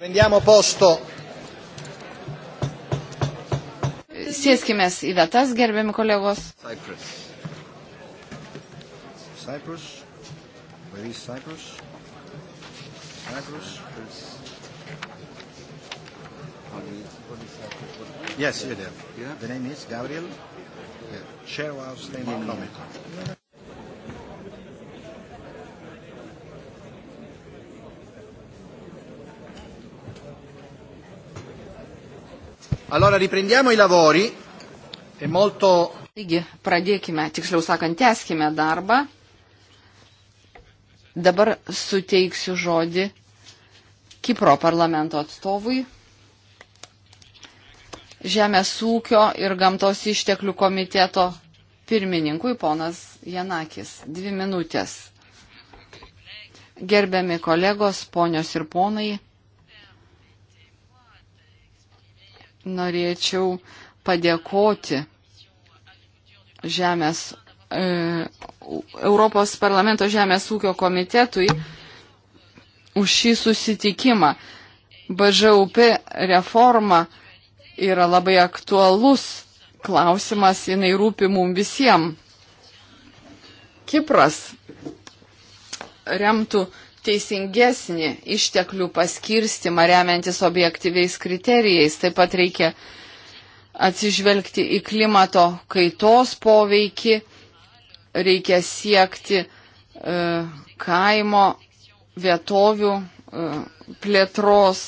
Speaker 1: Prendiamo posto.
Speaker 5: Sėskime į vietas, gerbiami kolegos.
Speaker 1: Cyprus. Cyprus. Where is Cyprus? Cyprus. Yes, you're there. Yeah. The name is Gabriel. Yeah. Chair of Standing Committee. Allora riprendiamo i lavori. È molto... Taigi, pradėkime, tiksliau
Speaker 5: sakant, tęskime darbą. Dabar suteiksiu žodį Kipro parlamento atstovui, Žemės ūkio ir gamtos išteklių komiteto pirmininkui, ponas Janakis. Dvi minutės. Gerbiami kolegos, ponios ir ponai. norėčiau padėkoti Žemės, e, Europos parlamento Žemės ūkio komitetui už šį susitikimą. BŽUP reforma yra labai aktualus klausimas, jinai rūpi mums visiems. Kipras remtų teisingesnį išteklių paskirstimą remiantis objektyviais kriterijais. Taip pat reikia atsižvelgti į klimato kaitos poveikį, reikia siekti e, kaimo vietovių e, plėtros.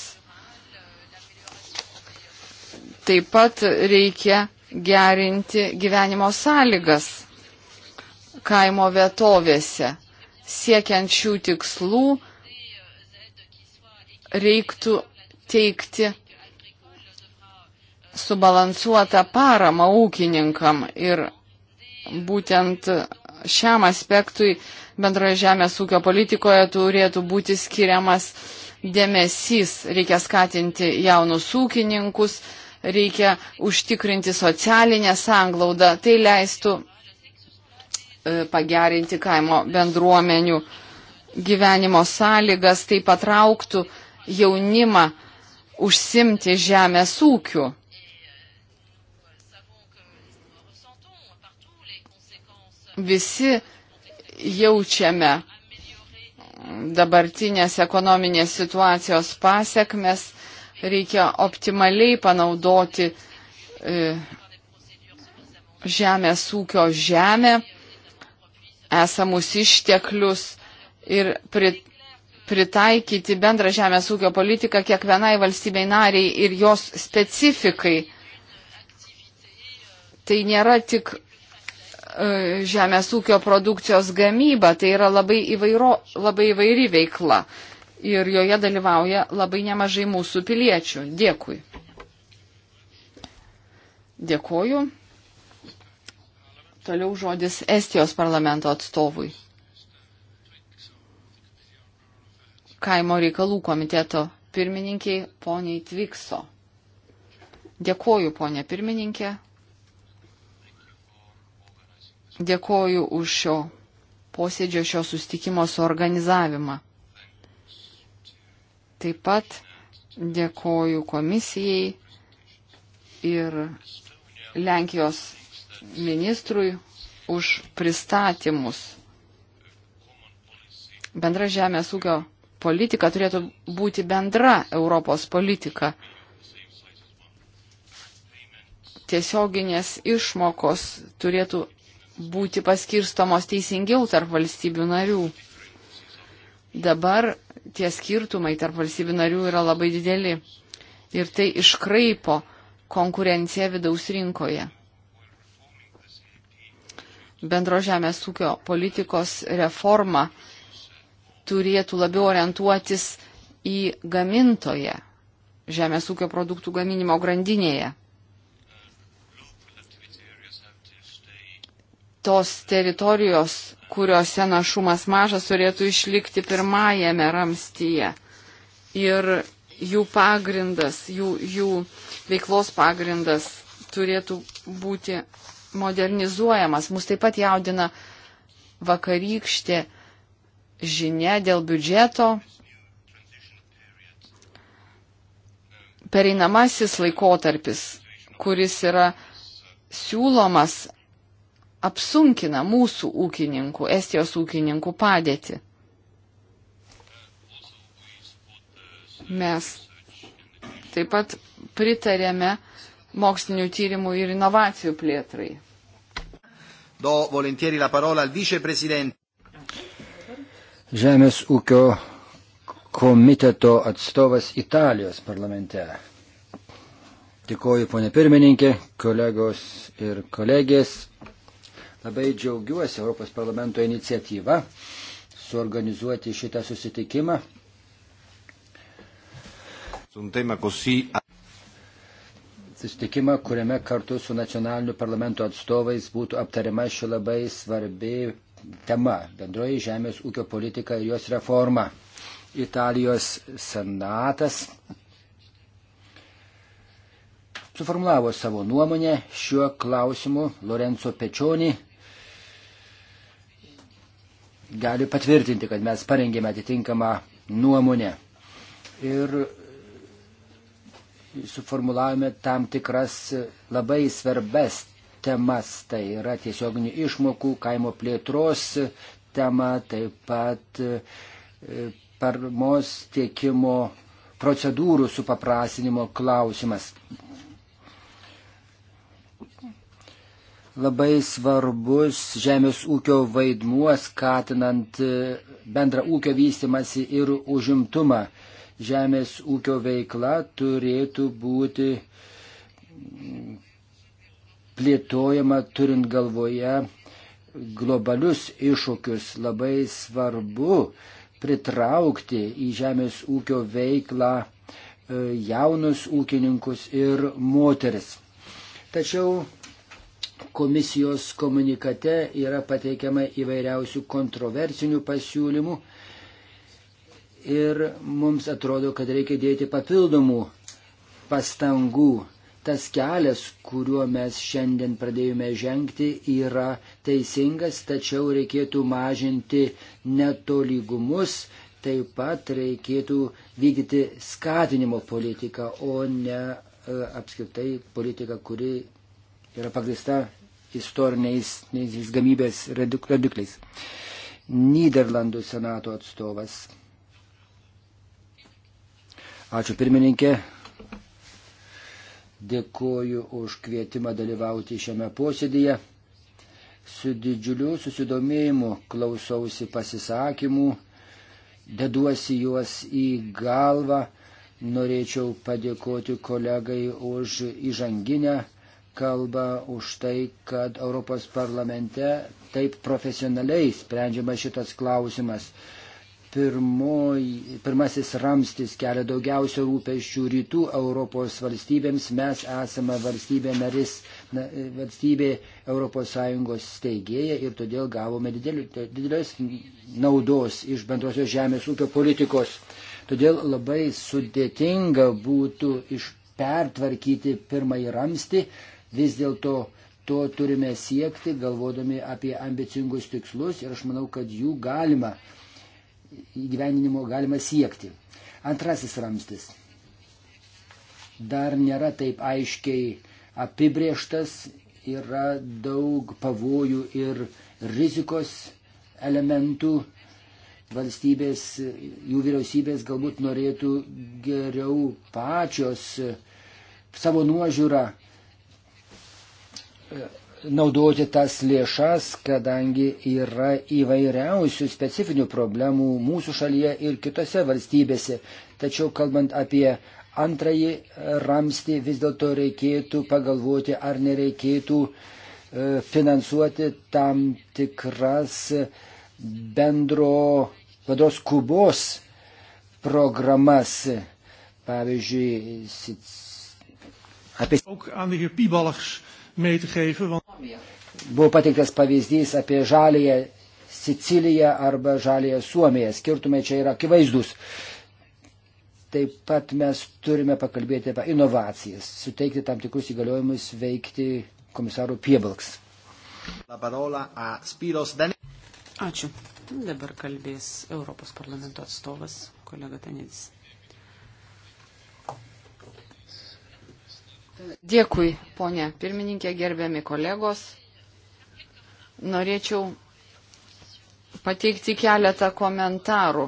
Speaker 5: Taip pat reikia gerinti gyvenimo sąlygas kaimo vietovėse siekiant šių tikslų reiktų teikti subalansuotą paramą ūkininkam ir būtent šiam aspektui bendroje žemės ūkio politikoje turėtų būti skiriamas dėmesys. Reikia skatinti jaunus ūkininkus, reikia užtikrinti socialinę sanglaudą. Tai leistų E, pagerinti kaimo bendruomenių gyvenimo sąlygas, tai patrauktų jaunimą užsimti žemės ūkiu. Visi jaučiame dabartinės ekonominės situacijos pasiekmes, reikia optimaliai panaudoti e, žemės ūkio žemę esamus išteklius ir pritaikyti bendrą žemės ūkio politiką kiekvienai valstybei nariai ir jos specifikai. Tai nėra tik e, žemės ūkio produkcijos gamyba, tai yra labai, įvairo, labai įvairi veikla ir joje dalyvauja labai nemažai mūsų piliečių. Dėkui. Dėkoju. Toliau žodis Estijos parlamento atstovui. Kaimo reikalų komiteto pirmininkiai poniai Tvikso. Dėkoju, ponė pirmininkė. Dėkoju už šio posėdžio, šio sustikimo suorganizavimą. Taip pat dėkoju komisijai ir Lenkijos ministrui už pristatymus. Bendra žemės ūkio politika turėtų būti bendra Europos politika. Tiesioginės išmokos turėtų būti paskirstomos teisingiau tarp valstybių narių. Dabar tie skirtumai tarp valstybių narių yra labai dideli ir tai iškraipo konkurenciją vidaus rinkoje bendro žemės ūkio politikos reforma turėtų labiau orientuotis į gamintoje žemės ūkio produktų gaminimo grandinėje. Tos teritorijos, kuriuose našumas mažas, turėtų išlikti pirmajame ramstyje. Ir jų pagrindas, jų, jų veiklos pagrindas turėtų būti modernizuojamas. Mus taip pat jaudina vakarykštė žinia dėl biudžeto. Pereinamasis laikotarpis, kuris yra siūlomas, apsunkina mūsų ūkininkų, Estijos ūkininkų padėtį. Mes taip pat pritarėme mokslinių tyrimų ir inovacijų plėtrai.
Speaker 1: Do volentieri la parola al viceprezidente.
Speaker 4: Žemės ūkio komiteto atstovas Italijos parlamente. Tikoju, ponė pirmininkė, kolegos ir kolegės. Labai džiaugiuosi Europos parlamento iniciatyva suorganizuoti šitą susitikimą sustikimą, kuriame kartu su nacionaliniu parlamento atstovais būtų aptariama ši labai svarbi tema - bendroji žemės ūkio politika ir jos reforma. Italijos senatas suformulavo savo nuomonę šiuo klausimu Lorenzo Pečioni. Gali patvirtinti, kad mes parengėme atitinkamą nuomonę. Ir suformulavome tam tikras labai svarbes temas. Tai yra tiesioginių išmokų, kaimo plėtros tema, taip pat e, paramos tiekimo procedūrų supaprasinimo klausimas. Labai svarbus žemės ūkio vaidmuo skatinant e, bendrą ūkio vystimasi ir užimtumą žemės ūkio veikla turėtų būti plėtojama turint galvoje globalius iššūkius. Labai svarbu pritraukti į žemės ūkio veiklą e, jaunus ūkininkus ir moteris. Tačiau komisijos komunikate yra pateikiama įvairiausių kontroversinių pasiūlymų, ir mums atrodo, kad reikia dėti papildomų pastangų. Tas kelias, kuriuo mes šiandien pradėjome žengti, yra teisingas, tačiau reikėtų mažinti netolygumus, taip pat reikėtų vykdyti skatinimo politiką, o ne e, apskritai politiką, kuri yra pagrista istoriniais gamybės radikliais. Niderlandų senato atstovas. Ačiū pirmininkė. Dėkuoju už kvietimą dalyvauti šiame posėdėje. Su didžiuliu susidomėjimu klausausi pasisakymų, deduosi juos į galvą. Norėčiau padėkoti kolegai už įžanginę kalbą, už tai, kad Europos parlamente taip profesionaliai sprendžiamas šitas klausimas pirmoji, pirmasis ramstis kelia daugiausia rūpeščių rytų Europos valstybėms. Mes esame valstybė narys, na, valstybė ES steigėja ir todėl gavome didelės naudos iš bendrosios žemės ūkio politikos. Todėl labai sudėtinga būtų iš pertvarkyti pirmąjį ramstį. Vis dėlto to turime siekti, galvodami apie ambicingus tikslus ir aš manau, kad jų galima įgyveninimo galima siekti. Antrasis ramstis dar nėra taip aiškiai apibrieštas, yra daug pavojų ir rizikos elementų. Valstybės, jų vyriausybės galbūt norėtų geriau pačios savo nuožiūrą naudoti tas lėšas, kadangi yra įvairiausių specifinių problemų mūsų šalyje ir kitose valstybėse. Tačiau kalbant apie antrąjį ramstį, vis dėlto reikėtų pagalvoti, ar nereikėtų e, finansuoti tam tikras bendro vados kubos programas. Pavyzdžiui, apie...
Speaker 3: Ook aan de heer Piebalgs mee te geven. Want...
Speaker 4: Buvo pateiktas pavyzdys apie žalėje Siciliją arba žalėje Suomiją. Skirtumai čia yra akivaizdus. Taip pat mes turime pakalbėti apie inovacijas, suteikti tam tikrus įgaliojimus veikti komisarų Piebalks.
Speaker 2: Ačiū. Dabar kalbės Europos parlamento atstovas kolega
Speaker 5: Tanidis. Dėkui, ponė pirmininkė, gerbiami kolegos. Norėčiau pateikti keletą komentarų.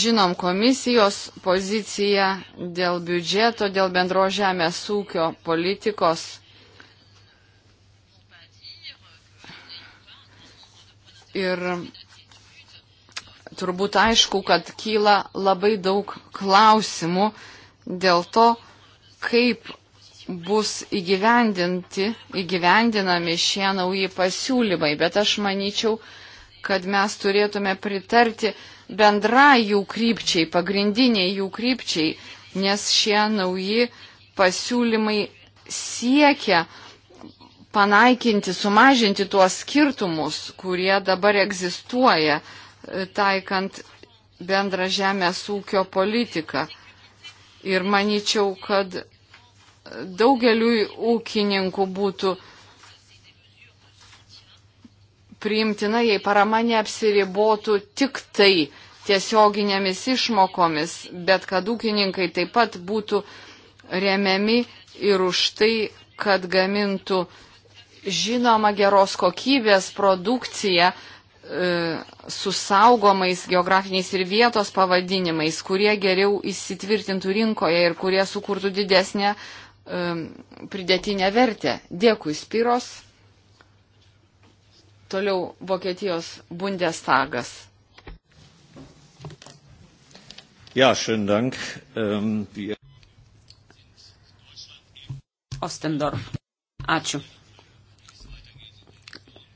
Speaker 5: Žinom komisijos poziciją dėl biudžeto, dėl bendro žemės ūkio politikos. Ir turbūt aišku, kad kyla labai daug klausimų dėl to, kaip bus įgyvendinti, įgyvendinami šie nauji pasiūlymai, bet aš manyčiau, kad mes turėtume pritarti bendrai jų krypčiai, pagrindiniai jų krypčiai, nes šie nauji pasiūlymai siekia panaikinti, sumažinti tuos skirtumus, kurie dabar egzistuoja, e, taikant bendrą žemės ūkio politiką. Ir manyčiau, kad daugeliui ūkininkų būtų priimtina, jei parama neapsiribotų tik tai tiesioginėmis išmokomis, bet kad ūkininkai taip pat būtų remiami ir už tai, kad gamintų žinoma geros kokybės produkciją e, su saugomais geografiniais ir vietos pavadinimais, kurie geriau įsitvirtintų rinkoje ir kurie sukurtų didesnę Um, pridėtinę vertę. Dėkui Spyros. Toliau Vokietijos Bundestagas.
Speaker 6: Ja, schönen Dank. Ähm, wir
Speaker 2: Ostendorf. Ačiū.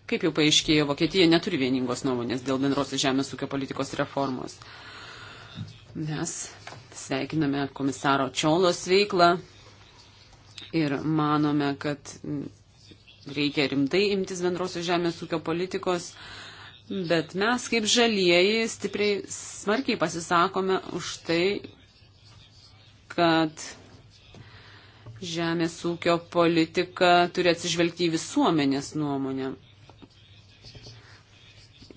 Speaker 2: Kaip jau paaiškėjo, Vokietija neturi vieningos nuomonės dėl bendros žemės ūkio politikos reformos. Mes sveikiname komisaro Čiolos veiklą, ir manome, kad reikia rimtai imtis bendrosios žemės ūkio politikos, bet mes kaip žalieji stipriai smarkiai pasisakome už tai, kad žemės ūkio politika turi atsižvelgti į visuomenės nuomonę.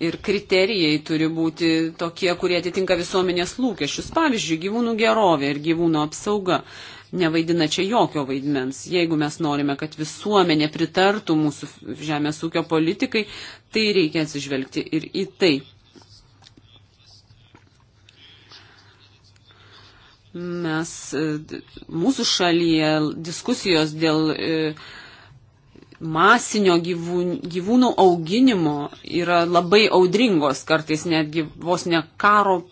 Speaker 2: Ir kriterijai turi būti tokie, kurie atitinka visuomenės lūkesčius. Pavyzdžiui, gyvūnų gerovė ir gyvūnų apsauga nevaidina čia jokio vaidmens. Jeigu mes norime, kad visuomenė pritartų mūsų žemės ūkio politikai, tai reikia atsižvelgti ir į tai. Mes e, mūsų šalyje diskusijos dėl e, masinio gyvūn, gyvūnų auginimo yra labai audringos, kartais netgi vos ne karo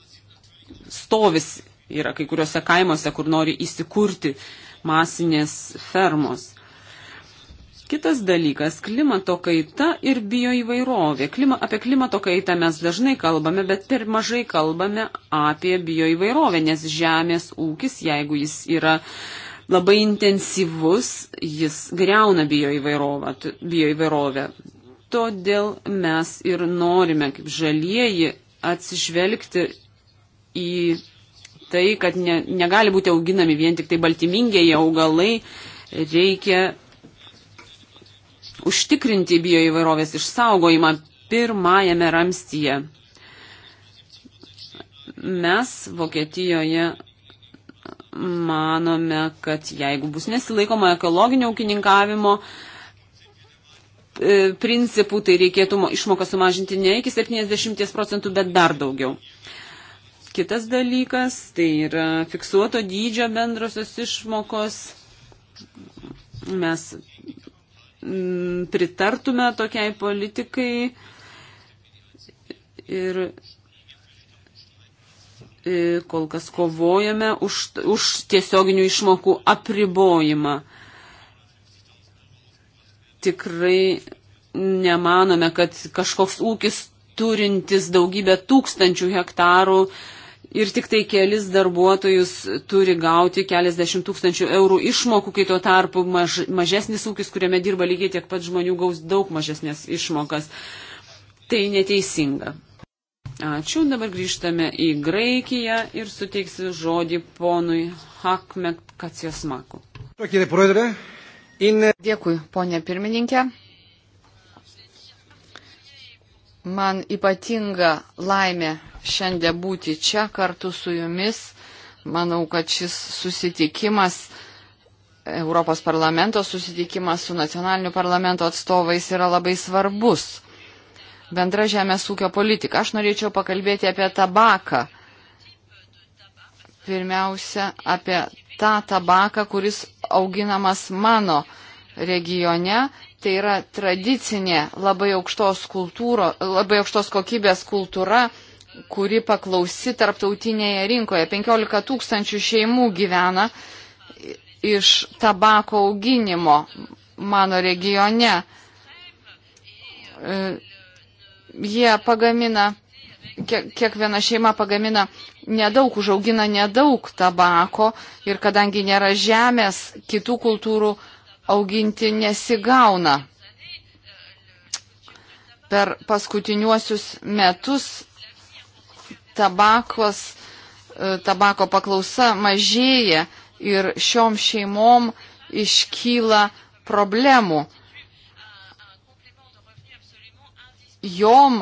Speaker 2: stovis yra kai kuriuose kaimuose, kur nori įsikurti masinės fermos. Kitas dalykas - klimato kaita ir bioįvairovė. Klima, apie klimato kaitą mes dažnai kalbame, bet per mažai kalbame apie bioįvairovę, nes žemės ūkis, jeigu jis yra labai intensyvus, jis greuna bioįvairovę. Todėl mes ir norime, kaip žalieji, atsižvelgti į tai, kad ne, negali būti auginami vien tik tai baltymingieji augalai, reikia užtikrinti bioįvairovės išsaugojimą pirmajame ramstyje. Mes Vokietijoje manome, kad jeigu bus nesilaikoma ekologinio ūkininkavimo, e, principų, tai reikėtų išmoką sumažinti ne iki 70 procentų, bet dar daugiau. Kitas dalykas tai yra fiksuoto dydžio bendrosios išmokos. Mes mm, pritartume tokiai politikai ir e, kol kas kovojame už, už tiesioginių išmokų apribojimą. Tikrai nemanome, kad kažkoks ūkis turintis daugybę tūkstančių hektarų uh, ir tik tai kelis darbuotojus turi gauti keliasdešimt tūkstančių eurų išmokų, kai tuo tarpu maž, mažesnis ūkis, kuriame dirba lygiai tiek pat žmonių, gaus daug mažesnės išmokas. Tai neteisinga. Ačiū, dabar grįžtame į Graikiją ir suteiksiu žodį ponui Hakmet Kacijosmaku.
Speaker 5: Dėkui, ponė pirmininkė. Man ypatinga laimė šiandien būti čia kartu su jumis. Manau, kad šis susitikimas, Europos parlamento susitikimas su nacionaliniu parlamento atstovais yra labai svarbus. Bendra žemės ūkio politika. Aš norėčiau pakalbėti apie tabaką. Pirmiausia, apie tą tabaką, kuris auginamas mano regione tai yra tradicinė labai aukštos, kultūro, labai aukštos kokybės kultūra, kuri paklausi tarptautinėje rinkoje. 15 tūkstančių šeimų gyvena iš tabako auginimo mano regione. E, jie pagamina, kiekviena šeima pagamina nedaug, užaugina nedaug tabako ir kadangi nėra žemės kitų kultūrų, auginti nesigauna. Per paskutiniuosius metus tabakos, e, tabako paklausa mažėja ir šiom šeimom iškyla problemų. Jom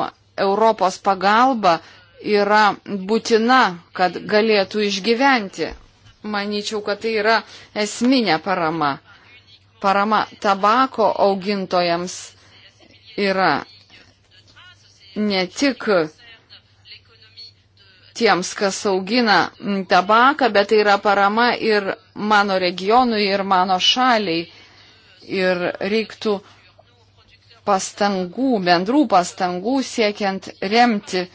Speaker 5: Europos pagalba yra būtina, kad galėtų išgyventi. Manyčiau, kad tai yra esminė parama parama tabako augintojams yra ne tik tiems, kas augina tabaką, bet tai yra parama ir mano regionui, ir mano šaliai. Ir reiktų pastangų, bendrų pastangų siekiant remti e,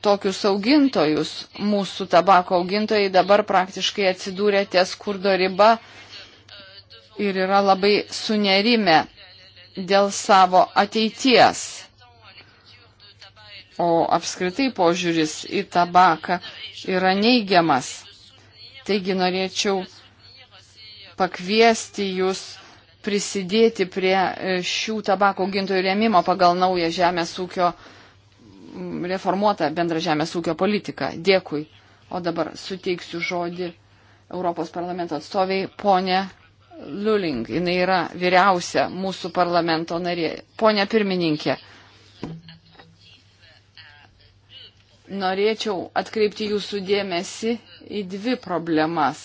Speaker 5: tokius augintojus. Mūsų tabako augintojai dabar praktiškai atsidūrė ties skurdo riba, e, ir yra labai sunerime dėl savo ateities. O apskritai požiūris į tabaką yra neigiamas. Taigi norėčiau pakviesti jūs prisidėti prie e, šių tabako gintojų rėmimo pagal naują žemės ūkio reformuotą bendrą žemės ūkio politiką. Dėkui. O dabar suteiksiu žodį Europos parlamento atstoviai, ponė Luling, jinai yra vyriausia mūsų parlamento narė. Pone pirmininkė, norėčiau atkreipti jūsų dėmesį į dvi problemas,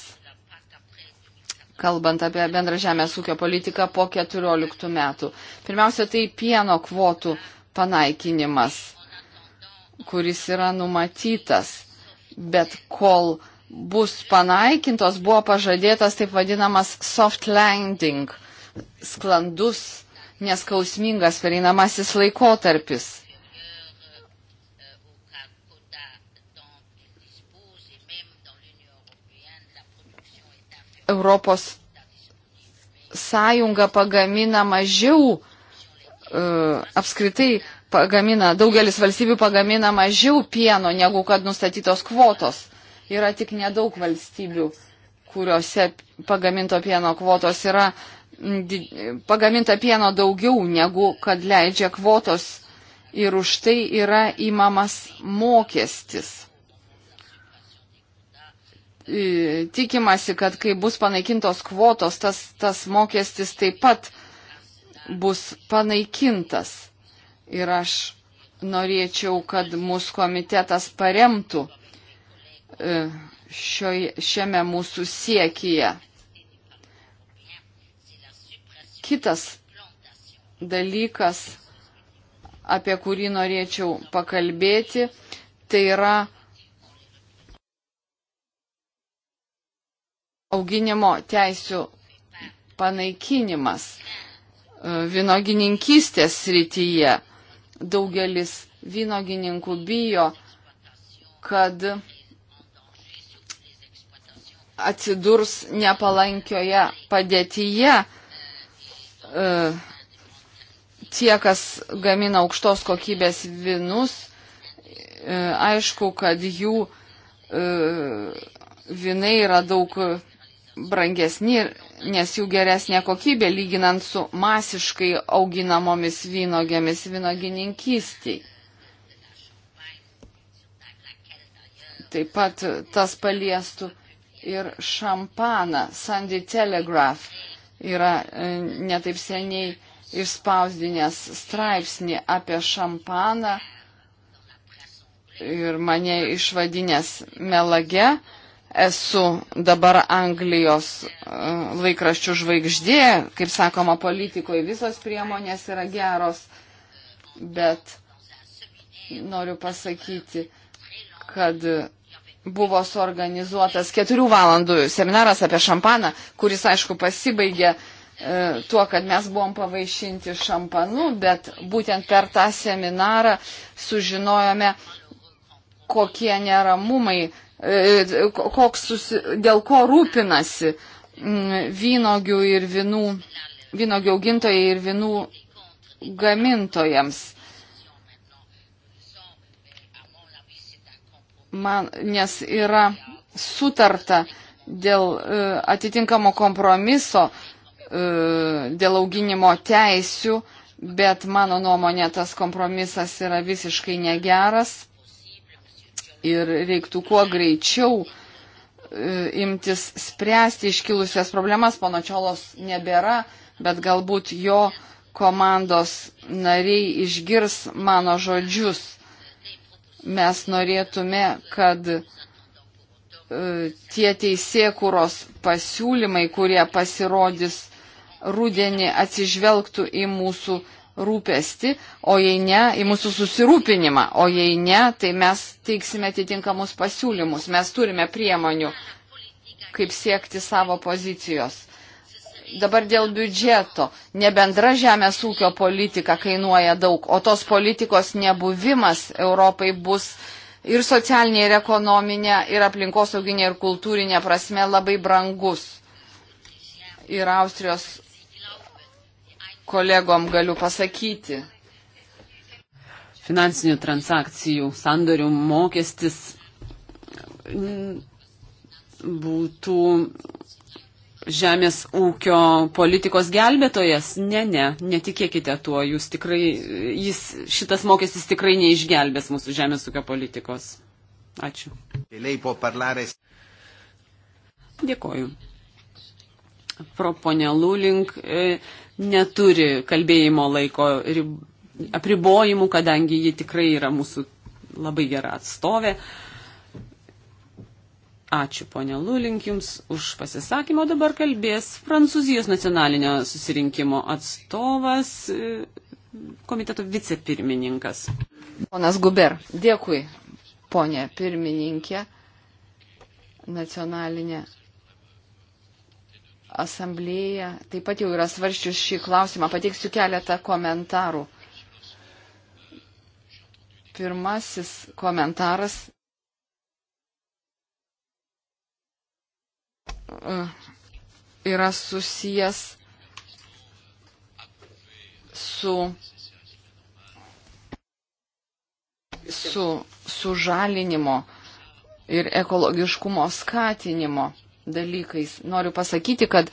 Speaker 5: kalbant apie bendrą žemės ūkio politiką po 14 metų. Pirmiausia, tai pieno kvotų panaikinimas, kuris yra numatytas, bet kol bus panaikintos, buvo pažadėtas taip vadinamas soft landing, sklandus, neskausmingas pereinamasis laikotarpis. Europos sąjunga pagamina mažiau, e, apskritai pagamina, daugelis valstybių pagamina mažiau pieno, negu kad nustatytos kvotos. Yra tik nedaug valstybių, kuriuose pagaminto pieno kvotos yra pagaminta pieno daugiau negu kad leidžia kvotos ir už tai yra įmamas mokestis. Tikimasi, kad kai bus panaikintos kvotos, tas, tas mokestis taip pat bus panaikintas. Ir aš norėčiau, kad mūsų komitetas paremtų E, šioj, šiame mūsų siekyje. Kitas dalykas, apie kurį norėčiau pakalbėti, tai yra auginimo teisių panaikinimas e, vynogininkystės srityje. Daugelis vynogininkų bijo, kad atsidurs nepalankioje padėtyje e, tie, kas gamina aukštos kokybės vinus, e, aišku, kad jų e, vinai yra daug brangesni, nes jų geresnė kokybė lyginant su masiškai auginamomis vynogėmis vynogininkystiai. Taip pat tas paliestų ir šampaną. Sunday Telegraph yra e, netaip seniai išspausdinęs straipsnį apie šampaną ir mane išvadinęs melage. Esu dabar Anglijos e, laikraščių žvaigždė, kaip sakoma, politikoje visos priemonės yra geros, bet noriu pasakyti, kad buvo suorganizuotas keturių valandų seminaras apie šampaną, kuris, aišku, pasibaigė e, tuo, kad mes buvom pavaišinti šampanu, bet būtent per tą seminarą sužinojome, kokie neramumai, e, koks susi, dėl ko rūpinasi m, vynogių ir vinų, vynogių augintojai ir vinų gamintojams. man, nes yra sutarta dėl e, atitinkamo kompromiso, e, dėl auginimo teisių, bet mano nuomonė tas kompromisas yra visiškai negeras ir reiktų kuo greičiau e, imtis spręsti iškilusias problemas. Pono Čiolos nebėra, bet galbūt jo komandos nariai išgirs mano žodžius Mes norėtume, kad e, tie teisėkuros pasiūlymai, kurie pasirodys rūdienį, atsižvelgtų į mūsų rūpesti, o jei ne, į mūsų susirūpinimą, o jei ne, tai mes teiksime atitinkamus pasiūlymus, mes turime priemonių, kaip siekti savo pozicijos dabar dėl biudžeto. Ne bendra žemės ūkio politika kainuoja daug, o tos politikos nebuvimas Europai bus ir socialinė, ir ekonominė, ir aplinkosauginė, ir kultūrinė prasme labai brangus. Ir Austrijos kolegom galiu pasakyti.
Speaker 2: Finansinių transakcijų sandorių mokestis būtų žemės ūkio politikos gelbėtojas? Ne, ne, netikėkite tuo, jūs tikrai, jis, šitas mokestis tikrai neišgelbės mūsų žemės ūkio politikos. Ačiū. Dėkoju. Pro ponė Lūlink e, neturi kalbėjimo laiko apribojimų, kadangi ji tikrai yra mūsų labai gera atstovė. Ačiū ponia Lulink Jums už pasisakymą. Dabar kalbės Prancūzijos nacionalinio susirinkimo atstovas, e, komiteto vicepirmininkas.
Speaker 5: Ponas Guber, dėkui, ponia pirmininkė, nacionalinė asamblėja. Taip pat jau yra svarščius šį klausimą. Pateiksiu keletą komentarų. Pirmasis komentaras E, yra susijęs su, su sužalinimo ir ekologiškumo skatinimo dalykais. Noriu pasakyti, kad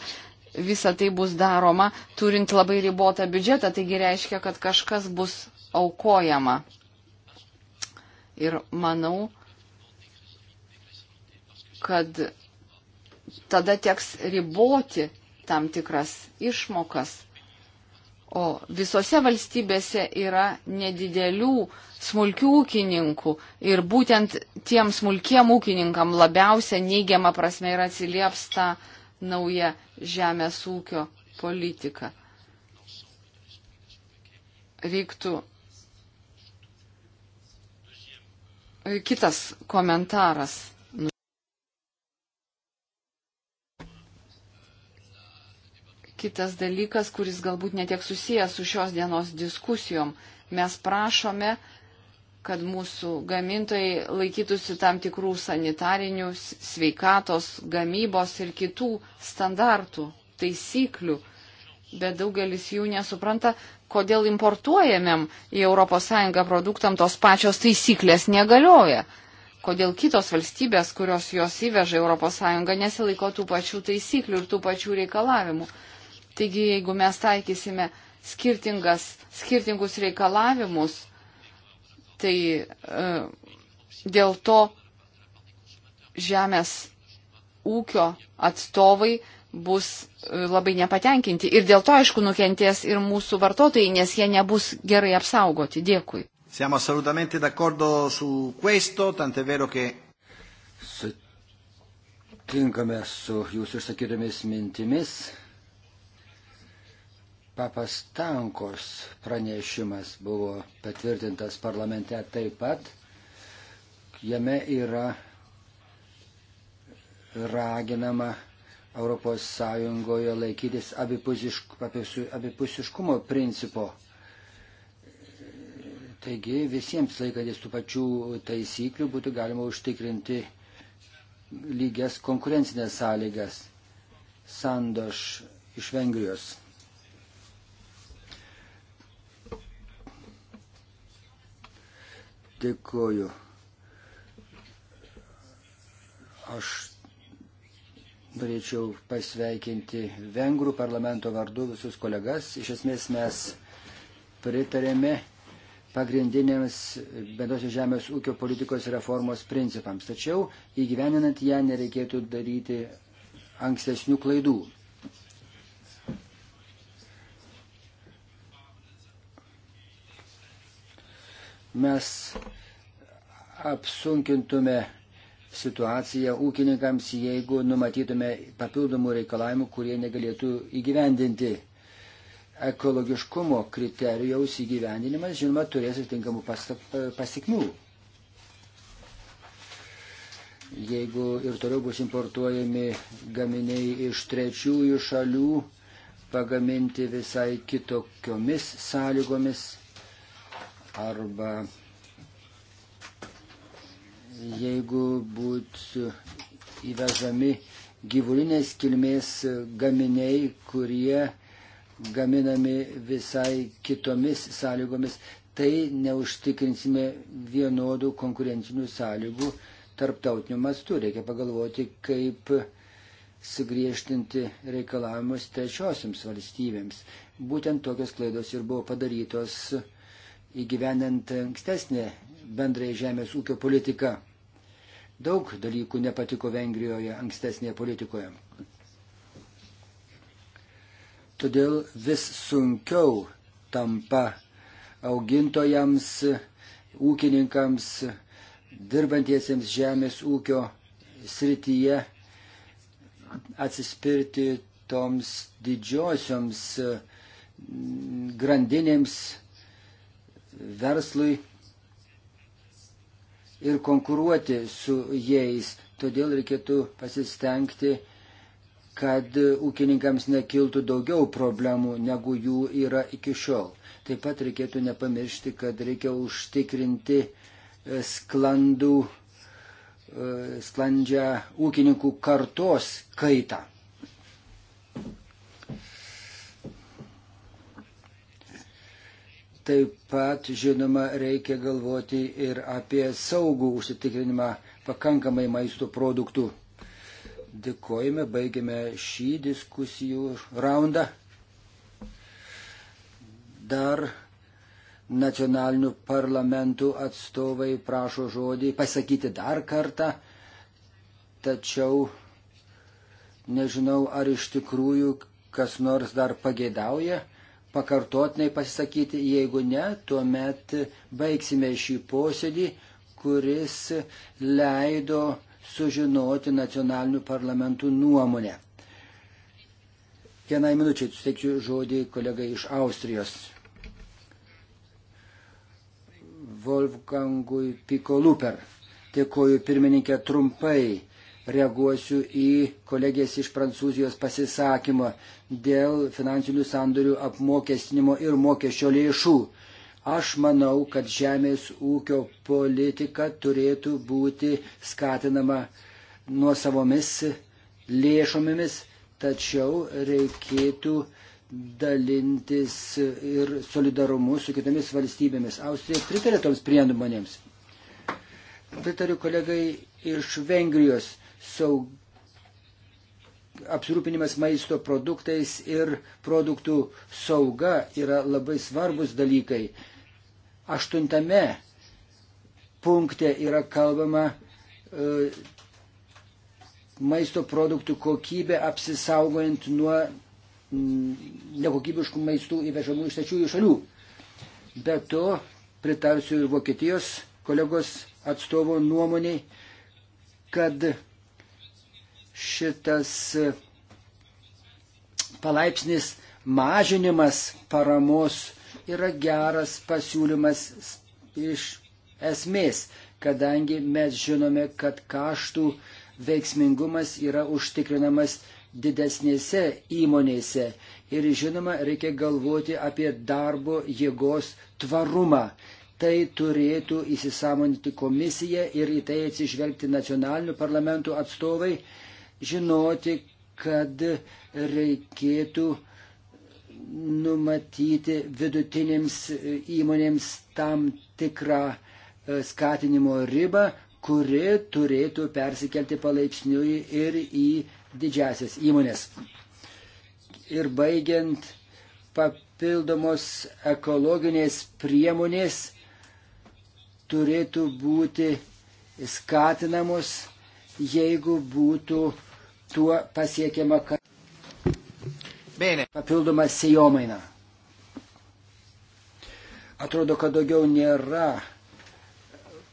Speaker 5: visa tai bus daroma turint labai ribotą biudžetą, taigi reiškia, kad kažkas bus aukojama. Ir manau, kad tada teks riboti tam tikras išmokas. O visose valstybėse yra nedidelių smulkių ūkininkų ir būtent tiem smulkiem ūkininkam labiausia neigiama prasme yra atsilieps ta nauja žemės ūkio politika. Reiktų. Kitas komentaras. Kitas dalykas, kuris galbūt netiek susijęs su šios dienos diskusijom, mes prašome, kad mūsų gamintojai laikytųsi tam tikrų sanitarinių, sveikatos, gamybos ir kitų standartų, taisyklių, bet daugelis jų nesupranta, kodėl importuojamėm į ES produktam tos pačios taisyklės negalioja, kodėl kitos valstybės, kurios juos įveža ES, nesilaiko tų pačių taisyklių ir tų pačių reikalavimų. Taigi, jeigu mes taikysime skirtingus reikalavimus, tai e, dėl to žemės ūkio atstovai bus e, labai nepatenkinti. Ir dėl to, aišku, nukentės ir mūsų vartotojai, nes jie nebus gerai apsaugoti. Dėkui.
Speaker 1: Siamo assolutamente d'accordo su questo, tant'è vero che. Sutinkame su jūsų išsakytomis mintimis.
Speaker 4: Papastankos pranešimas buvo patvirtintas parlamente taip pat. Jame yra raginama ES laikytis abipusišk, abipusiškumo principo. Taigi visiems laikantis tų pačių taisyklių būtų galima užtikrinti lygias konkurencinės sąlygas. Sandoš iš Vengrijos. Dėkoju. Aš norėčiau pasveikinti Vengrų parlamento vardu visus kolegas. Iš esmės mes pritarėme pagrindinėms bendrosios žemės ūkio politikos reformos principams. Tačiau įgyveninant ją nereikėtų daryti ankstesnių klaidų. mes apsunkintume situaciją ūkininkams, jeigu numatytume papildomų reikalavimų, kurie negalėtų įgyvendinti. Ekologiškumo kriterijaus įgyvendinimas, žinoma, turės atitinkamų pasiekmių. Jeigu ir toliau bus importuojami gaminiai iš trečiųjų šalių, pagaminti visai kitokiomis sąlygomis, arba jeigu būtų įvežami gyvulinės kilmės gaminiai, kurie gaminami visai kitomis sąlygomis, tai neužtikrinsime vienodų konkurencinių sąlygų tarptautiniu mastu. Reikia pagalvoti, kaip sugriežtinti reikalavimus trečiosiams valstybėms. Būtent tokios klaidos ir buvo padarytos uh, įgyvenant ankstesnę bendrąją žemės ūkio politiką. Daug dalykų nepatiko Vengrijoje ankstesnėje politikoje. Todėl vis sunkiau tampa augintojams, ūkininkams, dirbantiesiems žemės ūkio srityje atsispirti toms didžiosioms grandinėms verslui ir konkuruoti su jais. Todėl reikėtų pasistengti, kad ūkininkams nekiltų daugiau problemų, negu jų yra iki šiol. Taip pat reikėtų nepamiršti, kad reikia užtikrinti e, sklandų, e, sklandžią ūkininkų kartos kaitą. Taip pat, žinoma, reikia galvoti ir apie saugų užsitikrinimą pakankamai maisto produktų. Dėkojame, baigiame šį diskusijų raundą. Dar nacionalinių parlamentų atstovai prašo žodį pasakyti dar kartą, tačiau nežinau, ar iš tikrųjų kas nors dar pagėdauja pakartotinai pasisakyti, jeigu ne, tuomet baigsime šį posėdį, kuris leido sužinoti nacionalinių parlamentų nuomonę. Vienai minučiai suteiksiu žodį kolegai iš Austrijos. Wolfgangui Pikoluper. Dėkoju pirmininkė trumpai reaguosiu į kolegės iš Prancūzijos pasisakymą dėl finansinių sandorių apmokestinimo ir mokesčio lėšų. Aš manau, kad žemės ūkio politika turėtų būti skatinama nuo savomis lėšomis, tačiau reikėtų dalintis ir solidarumu su kitomis valstybėmis. Austrija pritarė toms priemonėms. Pritariu kolegai iš Vengrijos saug... apsirūpinimas maisto produktais ir produktų sauga yra labai svarbus dalykai. Aštuntame punkte yra kalbama e, maisto produktų kokybė apsisaugojant nuo mm, nekokybiškų maistų įvežamų iš trečiųjų šalių. Be to, pritarsiu ir Vokietijos kolegos atstovo nuomonį, kad šitas palaipsnis mažinimas paramos yra geras pasiūlymas iš esmės, kadangi mes žinome, kad kaštų veiksmingumas yra užtikrinamas didesnėse įmonėse. Ir žinoma, reikia galvoti apie darbo jėgos tvarumą. Tai turėtų įsisamoninti komisija ir į tai atsižvelgti nacionalinių parlamentų atstovai žinoti, kad reikėtų numatyti vidutinėms įmonėms tam tikrą e, skatinimo ribą, kuri turėtų persikelti palaipsniui ir į didžiasias įmonės. Ir baigiant, papildomos ekologinės priemonės turėtų būti skatinamos, jeigu būtų tuo pasiekiama, kad Bene. papildoma sejomaina. Atrodo, kad daugiau nėra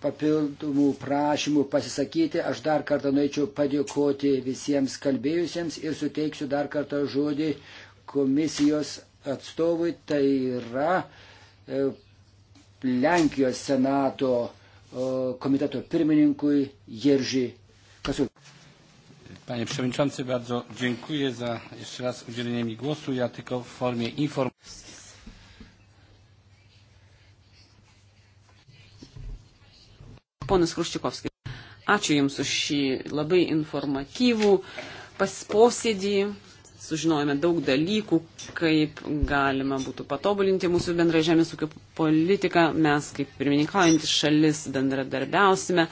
Speaker 4: papildomų prašymų pasisakyti. Aš dar kartą norėčiau padėkoti visiems kalbėjusiems ir suteiksiu dar kartą žodį komisijos atstovui. Tai yra e, Lenkijos senato komiteto pirmininkui Jeržiui
Speaker 3: Kasuliui. Panie Przewodniczący, bardzo dziękuję za jeszcze raz udzielenie mi głosu. Ja tylko w formie informacji.
Speaker 2: Ponas Kruščikovskis, ačiū Jums už šį labai informatyvų posėdį. Sužinojome daug dalykų, kaip galima būtų patobulinti mūsų bendrą žemės ūkio politiką. Mes, kaip pirmininkaujantis šalis, bendradarbiausime.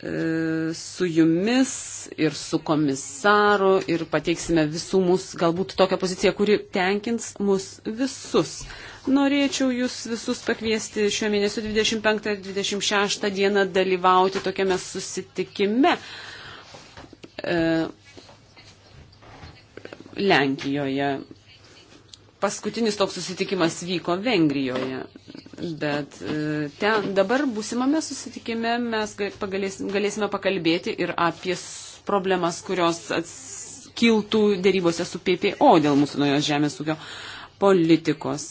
Speaker 2: E, su jumis ir su komisaru ir pateiksime visų mūsų, galbūt tokią poziciją, kuri tenkins mus visus. Norėčiau jūs visus pakviesti šio mėnesio 25 ir 26 dieną dalyvauti tokiame susitikime e, Lenkijoje paskutinis toks susitikimas vyko Vengrijoje, bet e, ten dabar būsimame susitikime mes galėsime, galėsime pakalbėti ir apie problemas, kurios kiltų dėrybose su PPO dėl mūsų naujos žemės ūkio politikos.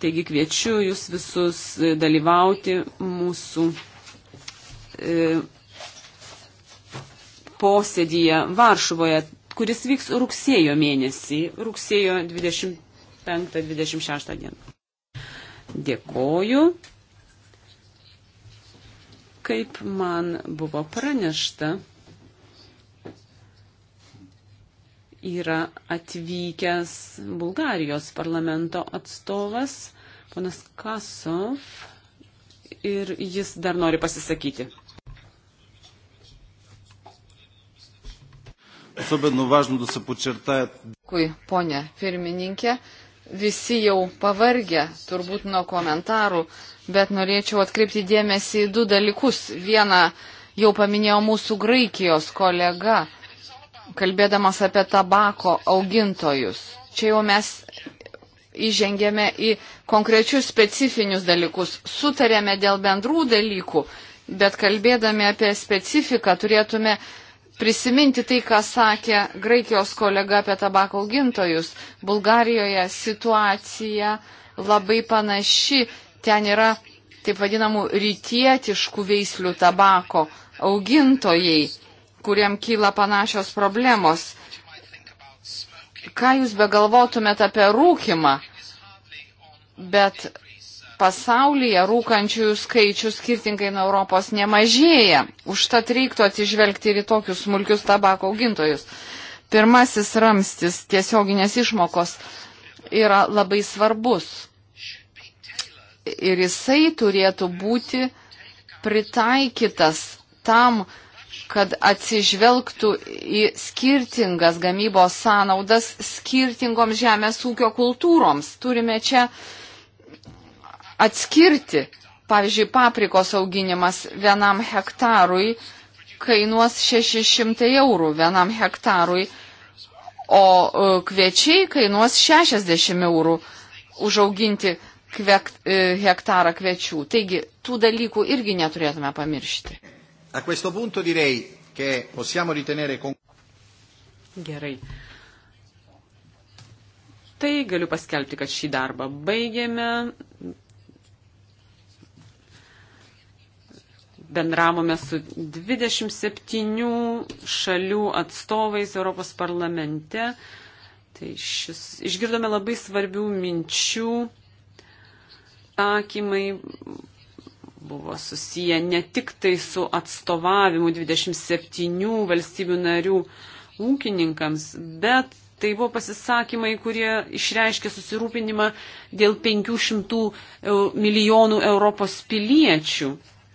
Speaker 2: Taigi kviečiu jūs visus e, dalyvauti mūsų e, posėdyje Varšuvoje, kuris vyks rugsėjo mėnesį, rugsėjo 20, 5-26 dieną. Dėkoju. Kaip man buvo pranešta, yra atvykęs Bulgarijos parlamento atstovas, ponas Kasov, ir jis dar nori pasisakyti.
Speaker 3: Особено важно да се подчертаят.
Speaker 5: Кой, поня, фирмininkė, visi jau pavargę turbūt nuo komentarų, bet norėčiau atkreipti dėmesį į du dalykus. Vieną jau paminėjo mūsų Graikijos kolega, kalbėdamas apie tabako augintojus. Čia jau mes įžengėme į konkrečius specifinius dalykus, sutarėme dėl bendrų dalykų, bet kalbėdami apie specifiką turėtume prisiminti tai, ką sakė Graikijos kolega apie tabako augintojus. Bulgarijoje situacija labai panaši. Ten yra taip vadinamų rytietiškų veislių tabako augintojai, kuriem kyla panašios problemos. Ką jūs begalvotumėte apie rūkimą? Bet pasaulyje rūkančiųjų skaičius skirtingai nuo Europos nemažėja. Užtat reiktų atsižvelgti ir į tokius smulkius tabako augintojus. Pirmasis ramstis tiesioginės išmokos yra labai svarbus. Ir jisai turėtų būti pritaikytas tam, kad atsižvelgtų į skirtingas gamybos sąnaudas skirtingoms žemės ūkio kultūroms. Turime čia uh, atskirti, pavyzdžiui, paprikos auginimas vienam hektarui kainuos 600 eurų vienam hektarui, o e, kviečiai kainuos 60 eurų užauginti kvek, e, hektarą kviečių. Taigi tų dalykų irgi neturėtume pamiršti. Gerai.
Speaker 2: Tai galiu paskelbti, kad šį darbą baigėme. bendravome su 27 šalių atstovais Europos parlamente. Tai šis, išgirdome labai svarbių minčių, atsakymai buvo susiję ne tik tai su atstovavimu 27 valstybių narių ūkininkams, bet tai buvo pasisakymai, kurie išreiškė susirūpinimą dėl 500 milijonų Europos piliečių.